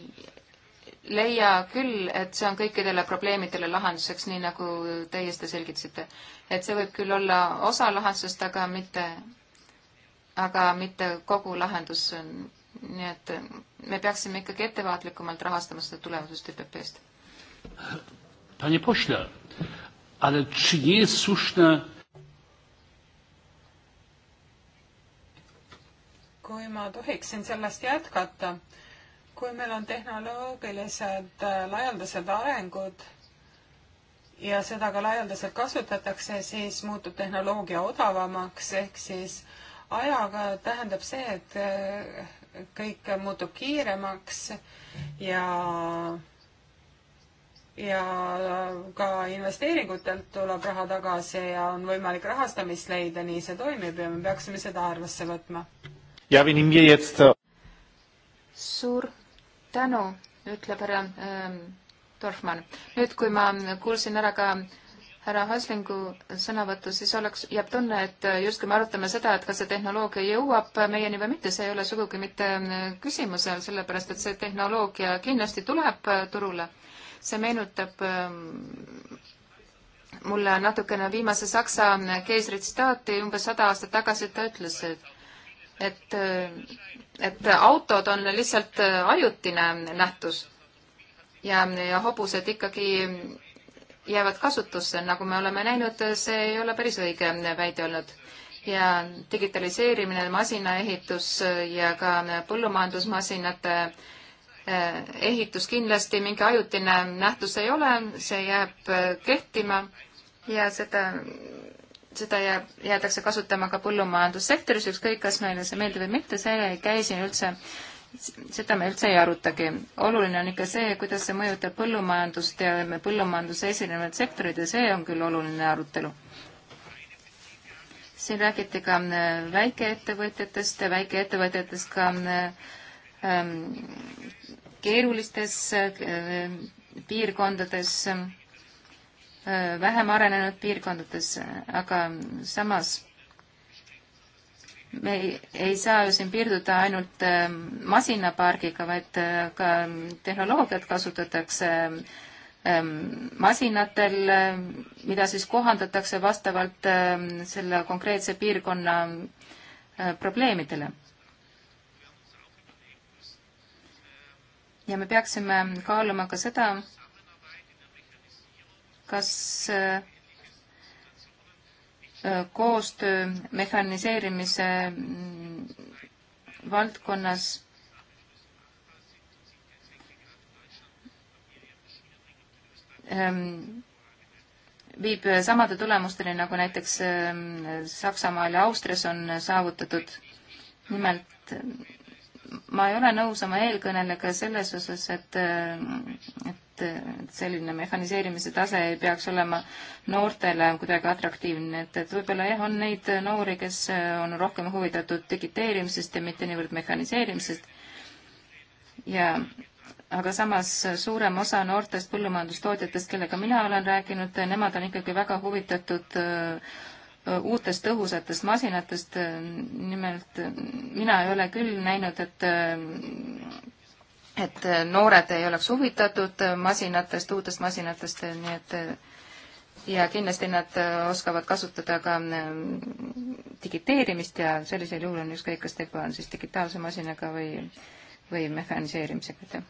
leia küll, et see on kõikidele probleemidele lahenduseks, nii nagu teie seda selgitasite. et see võib küll olla osa lahendusest, aga mitte, aga mitte kogu lahendus. nii et me peaksime ikkagi ettevaatlikumalt rahastama seda tulemusest ÜPP-st. Panie pośle, ale czy nie jest słuszne kui ma tohiksin sellest jätkata, kui meil on tehnoloogilised äh, laialdased arengud ja seda ka laialdaselt kasutatakse, siis muutub tehnoloogia odavamaks, ehk siis ajaga tähendab see, et äh, kõik muutub kiiremaks ja ja ka investeeringutelt tuleb raha tagasi ja on võimalik rahastamist leida, nii see toimib ja me peaksime seda arvesse võtma suur tänu, ütleb härra ähm, Dorfmann. nüüd, kui ma kuulsin ära ka härra Haslingu sõnavõttu, siis oleks, jääb tunne, et äh, justkui me arutame seda, et kas see tehnoloogia jõuab meieni või mitte, see ei ole sugugi mitte ähm, küsimus seal, sellepärast et see tehnoloogia kindlasti tuleb äh, turule. see meenutab ähm, mulle natukene viimase Saksa äh, keisri tsitaati, umbes sada aastat tagasi ta ütles, et et, et autod on lihtsalt ajutine nähtus ja, ja hobused ikkagi jäävad kasutusse, nagu me oleme näinud, see ei ole päris õige väide olnud. ja digitaliseerimine, masinaehitus ja ka põllumajandusmasinate eh, ehitus kindlasti mingi ajutine nähtus ei ole, see jääb kehtima ja seda seda jääb, jäädakse kasutama ka põllumajandussektoris, ükskõik, kas meile see meeldib või mitte, see ei käi siin üldse, seda me üldse ei arutagi. oluline on ikka see, kuidas see mõjutab põllumajandust ja põllumajanduse esinevaid sektoreid ja see on küll oluline arutelu. siin räägiti ka äh, väikeettevõtjatest ja väikeettevõtjatest ka äh, ähm, keerulistes äh, piirkondades äh, Äh, vähem arenenud piirkondades, aga samas me ei, ei saa ju siin piirduda ainult äh, masinapargiga, vaid äh, ka tehnoloogiat kasutatakse masinatel, mida siis kohandatakse vastavalt selle konkreetse piirkonna probleemidele. ja me peaksime kaaluma ka seda, kas äh, äh, koostöö mehhaniseerimise mm, valdkonnas ähm, viib samade tulemusteni, nagu näiteks ähm, Saksamaal ja Austrias on saavutatud. nimelt ma ei ole nõus oma eelkõnelejaga selles osas, et, et selline mehhaniseerimise tase ei peaks olema noortele kuidagi atraktiivne, et, et võib-olla jah, on neid noori, kes on rohkem huvitatud digiteerimisest ja mitte niivõrd mehhaniseerimisest. ja aga samas suurem osa noortest põllumajandustootjatest, kellega mina olen rääkinud, nemad on ikkagi väga huvitatud äh, Äh, uutest tõhusatest masinatest. Äh, nimelt äh, mina ei ole küll näinud, et et noored ei oleks huvitatud masinatest, uutest masinatest, nii et ja kindlasti nad oskavad kasutada ka digiteerimist ja sellisel juhul on ükskõik, kas tegu on siis digitaalse masinaga või, või mehhaniseerimisega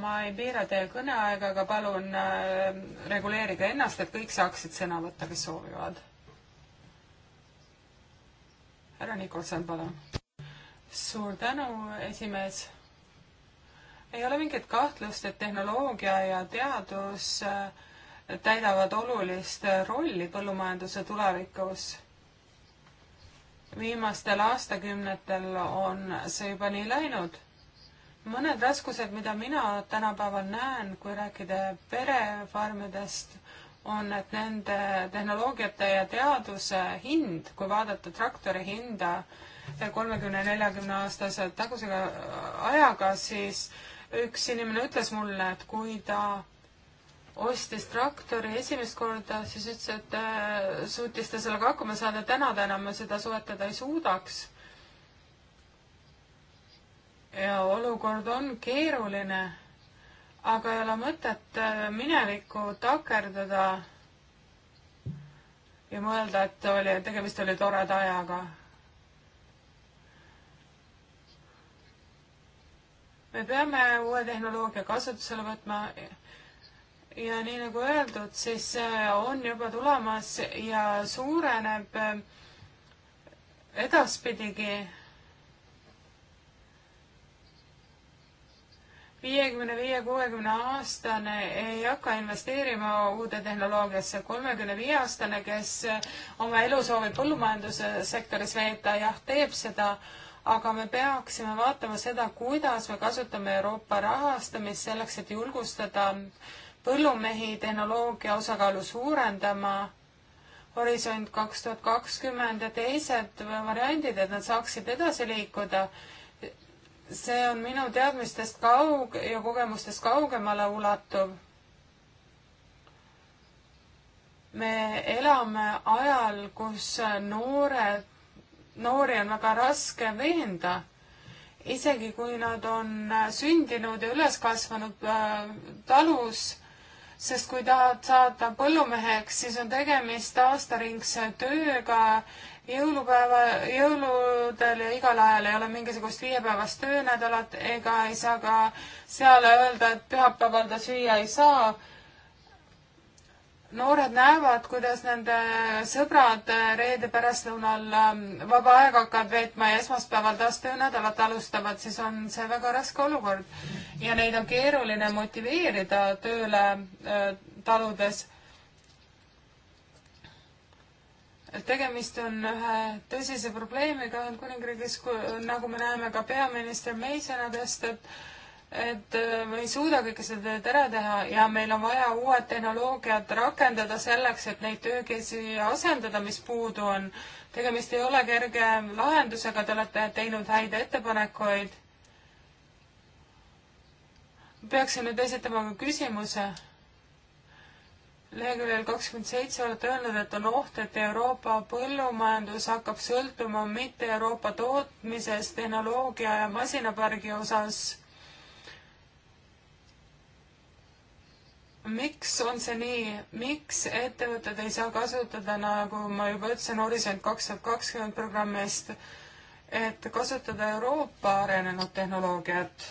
ma ei piira teie kõneaega, aga palun äh, reguleerige ennast, et kõik saaksid sõna võtta, kes soovivad. härra Nikolson, palun. suur tänu, esimees. ei ole mingit kahtlust, et tehnoloogia ja teadus äh, täidavad olulist äh, rolli põllumajanduse tulevikus. viimastel aastakümnetel on see juba nii läinud mõned raskused, mida mina tänapäeval näen, kui rääkida perefarmidest, on, et nende tehnoloogiate ja teaduse hind, kui vaadata traktori hinda kolmekümne, neljakümne aastase tagusega ajaga, siis üks inimene ütles mulle, et kui ta ostis traktori esimest korda, siis ütles, et äh, suutis ta sellega hakkama saada, täna ta enam seda soetada ei suudaks ja olukord on keeruline, aga ei ole mõtet äh, minevikku takerduda ja mõelda, et oli, tegemist oli toreda ajaga. me peame uue tehnoloogia kasutusele võtma ja nii nagu öeldud, siis äh, on juba tulemas ja suureneb äh, edaspidigi viiekümne viie, kuuekümne aastane ei hakka investeerima uude tehnoloogiasse. kolmekümne viie aastane, kes oma elu soovib põllumajandussektoris veeta, jah, teeb seda, aga me peaksime vaatama seda, kuidas me kasutame Euroopa rahastamist selleks, et julgustada põllumehi tehnoloogia osakaalu suurendama Horisont kaks tuhat kakskümmend ja teised variandid, et nad saaksid edasi liikuda see on minu teadmistest kaug- ja kogemustest kaugemale ulatuv. me elame ajal, kus noored, noori on väga raske veenda. isegi kui nad on sündinud ja üles kasvanud äh, talus, sest kui tahad saada põllumeheks, siis on tegemist aastaringse tööga jõulupäeva, jõuludel ja igal ajal ei ole mingisugust viiepäevast töönädalat ega ei saa ka seal öelda, et pühapäeval ta süüa ei saa. noored näevad, kuidas nende sõbrad reede pärastlõunal ähm, vaba aega hakkavad veetma ja esmaspäeval taas töönädalat alustavad, siis on see väga raske olukord ja neid on keeruline motiveerida tööle äh, taludes tegemist on ühe tõsise probleemiga Ühendkuningriigis, nagu me näeme ka peaminister May sõnadest, et et äh, me ei suuda kõike seda tööd ära teha ja meil on vaja uued tehnoloogiad rakendada selleks, et neid töökeesi asendada, mis puudu on. tegemist ei ole kerge lahendusega, te olete teinud häid ettepanekuid. peaksin nüüd esitama ka küsimuse leheküljel kakskümmend seitse olete öelnud, et on oht, et Euroopa põllumajandus hakkab sõltuma mitte Euroopa tootmisest tehnoloogia ja masinapargi osas. miks on see nii, miks ettevõtted ei saa kasutada, nagu ma juba ütlesin, Horisont kaks tuhat kakskümmend programmist, et kasutada Euroopa arenenud tehnoloogiat?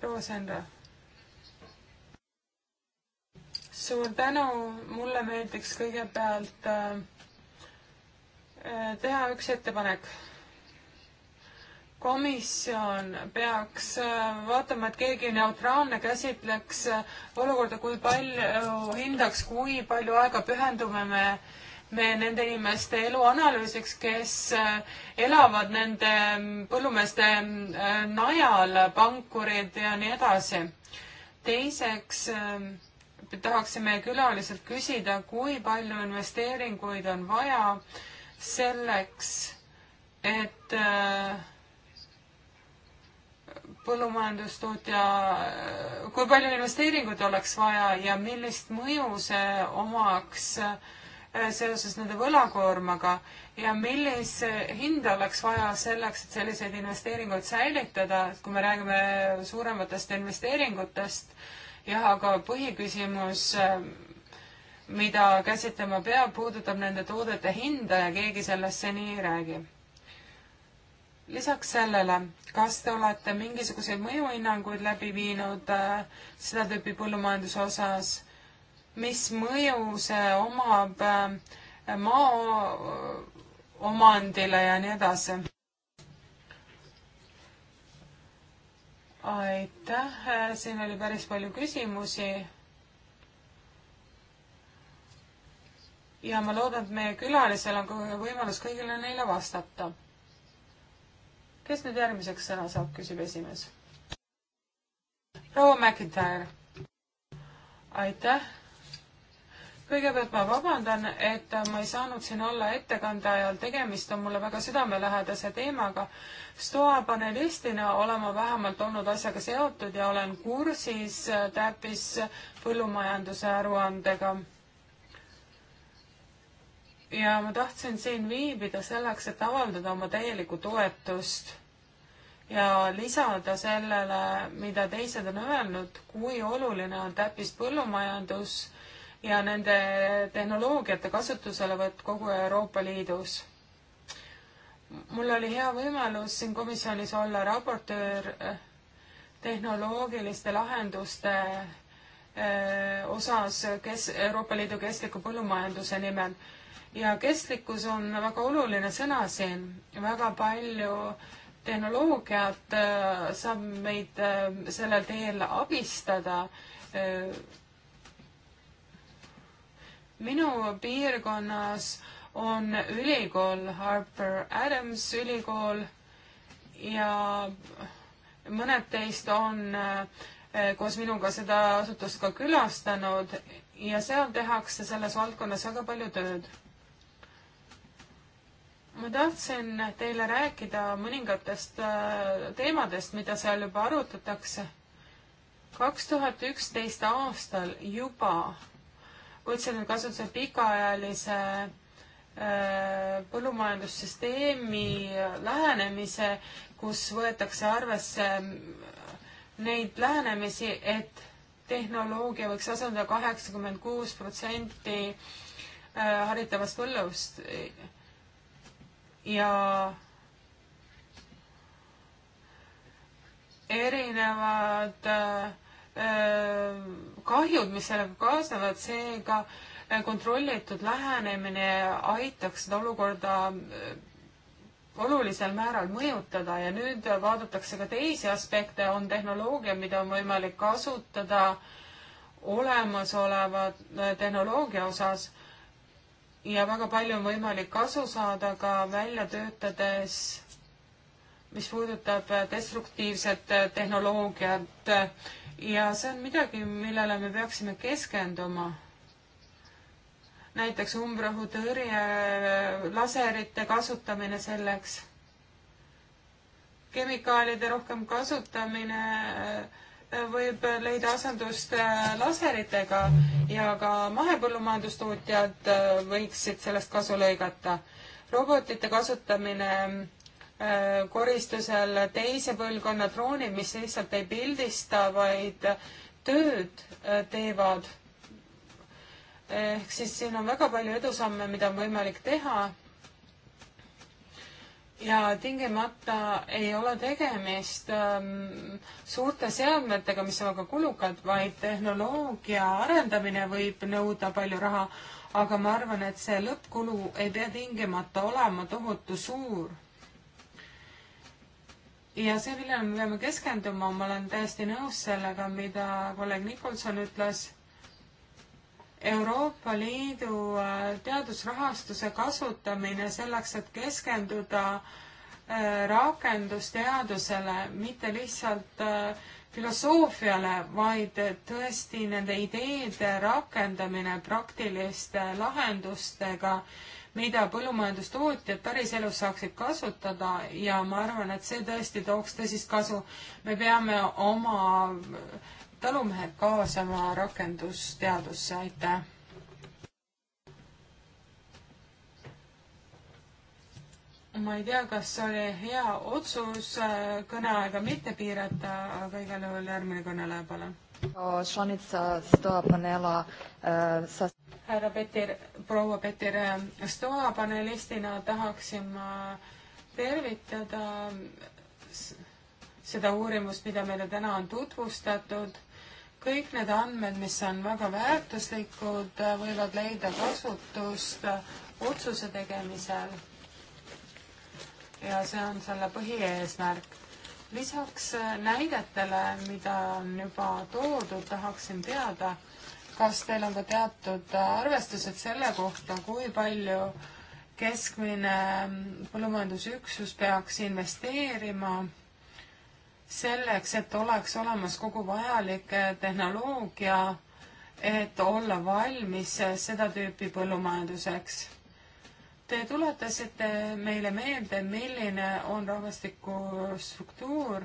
proua Senra suur tänu, mulle meeldiks kõigepealt äh, äh, teha üks ettepanek. komisjon peaks äh, vaatama, et keegi neutraalne käsitleks olukorda, kui palju hindaks, kui palju aega pühendume me me nende inimeste elu analüüsiks, kes elavad nende mm, põllumeeste mm, najal, pankurid ja nii edasi. teiseks äh, tahaksime külaliselt küsida, kui palju investeeringuid on vaja selleks, et äh, põllumajandustootja, äh, kui palju investeeringuid oleks vaja ja millist mõju see omaks äh, seoses nende võlakoormaga ja millise hinda oleks vaja selleks, et selliseid investeeringuid säilitada, kui me räägime suurematest investeeringutest jah, aga põhiküsimus, eh, mida käsitlema peab, puudutab nende toodete hinda ja keegi sellest seni ei räägi. lisaks sellele, kas te olete mingisuguseid mõjuhinnanguid läbi viinud äh, seda tüüpi põllumajanduse osas, mis mõju see omab äh, maa omandile ja nii edasi? aitäh, siin oli päris palju küsimusi. ja ma loodan, et meie külalisel on ka võimalus kõigile neile vastata. kes nüüd järgmiseks sõna saab, küsib esimees. proua McIntyre. aitäh kõigepealt ma vabandan, et ma ei saanud siin olla ettekande ajal, tegemist on mulle väga südamelähedase teemaga. STOA panelistina olen ma vähemalt olnud asjaga seotud ja olen kursis äh, täpis põllumajanduse aruandega. ja ma tahtsin siin viibida selleks, et avaldada oma täielikku toetust ja lisada sellele, mida teised on öelnud, kui oluline on täppispõllumajandus ja nende tehnoloogiate kasutuselevõtt kogu Euroopa Liidus. mul oli hea võimalus siin komisjonis olla raportöör eh, tehnoloogiliste lahenduste eh, osas kes-, Euroopa Liidu kestliku põllumajanduse nimel. ja kestlikkus on väga oluline sõna siin, väga palju tehnoloogiat eh, saab meid sellel teel abistada minu piirkonnas on ülikool Harper Adams ülikool ja mõned teist on eh, koos minuga seda asutust ka külastanud ja seal tehakse selles valdkonnas väga palju tööd. ma tahtsin teile rääkida mõningatest eh, teemadest, mida seal juba arutatakse. kaks tuhat üksteist aastal juba kuid see on kasutuse pikaajalise äh, põllumajandussüsteemi lähenemise, kus võetakse arvesse äh, neid lähenemisi, et tehnoloogia võiks asendada kaheksakümmend kuus protsenti äh, haritavast põllust ja erinevad äh, kahjud, mis sellega kaasnevad, seega kontrollitud lähenemine aitaks seda olukorda olulisel määral mõjutada ja nüüd vaadatakse ka teisi aspekte, on tehnoloogia, mida on võimalik kasutada olemasoleva tehnoloogia osas ja väga palju on võimalik kasu saada ka välja töötades, mis puudutab destruktiivset tehnoloogiat ja see on midagi, millele me peaksime keskenduma. näiteks umbrohutõrje, laserite kasutamine selleks, kemikaalide rohkem kasutamine äh, võib leida asendust äh, laseritega ja ka mahepõllumajandustootjad äh, võiksid sellest kasu lõigata. robotite kasutamine Äh, koristusel teise põlvkonna droonid, mis lihtsalt ei pildista, vaid tööd äh, teevad. ehk siis siin on väga palju edusamme, mida on võimalik teha. ja tingimata ei ole tegemist ähm, suurte seadmetega, mis on väga kulukad, vaid tehnoloogia arendamine võib nõuda palju raha, aga ma arvan, et see lõppkulu ei pea tingimata olema tohutu suur ja see, millele me peame keskenduma, ma olen täiesti nõus sellega, mida kolleeg Nikolson ütles. Euroopa Liidu äh, teadusrahastuse kasutamine selleks, et keskenduda äh, rakendusteadusele, mitte lihtsalt äh, filosoofiale, vaid tõesti nende ideede rakendamine praktiliste lahendustega mida põllumajandustootjad päriselus saaksid kasutada ja ma arvan, et see tõesti tooks tõsist kasu. me peame oma talumehed kaasama rakendusteadusse, aitäh. ma ei tea, kas oli hea otsus kõneaega mitte piirata, aga igal juhul järgmine kõneleja, palun članica STOA panela äh, sa-. härra Petir, proua Petir, STOA panelistina tahaksin ma tervitada seda uurimust, mida meile täna on tutvustatud. kõik need andmed, mis on väga väärtuslikud, võivad leida kasutust otsuse tegemisel. ja see on selle põhieesmärk lisaks äh, näidetele, mida on juba toodud, tahaksin teada, kas teil on ka teatud äh, arvestused selle kohta, kui palju keskmine mm, põllumajandusüksus peaks investeerima selleks, et oleks olemas kogu vajalik äh, tehnoloogia, et olla valmis seda tüüpi põllumajanduseks Te tuletasite meile meelde, milline on rahvastiku struktuur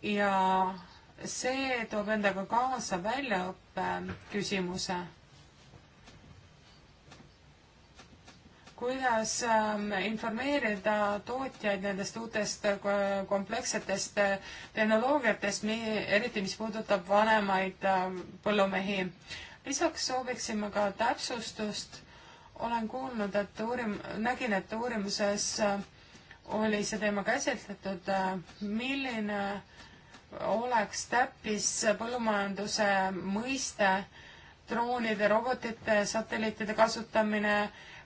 ja see toob endaga kaasa väljaõppe küsimuse. kuidas ähm, informeerida tootjaid nendest uutest äh, komplekssetest äh, tehnoloogiatest, eriti mis puudutab vanemaid äh, põllumehi. lisaks sooviksime ka täpsustust olen kuulnud, et uurim-, nägin, et uurimuses äh, oli see teema käsitletud, äh, milline oleks täppispõllumajanduse mõiste droonide, robotite, satelliitide kasutamine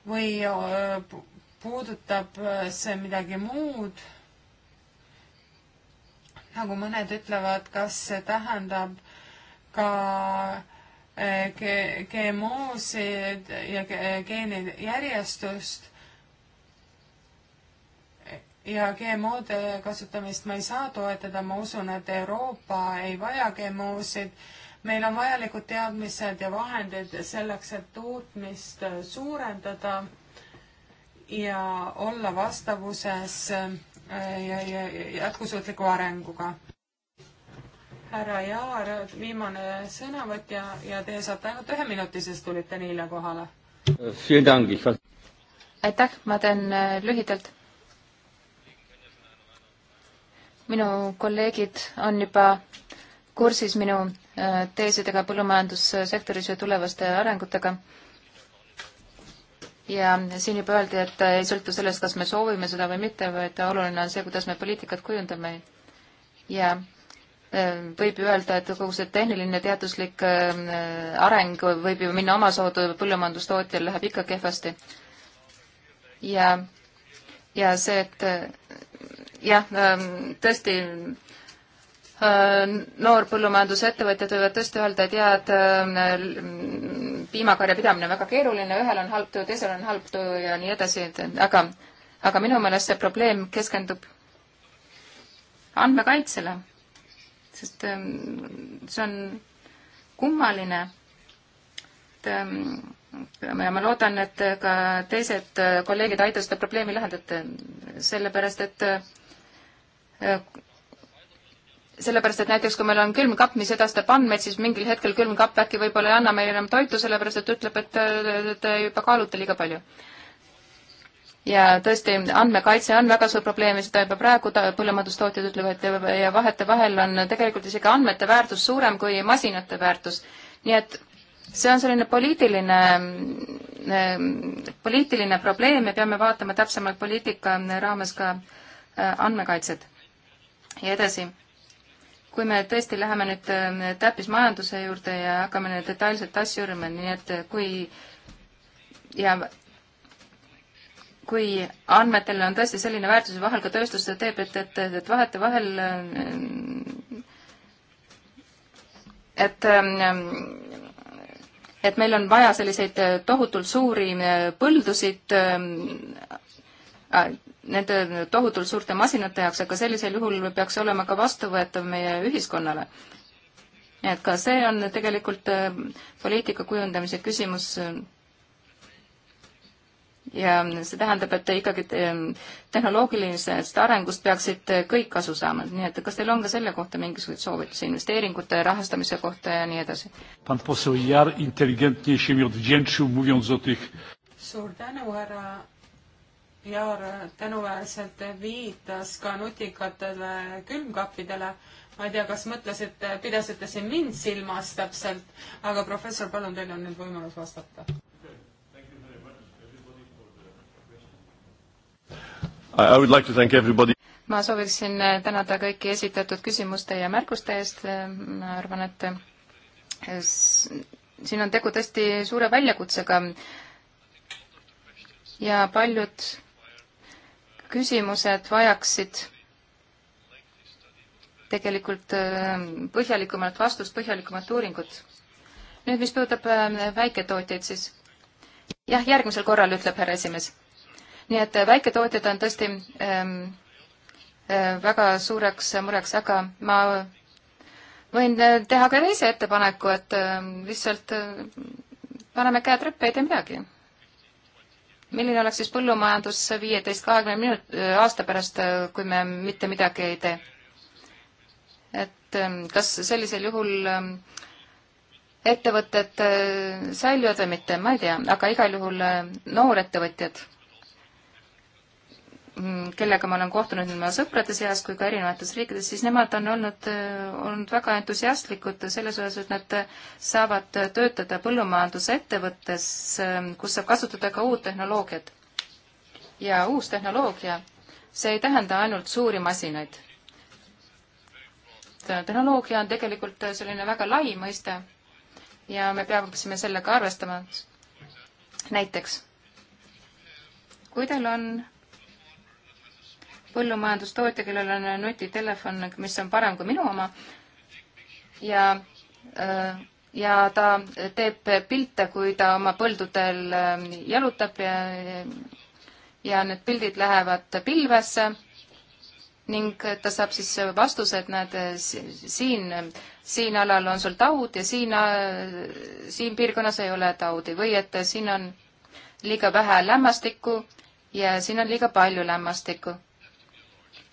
või äh, puudutab see midagi muud? nagu mõned ütlevad, kas see tähendab ka Äh, GMO-sid ja äh, geeni järjestust ja GMO-de kasutamist ma ei saa toetada, ma usun, et Euroopa ei vaja GMO-sid. meil on vajalikud teadmised ja vahendid selleks, et tootmist suurendada ja olla vastavuses äh, ja, ja jätkusuutliku arenguga härra Jaar, viimane sõnavõtja ja te saate ainult ühe minuti, sest tulite nii hilja kohale. aitäh, ma teen äh, lühidalt. minu kolleegid on juba kursis minu äh, teesidega põllumajandussektoris ja tulevaste arengutega. ja siin juba öeldi, et ei sõltu sellest, kas me soovime seda või mitte, vaid oluline on see, kuidas me poliitikat kujundame. ja võib ju öelda, et kogu see tehniline teaduslik äh, areng võib ju minna omasoodu, põllumajandustootjal läheb ikka kehvasti. ja, ja see, et äh, jah, ähm, tõesti, äh, noor põllumajandusettevõtjad võivad tõesti öelda, et jaa, et piimakarja pidamine on väga keeruline, ühel on halb töö, teisel on halb töö ja nii edasi, et aga, aga minu meelest see probleem keskendub andmekaitsele sest ähm, see on kummaline. et ähm, ma loodan, et ka teised kolleegid aitavad seda probleemi lahendada, sellepärast et äh, sellepärast, et näiteks kui meil on külmkapp, mis edastab andmeid, siis mingil hetkel külmkapp äkki võib-olla ei anna meile enam toitu, sellepärast et ütleb, et te juba kaalute liiga palju ja tõesti, andmekaitse on väga suur probleem ja seda juba praegu põllumajandustootjad ütlevad ja vahetevahel on tegelikult isegi andmete väärtus suurem kui masinate väärtus. nii et see on selline poliitiline, ähm, poliitiline probleem ja peame vaatama täpsemalt poliitika raames ka äh, andmekaitset. ja edasi, kui me tõesti läheme nüüd äh, täppismajanduse juurde ja hakkame nüüd detailselt asju uurima, nii et kui ja kui andmetel on tõesti selline väärtus ja vahel ka tööstus seda teeb, et, et, et vahetevahel et et meil on vaja selliseid tohutult suuri põldusid nende tohutult suurte masinate jaoks, aga sellisel juhul peaks see olema ka vastuvõetav meie ühiskonnale. et ka see on tegelikult poliitika kujundamise küsimus ja see tähendab, et te ikkagi tehnoloogilisest arengust peaksid kõik kasu saama, nii et kas teil on ka selle kohta mingisuguseid soovitusi investeeringute rahastamise kohta ja nii edasi? suur tänu, härra Jaar tänuväärselt viitas ka nutikatele külmkappidele. ma ei tea, kas mõtlesite, pidasite siin mind silmas täpselt, aga professor, palun, teil on nüüd võimalus vastata I would like to thank everybody. ma sooviksin äh, tänada kõiki esitatud küsimuste ja märkuste eest, äh, ma arvan, et äh, siin on tegu tõesti suure väljakutsega ja paljud küsimused vajaksid tegelikult põhjalikumat vastust, põhjalikumat uuringut. nüüd, mis puudutab väiketootjaid, siis jah, järgmisel korral, ütleb härra esimees nii et äh, väiketootjad on tõesti ähm, äh, väga suureks mureks, aga ma võin äh, teha ka teise ettepaneku, et äh, lihtsalt äh, paneme käed rüppe, ei tee midagi. milline oleks siis põllumajandus viieteist, kahekümne minut-, äh, aasta pärast, kui me mitte midagi ei tee? et ähm, kas sellisel juhul ähm, ettevõtted säilivad või mitte, ma ei tea, aga igal juhul noorettevõtjad Mm, kellega ma olen kohtunud nii oma sõprade seas kui ka erinevates riikides, siis nemad on olnud, äh, olnud väga entusiastlikud selles osas, et nad saavad töötada põllumajandusettevõttes, äh, kus saab kasutada ka uut tehnoloogiat. ja uus tehnoloogia, see ei tähenda ainult suuri masinaid. tehnoloogia on tegelikult selline väga lai mõiste ja me peaksime sellega arvestama. näiteks, kui teil on põllumajandustootja, kellel on nutitelefon, mis on parem kui minu oma ja, äh, ja ta teeb pilte, kui ta oma põldudel ähm, jalutab ja, ja need pildid lähevad pilvesse ning ta saab siis vastuse, et näed, siin, siin alal on sul taud ja siin, äh, siin piirkonnas ei ole taudi või et siin on liiga vähe lämmastikku ja siin on liiga palju lämmastikku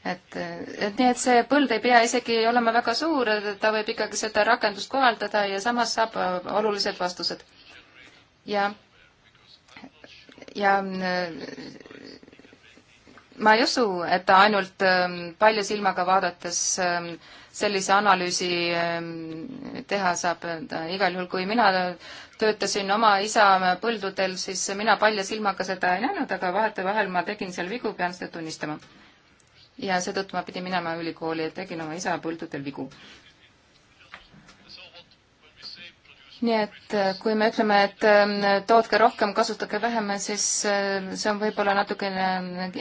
et, et nii, et see põld ei pea isegi olema väga suur, ta võib ikkagi seda rakendust kohaldada ja samas saab äh, olulised vastused. ja, ja äh, ma ei usu, et ainult ähm, palja silmaga vaadates ähm, sellise analüüsi ähm, teha saab, igal juhul kui mina töötasin oma isa põldudel, siis mina palja silmaga seda ei näinud, aga vahetevahel ma tegin seal vigu, pean seda tunnistama ja seetõttu ma pidin minema ülikooli ja tegin oma isa põldudel vigu. nii et äh, kui me ütleme, et ähm, tootke rohkem, kasutage vähem, siis äh, see on võib-olla natukene äh,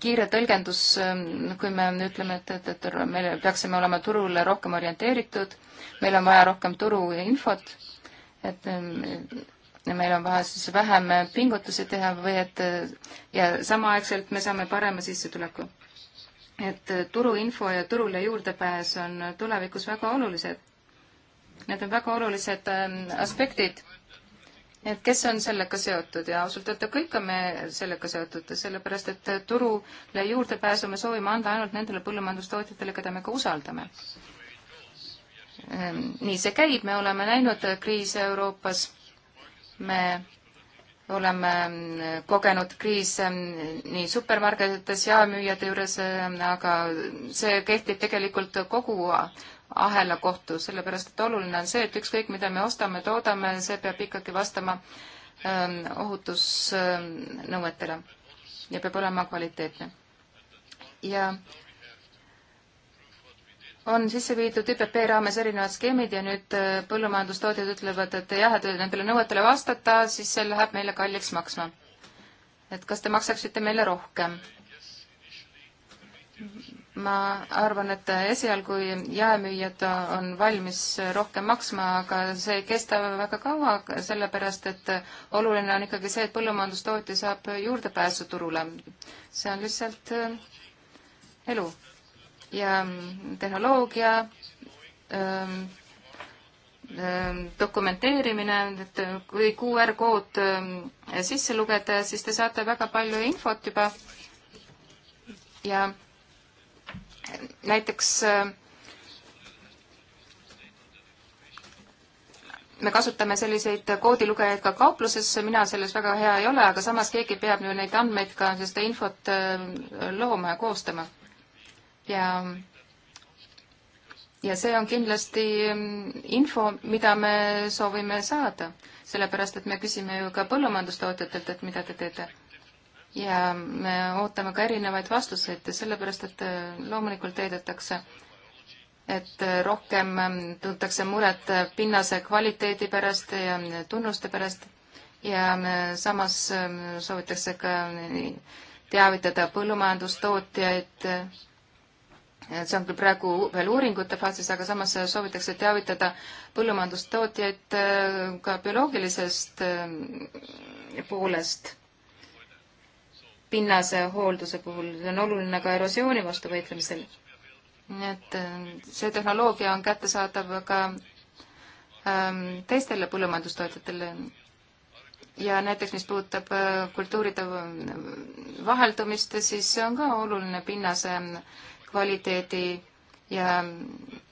kiire tõlgendus, ähm, kui me ütleme, et, et, et me peaksime olema turule rohkem orienteeritud, meil on vaja rohkem turuinfot, et ähm, meil on vaja siis vähem pingutusi teha või et ja samaaegselt me saame parema sissetuleku et turuinfo ja turule juurdepääs on tulevikus väga olulised. Need on väga olulised ähm, aspektid. et kes on sellega seotud ja ausalt öelda kõik on me sellega seotud, sellepärast et turule juurdepääsu me soovime anda ainult nendele põllumajandustootjatele, keda me ka usaldame. Ähm, nii see käib, me oleme näinud kriise Euroopas, me oleme kogenud kriise ähm, nii supermarketites, jaemüüjate juures, ähm, aga see kehtib tegelikult kogu ahela kohtu, sellepärast et oluline on see, et ükskõik, mida me ostame, toodame, see peab ikkagi vastama ähm, ohutusnõuetele ja peab olema kvaliteetne. ja on sisse viidud ÜPP raames erinevad skeemid ja nüüd äh, põllumajandustootjad ütlevad, et jah, et nendele nõuetele vastata, siis see läheb meile kalliks maksma. et kas te maksaksite meile rohkem? ma arvan, et esialgu jaemüüjad on valmis rohkem maksma, aga see ei kesta väga kaua, sellepärast et oluline on ikkagi see, et põllumajandustootja saab juurdepääsu turule. see on lihtsalt äh, elu ja mm, tehnoloogia ähm, ähm, dokumenteerimine, et äh, kui QR-kood ähm, sisse lugeda, siis te saate väga palju infot juba ja näiteks äh, me kasutame selliseid koodilugejaid ka kaupluses, mina selles väga hea ei ole, aga samas keegi peab ju neid andmeid ka, seda infot äh, looma ja koostama ja ja see on kindlasti info, mida me soovime saada, sellepärast et me küsime ju ka põllumajandustootjatelt, et mida te teete. ja me ootame ka erinevaid vastuseid, sellepärast et loomulikult heidetakse, et rohkem tuntakse muret pinnase kvaliteedi pärast ja tunnuste pärast ja samas soovitakse ka teavitada põllumajandustootjaid see on küll praegu veel uuringute faasis, aga samas soovitakse teavitada põllumajandustootjaid äh, ka bioloogilisest äh, poolest pinnase hoolduse puhul, see on oluline ka erosiooni vastu võitlemisel. nii et äh, see tehnoloogia on kättesaadav ka ähm, teistele põllumajandustootjatele ja näiteks, mis puudutab kultuuride vaheldumist, siis see on ka oluline pinnase kvaliteedi ja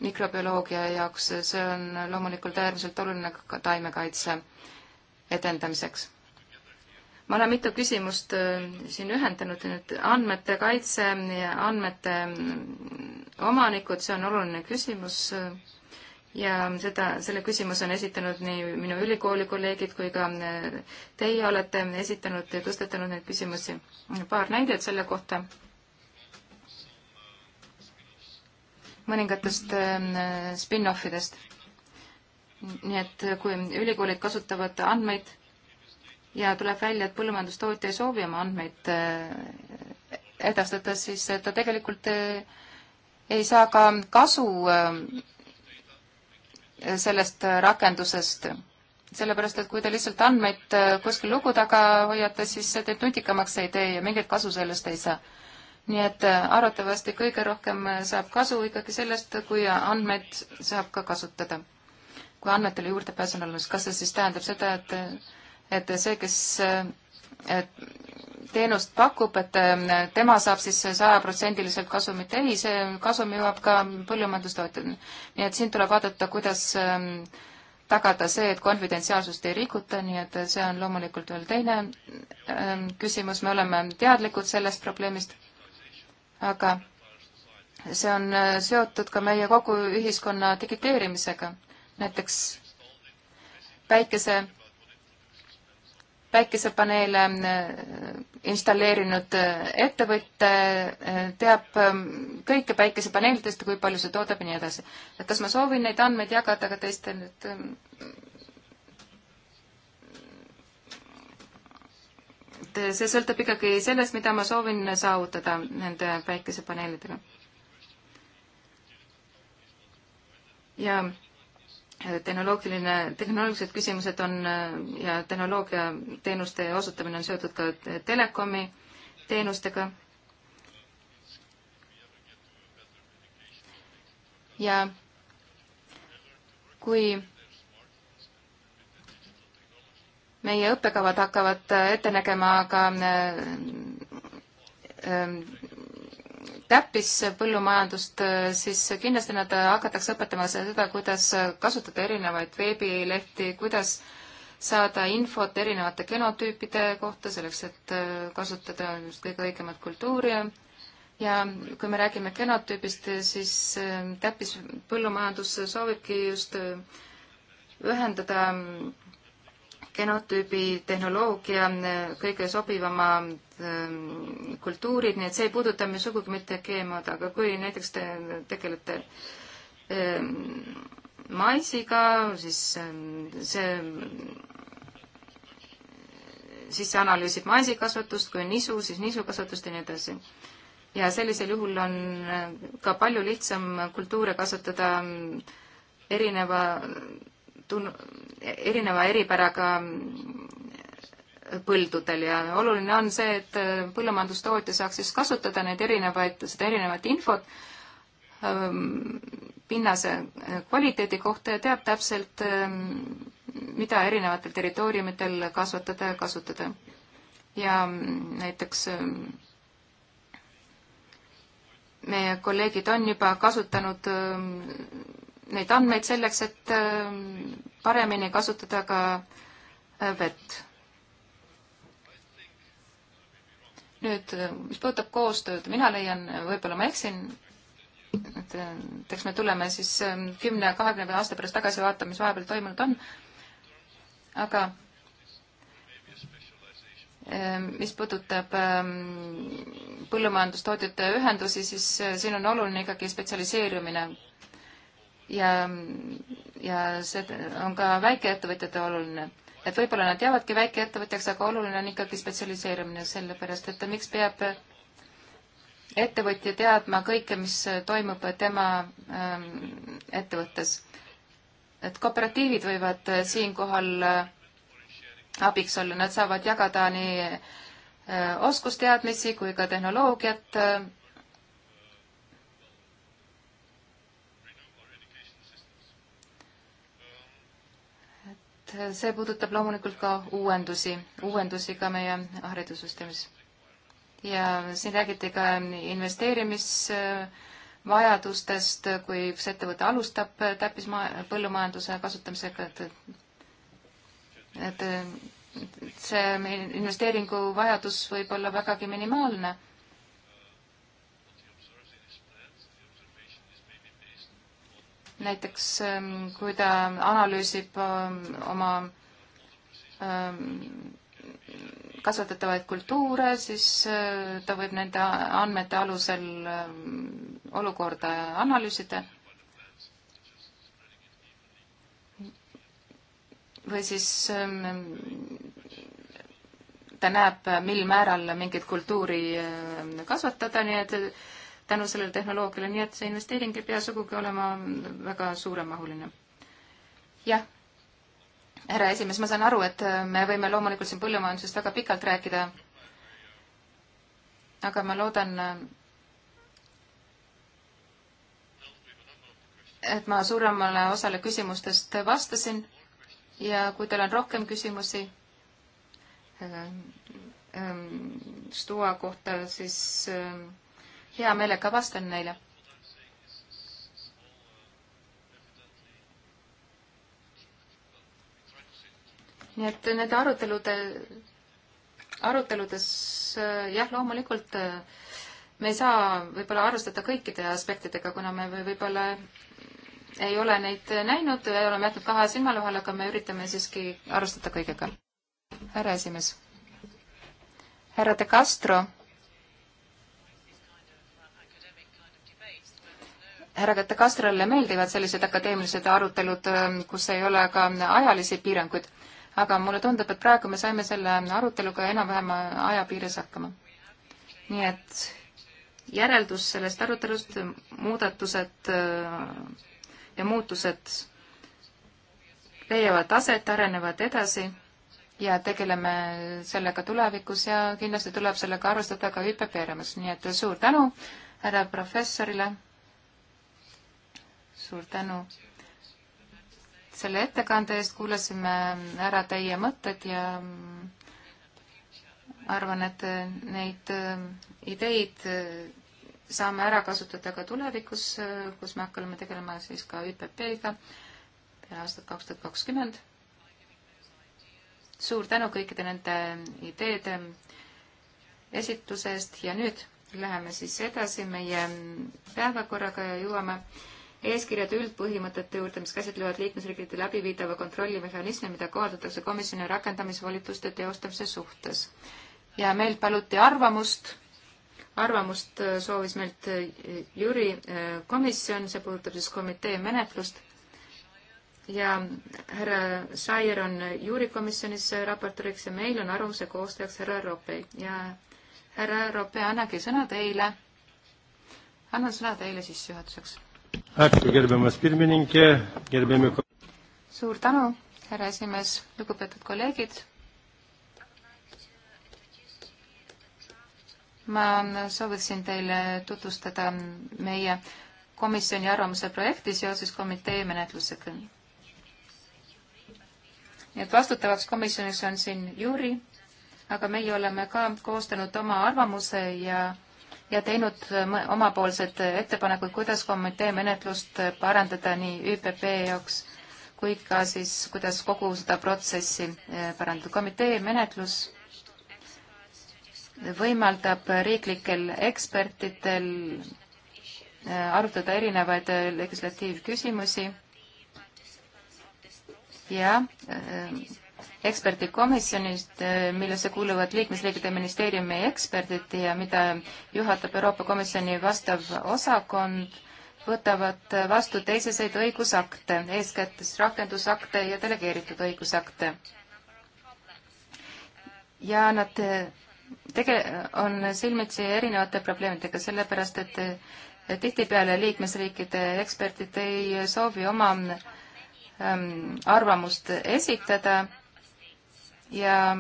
mikrobioloogia jaoks, see on loomulikult äärmiselt oluline ka taimekaitse edendamiseks. ma olen mitu küsimust äh, siin ühendanud nüüd, andmete kaitse ja andmete mm, omanikud, see on oluline küsimus äh, ja seda, selle küsimuse on esitanud nii minu ülikooli kolleegid kui ka äh, teie olete esitanud ja tõstatanud neid küsimusi. paar näidet selle kohta mõningatest ähm, spin-off idest. nii et äh, kui ülikoolid kasutavad andmeid ja tuleb välja, et põllumajandustootja ei soovi oma andmeid äh, edastada, siis äh, ta tegelikult ei saa ka kasu sellest rakendusest, sellepärast et kui te lihtsalt andmeid kuskil lugu taga hoiate, siis see teid nutikamaks ei tee ja mingit kasu sellest ei saa nii et äh, arvatavasti kõige rohkem äh, saab kasu ikkagi sellest, kui andmeid saab ka kasutada. kui andmetele juurdepääs on olemas, kas see siis tähendab seda, et, äh, et see, kes et teenust pakub, et tema saab siis sajaprotsendiliselt kasumit, ei, see kasum jõuab ka põllumajandustootjani. nii et siin tuleb vaadata, kuidas ähm, tagada see, et konfidentsiaalsust ei rikuta, nii et see on loomulikult veel teine ähm, küsimus, me oleme teadlikud sellest probleemist aga see on äh, seotud ka meie kogu ühiskonna digiteerimisega. näiteks päikese, päikesepaneele äh, installeerinud äh, ettevõte teab ähm, kõike päikesepaneelidest ja kui palju see toodab ja nii edasi. et kas ma soovin neid andmeid jagada ka teiste nüüd ähm, et see sõltub ikkagi sellest, mida ma soovin saavutada nende päikesepaneelidega. ja tehnoloogiline, tehnoloogilised küsimused on ja tehnoloogia teenuste osutamine on seotud ka telekomi teenustega. ja kui meie õppekavad hakkavad äh, ette nägema ka äh, ähm, täppispõllumajandust, äh, siis kindlasti nad hakatakse õpetama seda, kuidas kasutada erinevaid veebilehti, kuidas saada infot erinevate genotüüpide kohta, selleks et kasutada just kõige õigemat kultuuri ja kui me räägime genotüübist, siis täppispõllumajandus soovibki just ühendada mm, genotüübi tehnoloogia kõige sobivamad ähm, kultuurid, nii et see ei puuduta me sugugi mitte GMO-d, aga kui näiteks te tegelete ähm, maisiga, siis ähm, see, siis see analüüsib maisikasvatust, kui on nisu, siis nisukasvatust ja nii edasi. ja sellisel juhul on äh, ka palju lihtsam kultuure kasvatada erineva tun-, erineva eripäraga põldudel ja oluline on see, et põllumajandustootja saaks siis kasutada neid erinevaid, seda erinevat infot ähm, pinnase kvaliteedi kohta ja teab täpselt, ähm, mida erinevatel territooriumitel kasvatada ja kasutada. ja näiteks ähm, meie kolleegid on juba kasutanud neid andmeid selleks, et ähm, paremini kasutada ka äh, vett. nüüd, äh, mis puudutab koostööd, mina leian, võib-olla ma eksin, et äh, eks me tuleme siis ähm, kümne, kahekümne aasta pärast tagasi vaatama, mis vahepeal toimunud on, aga mis puudutab ähm, põllumajandustootjate ühendusi, siis siin on oluline ikkagi spetsialiseerumine ja, ja see on ka väikeettevõtjate oluline. et võib-olla nad jäävadki väikeettevõtjaks, aga oluline on ikkagi spetsialiseerumine, sellepärast et miks peab ettevõtja teadma kõike, mis toimub tema ähm, ettevõttes. et kooperatiivid võivad äh, siinkohal äh, abiks olla, nad saavad jagada nii äh, oskusteadmisi kui ka tehnoloogiat äh, et see puudutab loomulikult ka uuendusi, uuendusi ka meie haridussüsteemis. ja siin räägiti ka investeerimisvajadustest, kui üks ettevõte alustab täppismaa, põllumajanduse kasutamisega, et et see investeeringu vajadus võib olla vägagi minimaalne näiteks ähm, kui ta analüüsib ähm, oma ähm, kasvatatavaid kultuure, siis äh, ta võib nende andmete alusel olukorda analüüsida. või siis ta näeb, mil määral mingit kultuuri kasvatada, nii et tänu sellele tehnoloogiale, nii et see investeering ei pea sugugi olema väga suuremahuline. jah, härra esimees, ma saan aru, et me võime loomulikult siin põllumajandusest väga pikalt rääkida, aga ma loodan, et ma suuremale osale küsimustest vastasin ja kui teil on rohkem küsimusi ähm, ähm, STUA kohta, siis ähm, hea meelega vastan neile. nii et nende arutelude, aruteludes äh, jah, loomulikult äh, me ei saa võib-olla arvestada kõikide aspektidega, kuna me võib-olla ei ole neid näinud, oleme jätnud kahe silmale vahele, aga me üritame siiski arvestada kõigega. härra esimees. härra De Castro härra Kastrile meeldivad sellised akadeemilised arutelud, ähm, kus ei ole ka ajalisi piiranguid, aga mulle tundub, et praegu me saime selle aruteluga enam-vähem aja piires hakkama. nii et järeldus sellest arutelust, muudatused äh, ja muutused leiavad aset, arenevad edasi ja tegeleme sellega tulevikus ja kindlasti tuleb sellega arvestada ka ÜPP raames, nii et suur tänu härra professorile suur tänu selle ettekande eest, kuulasime ära teie mõtted ja mm, arvan, et neid mm, ideid mm, saame ära kasutada ka tulevikus, kus me hakkame tegelema siis ka ÜPP-ga peale aastat kaks tuhat kakskümmend. suur tänu kõikide nende ideede esitluse eest ja nüüd läheme siis edasi meie päevakorraga ja jõuame eeskirjade üldpõhimõtete juurde, mis käsitlevad liikmesriikide läbiviidava kontrollimehhanismi, mida kohaldatakse komisjoni rakendamisvolituste teostamise suhtes. ja meilt paluti arvamust, arvamust äh, soovis meilt äh, Jüri äh, komisjon, see puudutab siis komitee menetlust, ja härra Saier on Jüri komisjonis raportööriks ja meil on arvamuse koostajaks härra Rope ja härra Rope, annage sõna teile, annan sõna teile sissejuhatuseks suur tänu, härra esimees, lugupeetud kolleegid. ma sooviksin teile tutvustada meie komisjoni arvamuse projekti seoses komitee menetlusega. nii et vastutavaks komisjoniks on siin Jüri, aga meie oleme ka koostanud oma arvamuse ja ja teinud omapoolsed ettepanekud, kuidas komitee menetlust parandada nii ÜPP jaoks kui ka siis, kuidas kogu seda protsessi eh, parandada. komitee menetlus võimaldab riiklikel ekspertidel eh, arutada erinevaid eh, legislatiivküsimusi ja ekspertikomisjonist, äh, millesse kuuluvad liikmesriikide ministeeriumi eksperdid ja mida juhatab Euroopa Komisjoni vastav osakond, võtavad vastu teiseseid õigusakte, eeskätt siis rakendusakte ja delegeeritud õigusakte. ja nad äh, tege-, on silmitsi erinevate probleemidega, sellepärast et äh, tihtipeale liikmesriikide eksperdid ei soovi oma ähm, arvamust esitada ja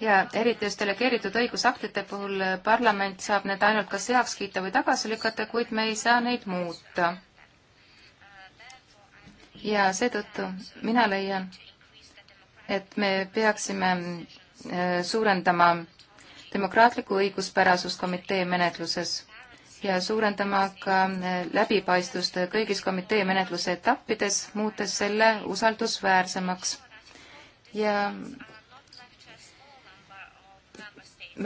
ja eriti just delegeeritud õigusaktide puhul eh, parlament saab need ainult kas heaks kiita või tagasi lükata, kuid me ei saa neid muuta. ja seetõttu mina leian, et me peaksime eh, suurendama demokraatliku õiguspärasust komitee menetluses ja suurendama ka eh, läbipaistvust kõigis komitee menetluse etappides, muutes selle usaldusväärsemaks. ja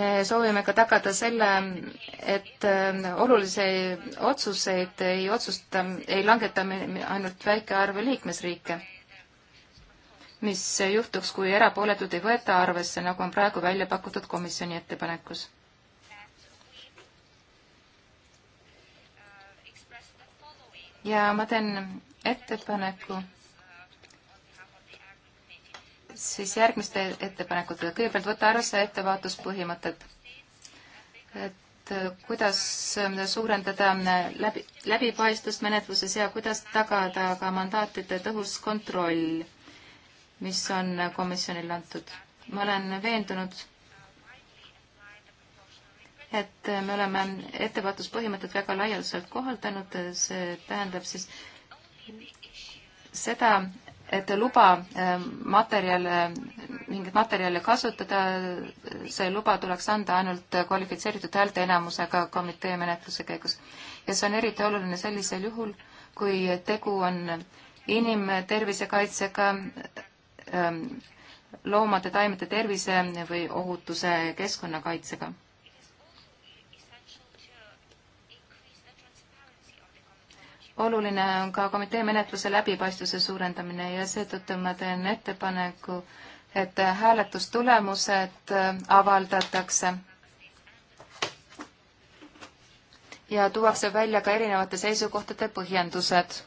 me soovime ka tagada selle, et eh, olulisi otsuseid ei otsusta, ei langeta ainult väike arv liikmesriike, mis juhtuks, kui erapooletud ei võeta arvesse, nagu on praegu välja pakutud komisjoni ettepanekus ja ma teen ettepaneku siis järgmiste ettepanekutega. kõigepealt võtta arvesse ettevaatuspõhimõtet, et kuidas suurendada läbi, läbipaistvust menetluses ja kuidas tagada ka mandaatide tõhus kontroll, mis on komisjonile antud. ma olen veendunud et me oleme ettevaatuspõhimõtet väga laialdaselt kohaldanud, see tähendab siis seda, et luba materjale, mingeid materjale kasutada, see luba tuleks anda ainult kvalifitseeritud häälteenamusega komitee menetluse käigus. ja see on eriti oluline sellisel juhul, kui tegu on inimtervise kaitsega, ähm, loomade, taimede tervise või ohutuse keskkonnakaitsega oluline on ka komitee menetluse läbipaistvuse suurendamine ja seetõttu ma teen ettepaneku, et hääletustulemused äh, avaldatakse ja tuuakse välja ka erinevate seisukohtade põhjendused.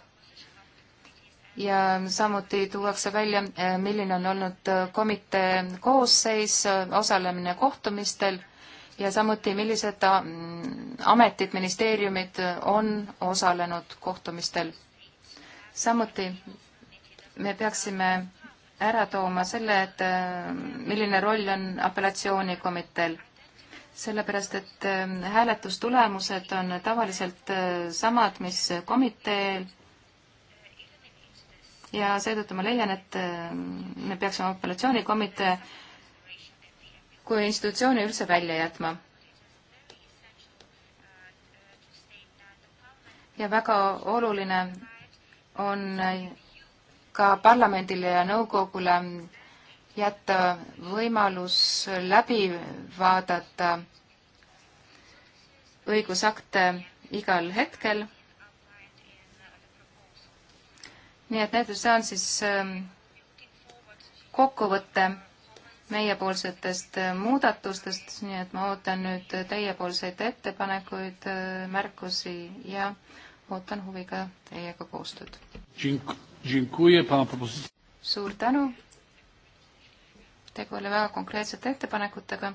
ja samuti tuuakse välja, äh, milline on olnud äh, komitee koosseis, osalemine kohtumistel ja samuti, millised äh, ametid, ministeeriumid on osalenud kohtumistel. samuti me peaksime ära tooma selle, et äh, milline roll on apellatsioonikomiteel. sellepärast, et äh, hääletustulemused on tavaliselt samad, mis komiteel ja seetõttu ma leian, et me peaksime apellatsioonikomitee kui institutsiooni üldse välja jätma. ja väga oluline on ka parlamendile ja nõukogule jätta võimalus läbi vaadata õigusakte igal hetkel. nii et näiteks see on siis ähm, kokkuvõte meiepoolsetest äh, muudatustest, nii et ma ootan nüüd teiepoolseid ettepanekuid, äh, märkusi ja ootan huviga teiega koostööd. suur tänu. tegu oli väga konkreetsete ettepanekutega.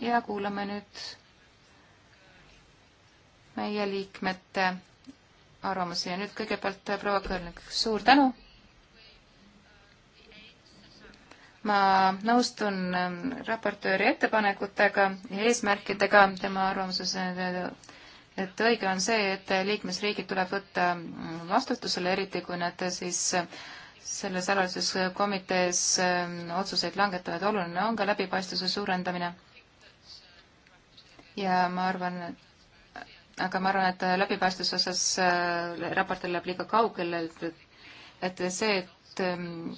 ja kuulame nüüd meie liikmete arvamusi ja nüüd kõigepealt proua Kõlnik, suur tänu ma nõustun ähm, raportööri ettepanekutega ja eesmärkidega tema arvamuses, äh, et õige on see, et liikmesriigid tuleb võtta mm, vastutusele, eriti kui nad äh, siis äh, selles alalises komitees ähm, otsuseid langetavad. oluline on ka läbipaistvuse suurendamine. ja ma arvan, aga ma arvan, et läbipaistvuse osas raport läheb liiga kaugele, et, et see, et ähm,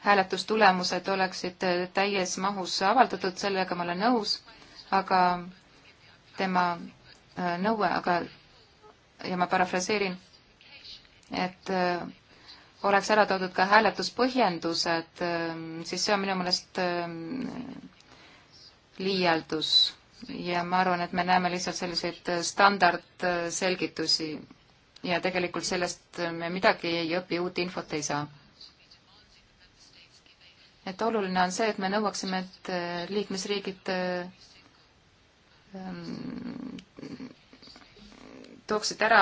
hääletustulemused oleksid täies mahus avaldatud, sellega ma olen nõus, aga tema äh, nõue, aga ja ma parafraseerin, et äh, oleks ära toodud ka hääletuspõhjendused, äh, siis see on minu meelest liialdus ja ma arvan, et me näeme lihtsalt selliseid standardselgitusi ja tegelikult sellest me midagi ei õpi, uut infot ei saa et oluline on see, et me nõuaksime, et äh, liikmesriigid äh, tooksid ära,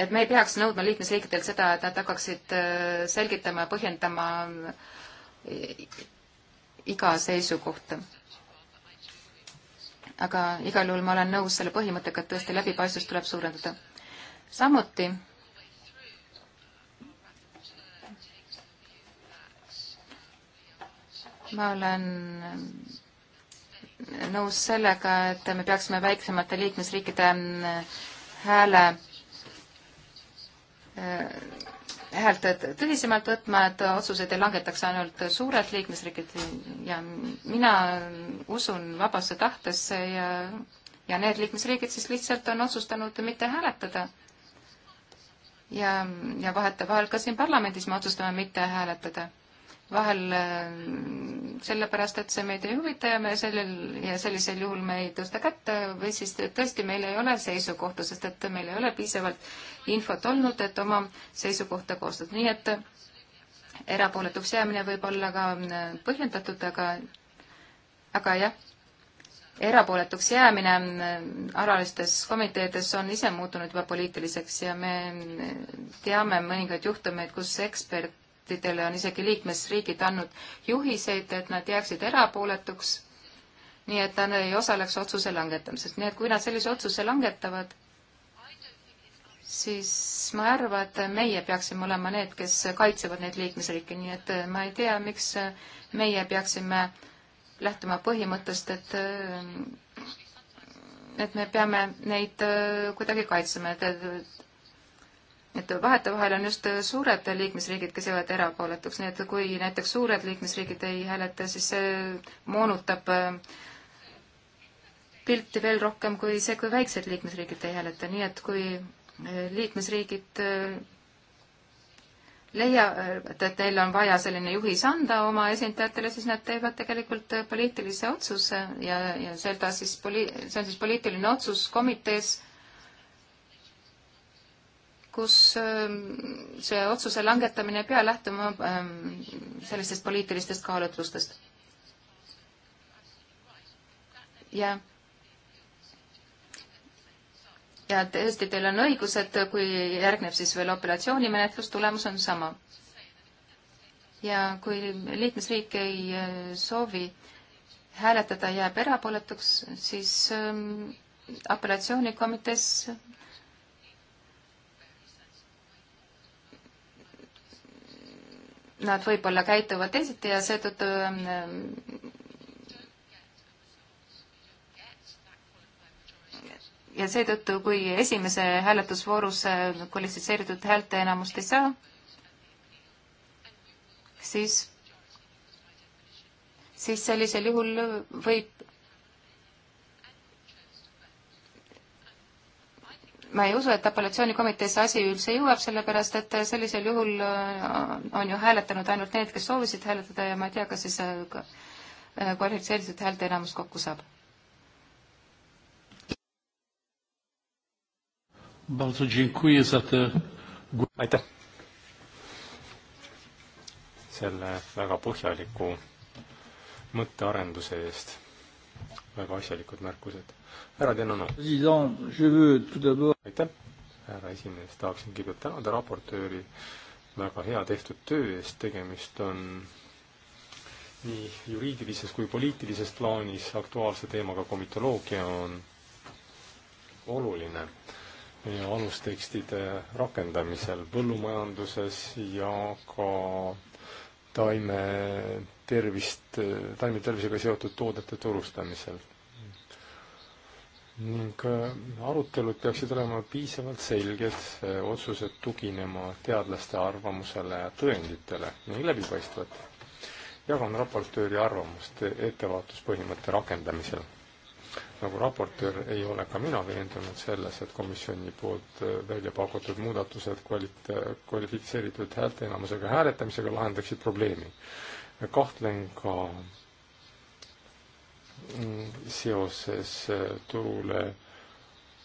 et me ei peaks nõudma liikmesriikidelt seda, et nad hakkaksid äh, selgitama ja põhjendama iga seisukohta. aga igal juhul ma olen nõus selle põhimõttega, et tõesti läbipaistvust tuleb suurendada. samuti ma olen nõus sellega, et me peaksime väiksemate liikmesriikide mm, hääle äh, häält tõsisemalt võtma, et otsuseid ei langetaks ainult suured liikmesriigid ja mina usun vabasse tahtesse ja, ja need liikmesriigid siis lihtsalt on otsustanud mitte hääletada. ja, ja vahetevahel ka siin parlamendis me otsustame mitte hääletada vahel äh, sellepärast, et see meid ei huvita ja me sellel ja sellisel juhul me ei tõsta kätte või siis tõesti meil ei ole seisukohta, sest et meil ei ole piisavalt infot olnud, et oma seisukohta koostada, nii et äh, erapooletuks jäämine võib olla ka äh, põhjendatud, aga aga jah, erapooletuks jäämine alalistes komiteedes on ise muutunud juba poliitiliseks ja me teame mõningaid juhtumeid, kus ekspert ekspertidele on isegi liikmesriigid andnud juhiseid, et nad jääksid erapooletuks, nii et nad ei osaleks otsuse langetamises. nii et kui nad sellise otsuse langetavad, siis ma ei arva, et meie peaksime olema need, kes kaitsevad neid liikmesriike, nii et ma ei tea, miks meie peaksime lähtuma põhimõttest, et et me peame neid kuidagi kaitsema, et et vahetevahel on just suured liikmesriigid, kes jäävad erapooletuks, nii et kui näiteks suured liikmesriigid ei hääleta, siis see moonutab äh, pilti veel rohkem kui see, kui väiksed liikmesriigid ei hääleta, nii et kui äh, liikmesriigid äh, leiavad, et neil on vaja selline juhis anda oma esindajatele, siis nad teevad tegelikult poliitilise otsuse ja, ja seda siis poli-, see on siis poliitiline otsus komitees kus ähm, see otsuse langetamine ei pea lähtuma ähm, sellistest poliitilistest kaalutlustest. ja ja tõesti, teil on õigus, et kui järgneb siis veel apellatsioonimenetlus, tulemus on sama. ja kui liikmesriik ei äh, soovi hääletada, jääb erapooletuks, siis ähm, apellatsioonikomitees nad võib-olla käituvad teisiti ja seetõttu ähm, ja seetõttu, kui esimese hääletusvoorus äh, kvalifitseeritud häälte enamust ei saa, siis, siis sellisel juhul võib ma ei usu, et apellatsioonikomiteesse asi üldse jõuab, sellepärast et äh, sellisel juhul äh, on ju hääletanud ainult need, kes soovisid hääletada ja ma ei tea, kas siis äh, kvalifitseeritud häälte enamus kokku saab. aitäh selle väga põhjaliku mõttearenduse eest, väga asjalikud märkused härra Denano. aitäh, härra esimees, tahaksin kõigepealt tänada raportööri väga hea tehtud töö eest, tegemist on nii juriidilises kui poliitilises plaanis aktuaalse teemaga, komitoloogia on oluline ja alustekstide rakendamisel põllumajanduses ja ka taime tervist, taime tervisega seotud toodete turustamisel ning äh, arutelud peaksid olema piisavalt selged, äh, otsused tuginema teadlaste arvamusele ja tõenditele ning läbipaistvad. jagan raportööri arvamust e-, ettevaatuspõhimõtte rakendamisel. nagu raportöör ei ole ka mina veendunud selles, et komisjoni poolt äh, välja pakutud muudatused kvalit-, kvalifitseeritud häälteenamusega hääletamisega lahendaksid probleemi. kahtlen ka seoses äh, turule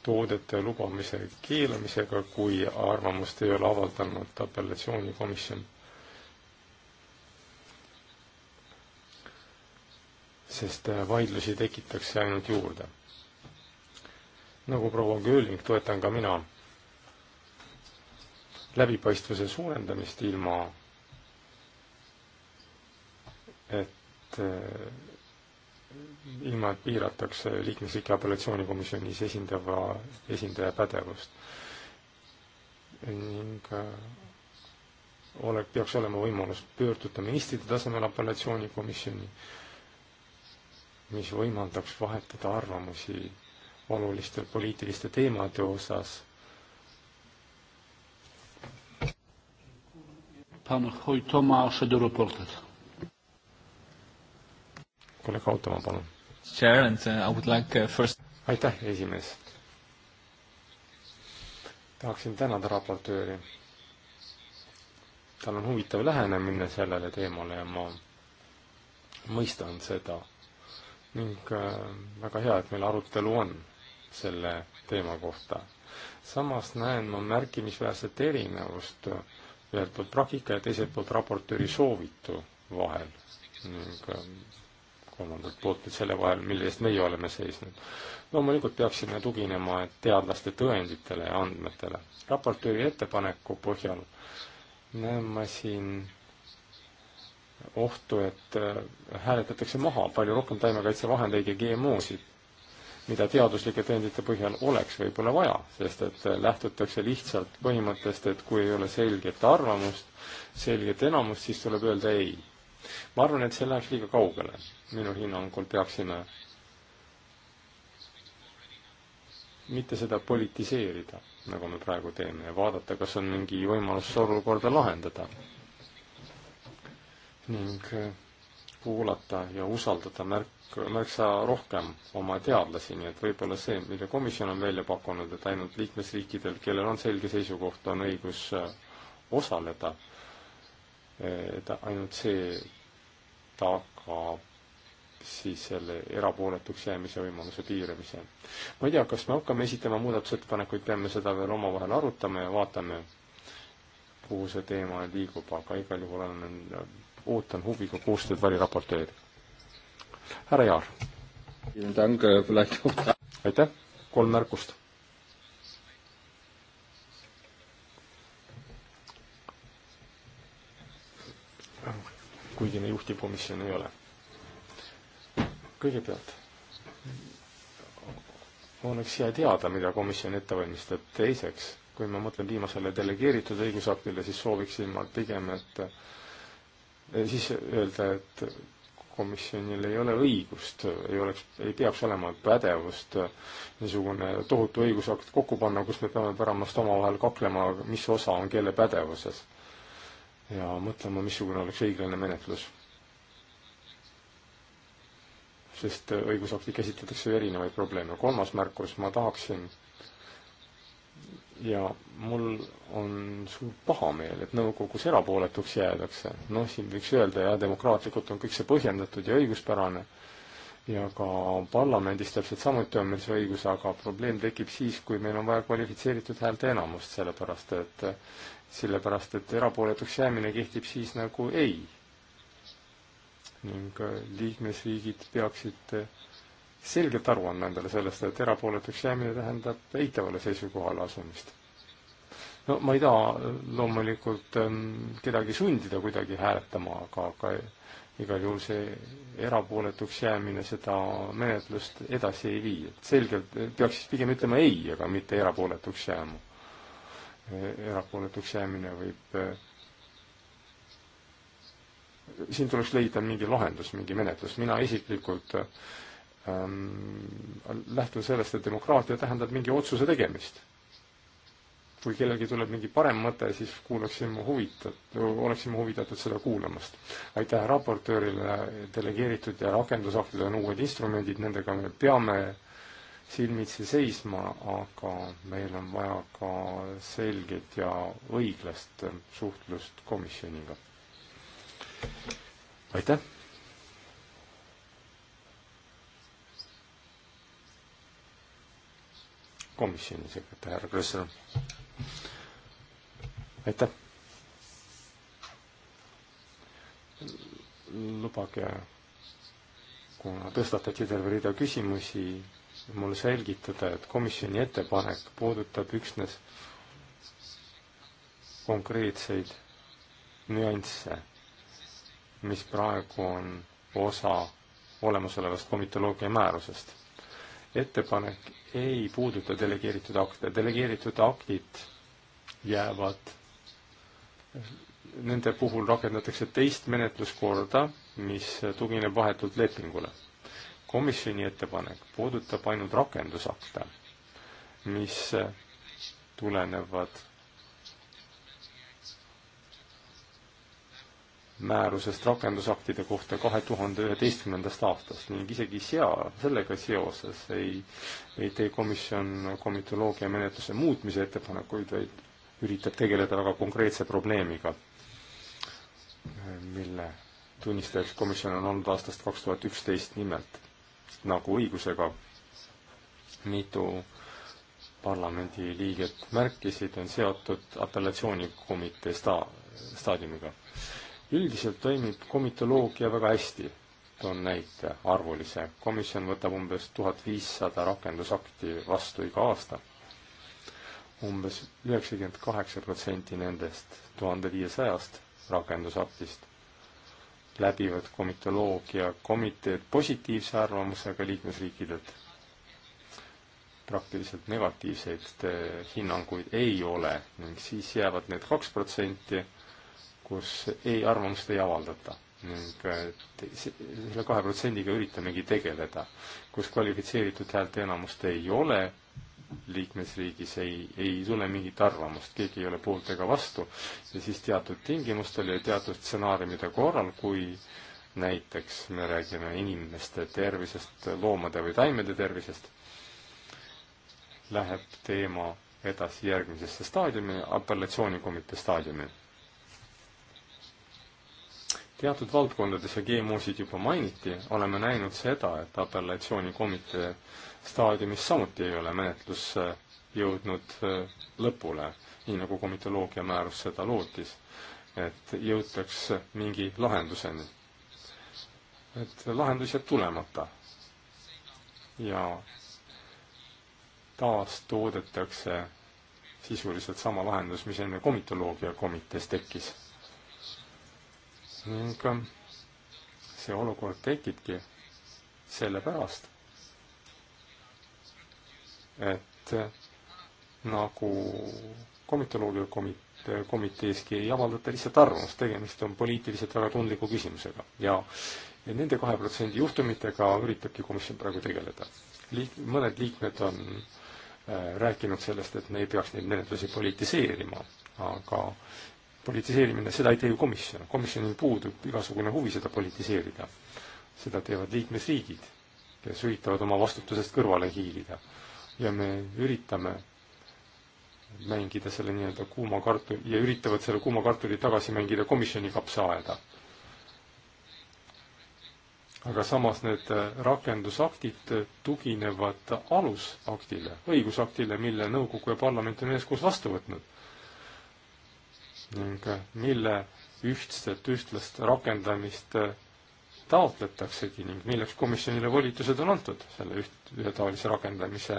toodete lubamise keelamisega, kui arvamust ei ole avaldanud apellatsioonikomisjon. sest äh, vaidlusi tekitakse ainult juurde. nagu proua Gööling, toetan ka mina läbipaistvuse suurendamist ilma, et äh, ilma et piiratakse liikmesriigi apellatsioonikomisjonis esindava, esindaja pädevust. ning äh, ole, peaks olema võimalus pöörduda ministrite tasemel apellatsioonikomisjoni, mis võimaldaks vahetada arvamusi oluliste poliitiliste teemade osas. Pan Hojtoma, Šedoro Portet kolleeg Automaa, palun. Uh, uh, aitäh, esimees. tahaksin tänada raportööri. tal on huvitav lähenemine sellele teemale ja ma mõistan seda ning äh, väga hea, et meil arutelu on selle teema kohta. samas näen ma märkimisväärset erinevust ühelt poolt praktika ja teiselt poolt raportööri soovitu vahel ning äh, kolmandalt poolt nüüd selle vahel, mille eest meie oleme seisnud. loomulikult peaksime tuginema teadlaste tõenditele ja andmetele. raportööri ettepaneku põhjal näen ma siin ohtu, et äh, hääletatakse maha palju rohkem taimekaitsevahendeid ja GMO-sid, mida teaduslike tõendite põhjal oleks võib-olla vaja, sest et äh, lähtutakse lihtsalt põhimõttest, et kui ei ole selget arvamust, selget enamust, siis tuleb öelda ei ma arvan, et see läheks liiga kaugele. minu hinnangul peaksime mitte seda politiseerida, nagu me praegu teeme, ja vaadata, kas on mingi võimalus olukorda lahendada. ning äh, kuulata ja usaldada märk, märksa rohkem oma teadlasi, nii et võib-olla see, mille komisjon on välja pakkunud, et ainult liikmesriikidel, kellel on selge seisukoht, on õigus äh, osaleda, et ainult see tagab siis selle erapooletuks jäämise võimaluse piiramise. ma ei tea, kas me hakkame esitama muudatusettepanekuid, peame seda veel omavahel arutama ja vaatame, kuhu see teema liigub, aga igal juhul olen, ootan huviga koostööd variraportööriga. härra Jaar. Äh, aitäh, kolm märkust kuigi me juhtivkomisjon ei ole. kõigepealt oleks hea teada, mida komisjon ette valmistab. teiseks, kui ma mõtlen viimasele delegeeritud õigusaktile, siis sooviksin ma pigem, et eh, siis öelda, et komisjonil ei ole õigust, ei oleks, ei peaks olema pädevust eh, niisugune tohutu õigusakt kokku panna, kus me peame pärast omavahel kaklema, mis osa on kelle pädevuses ja mõtlema, missugune oleks õiglane menetlus. sest õigusakti käsitletakse ju erinevaid probleeme. kolmas märkus, ma tahaksin ja mul on suur pahameel, et nõukogus erapooletuks jäädakse. noh, siin võiks öelda ja demokraatlikult on kõik see põhjendatud ja õiguspärane ja ka parlamendis täpselt samuti on meil see õigus, aga probleem tekib siis, kui meil on vaja kvalifitseeritud häälteenamust, sellepärast et sellepärast et erapooletuks jäämine kehtib siis nagu ei. ning äh, liikmesriigid peaksid äh, selgelt aru andma endale sellest, et erapooletuks jäämine tähendab eitavale seisukohale asumist. no ma ei taha äh, loomulikult ähm, kedagi sundida kuidagi hääletama, aga, aga igal juhul see erapooletuks jäämine seda menetlust edasi ei vii, et selgelt peaks siis pigem ütlema ei, aga mitte erapooletuks jääma Eh, erapooletuks jäämine võib, eh, siin tuleks leida mingi lahendus, mingi menetlus, mina isiklikult ähm, lähtun sellest, et demokraatia tähendab mingi otsuse tegemist. kui kellelgi tuleb mingi parem mõte, siis kuulaksin ma huvitat-, oleksin ma huvitatud seda kuulamast. aitäh raportöörile, delegeeritud ja rakendusaktid on uued instrumendid, nendega me peame äh, silmitsi seisma, aga meil on vaja ka selget ja õiglast suhtlust komisjoniga. aitäh! komisjoni sekretär Krõsson. aitäh! lubage, kuna tõstatati terve rida küsimusi, mulle selgitada, et komisjoni ettepanek puudutab üksnes konkreetseid nüansse, mis praegu on osa olemasolevast komitoloogia määrusest. ettepanek ei puuduta delegeeritud akte, delegeeritud aktid jäävad, nende puhul rakendatakse teist menetluskorda, mis tugineb vahetult lepingule komisjoni ettepanek puudutab ainult rakendusakte, mis tulenevad määrusest rakendusaktide kohta kahe tuhande üheteistkümnendast aastast ning isegi sea-, sellega seoses ei, ei tee komisjon komitoloogia menetluse muutmise ettepanekuid, vaid üritab tegeleda väga konkreetse probleemiga, mille tunnistajaks komisjon on olnud aastast kaks tuhat üksteist nimelt nagu õigusega mitu parlamendiliiget märkisid, on seotud apellatsioonikomitee sta-, staadiumiga. üldiselt toimib komitoloogia väga hästi, toon näite arvulise. komisjon võtab umbes tuhat viissada rakendusakti vastu iga aasta umbes üheksakümmend kaheksa protsenti nendest tuhande viiesajast rakendusaktist läbivad komitoloogia komiteed positiivse arvamusega liikmesriikidelt. praktiliselt negatiivseid eh, hinnanguid ei ole ning siis jäävad need kaks protsenti, kus ei, arvamust ei avaldata ning eh, selle kahe protsendiga üritamegi tegeleda, kus kvalifitseeritud häälte enamust ei ole liikmesriigis ei, ei tule mingit arvamust, keegi ei ole poolt ega vastu ja siis teatud tingimustel ja teatud stsenaariumide korral, kui näiteks me räägime inimeste tervisest, loomade või taimede tervisest, läheb teema edasi järgmisesse staadiumi, apellatsioonikomitee staadiumi teatud valdkondades ja GMO-sid juba mainiti, oleme näinud seda, et apellatsioonikomitee staadiumis samuti ei ole menetlus jõudnud äh, lõpule, nii nagu komitoloogia määrus seda lootis, et jõutaks mingi lahenduseni. et lahendus jääb tulemata. ja taastoodetakse sisuliselt sama lahendus, mis enne komitoloogia komitees tekkis ning ähm, see olukord tekibki sellepärast, et äh, nagu komitoloogia komit-, komiteeski ei avaldata lihtsalt arvamust, tegemist on poliitiliselt väga tundliku küsimusega ja ja nende kahe protsendi juhtumitega üritabki komisjon praegu tegeleda. liik-, mõned liikmed on äh, rääkinud sellest, et me ei peaks neid menetlusi politiseerima, aga politiseerimine, seda ei tee ju komisjon, komisjonil puudub igasugune huvi seda politiseerida. seda teevad liikmesriigid, kes üritavad oma vastutusest kõrvale hiilida. ja me üritame mängida selle nii-öelda kuuma kartuli ja üritavad selle kuuma kartuli tagasi mängida komisjoni kapsaaeda. aga samas need äh, rakendusaktid äh, tuginevad alusaktile, õigusaktile, mille nõukogu ja parlament on üheskoos vastu võtnud ning mille ühtset, ühtlast rakendamist äh, taotletaksegi ning milleks komisjonile volitused on antud selle üht, ühetaolise rakendamise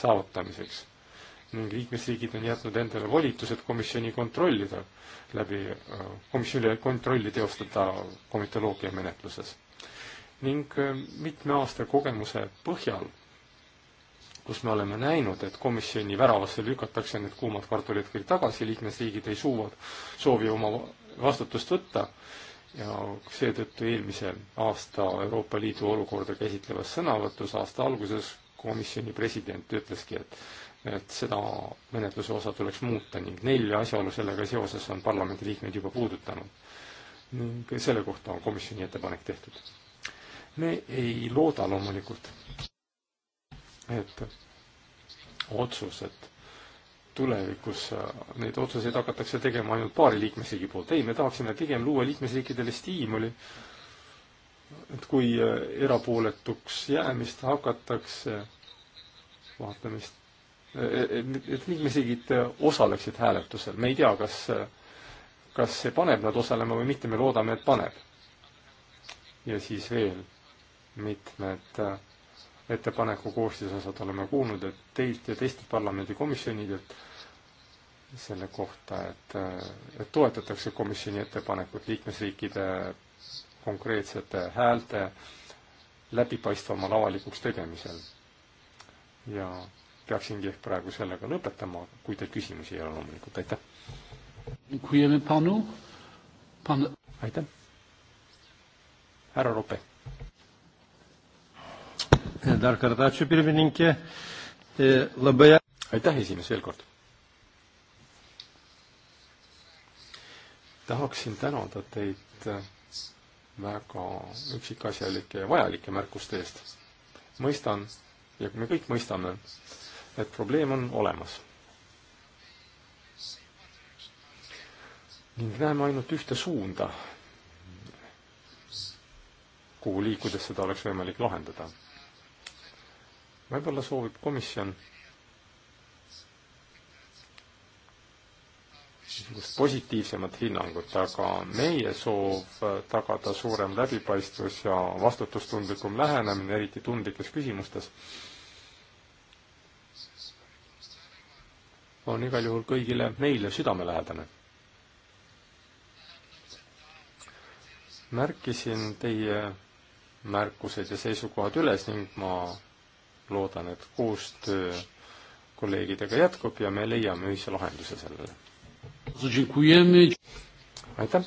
saavutamiseks. ning liikmesriigid on jätnud endale volitused komisjoni kontrollida läbi, äh, komisjoni kontrolli teostada komitoloogia menetluses. ning äh, mitme aasta kogemuse põhjal kus me oleme näinud, et komisjoni väravasse lükatakse need kuumad kartulid küll tagasi, liikmesriigid ei suuvad, soovi oma vastutust võtta ja seetõttu eelmise aasta Euroopa Liidu olukorda käsitlevas sõnavõtus aasta alguses komisjoni president ütleski, et et seda menetluse osa tuleks muuta ning nelja asjaolu sellega seoses on parlamendiliikmed juba puudutanud. ning selle kohta on komisjoni ettepanek tehtud. me ei looda loomulikult, need otsused tulevikus, neid otsuseid hakatakse tegema ainult paari liikmesriigi poolt. ei, me tahaksime pigem luua liikmesriikidele stiimuli, et kui erapooletuks jäämist hakatakse vaatamist, et liikmesriigid osaleksid hääletusel. me ei tea, kas, kas see paneb nad osalema või mitte, me loodame, et paneb. ja siis veel mitmed äh, ettepaneku koostisosad oleme kuulnud, et teilt ja teistelt parlamendikomisjonidelt selle kohta, et, et toetatakse komisjoni ettepanekut liikmesriikide konkreetsete häälte läbipaistvamal avalikuks tegemisel. ja peaksingi ehk praegu sellega lõpetama, kui teil küsimusi ei ole loomulikult, aitäh. aitäh. härra Rope E, aitäh, esimees, veel kord. tahaksin tänada teid e, väga üksikasjalike ja vajalike märkuste eest. mõistan ja me kõik mõistame, et probleem on olemas ning näeme ainult ühte suunda, kuhu liikudes seda oleks võimalik lahendada võib-olla soovib komisjon niisugust positiivsemat hinnangut, aga meie soov tagada suurem läbipaistvus ja vastutustundlikum lähenemine, eriti tundlikes küsimustes, on igal juhul kõigile meile südamelähedane. märkisin teie märkused ja seisukohad üles ning ma loodan, et koostöö kolleegidega jätkub ja me leiame ühise lahenduse sellele. aitäh!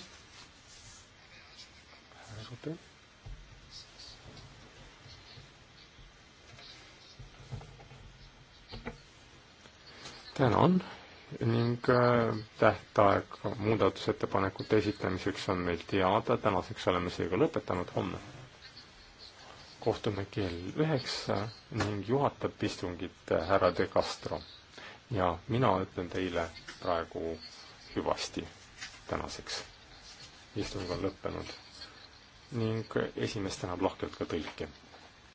tänan ning äh, tähtaeg muudatusettepanekute esitlemiseks on meil teada, tänaseks oleme seega lõpetanud, homme kohtume kell üheksa ning juhatab istungit härra De Castro. ja mina ütlen teile praegu hüvasti tänaseks. istung on lõppenud ning esimees tänab lahkelt ka tõlke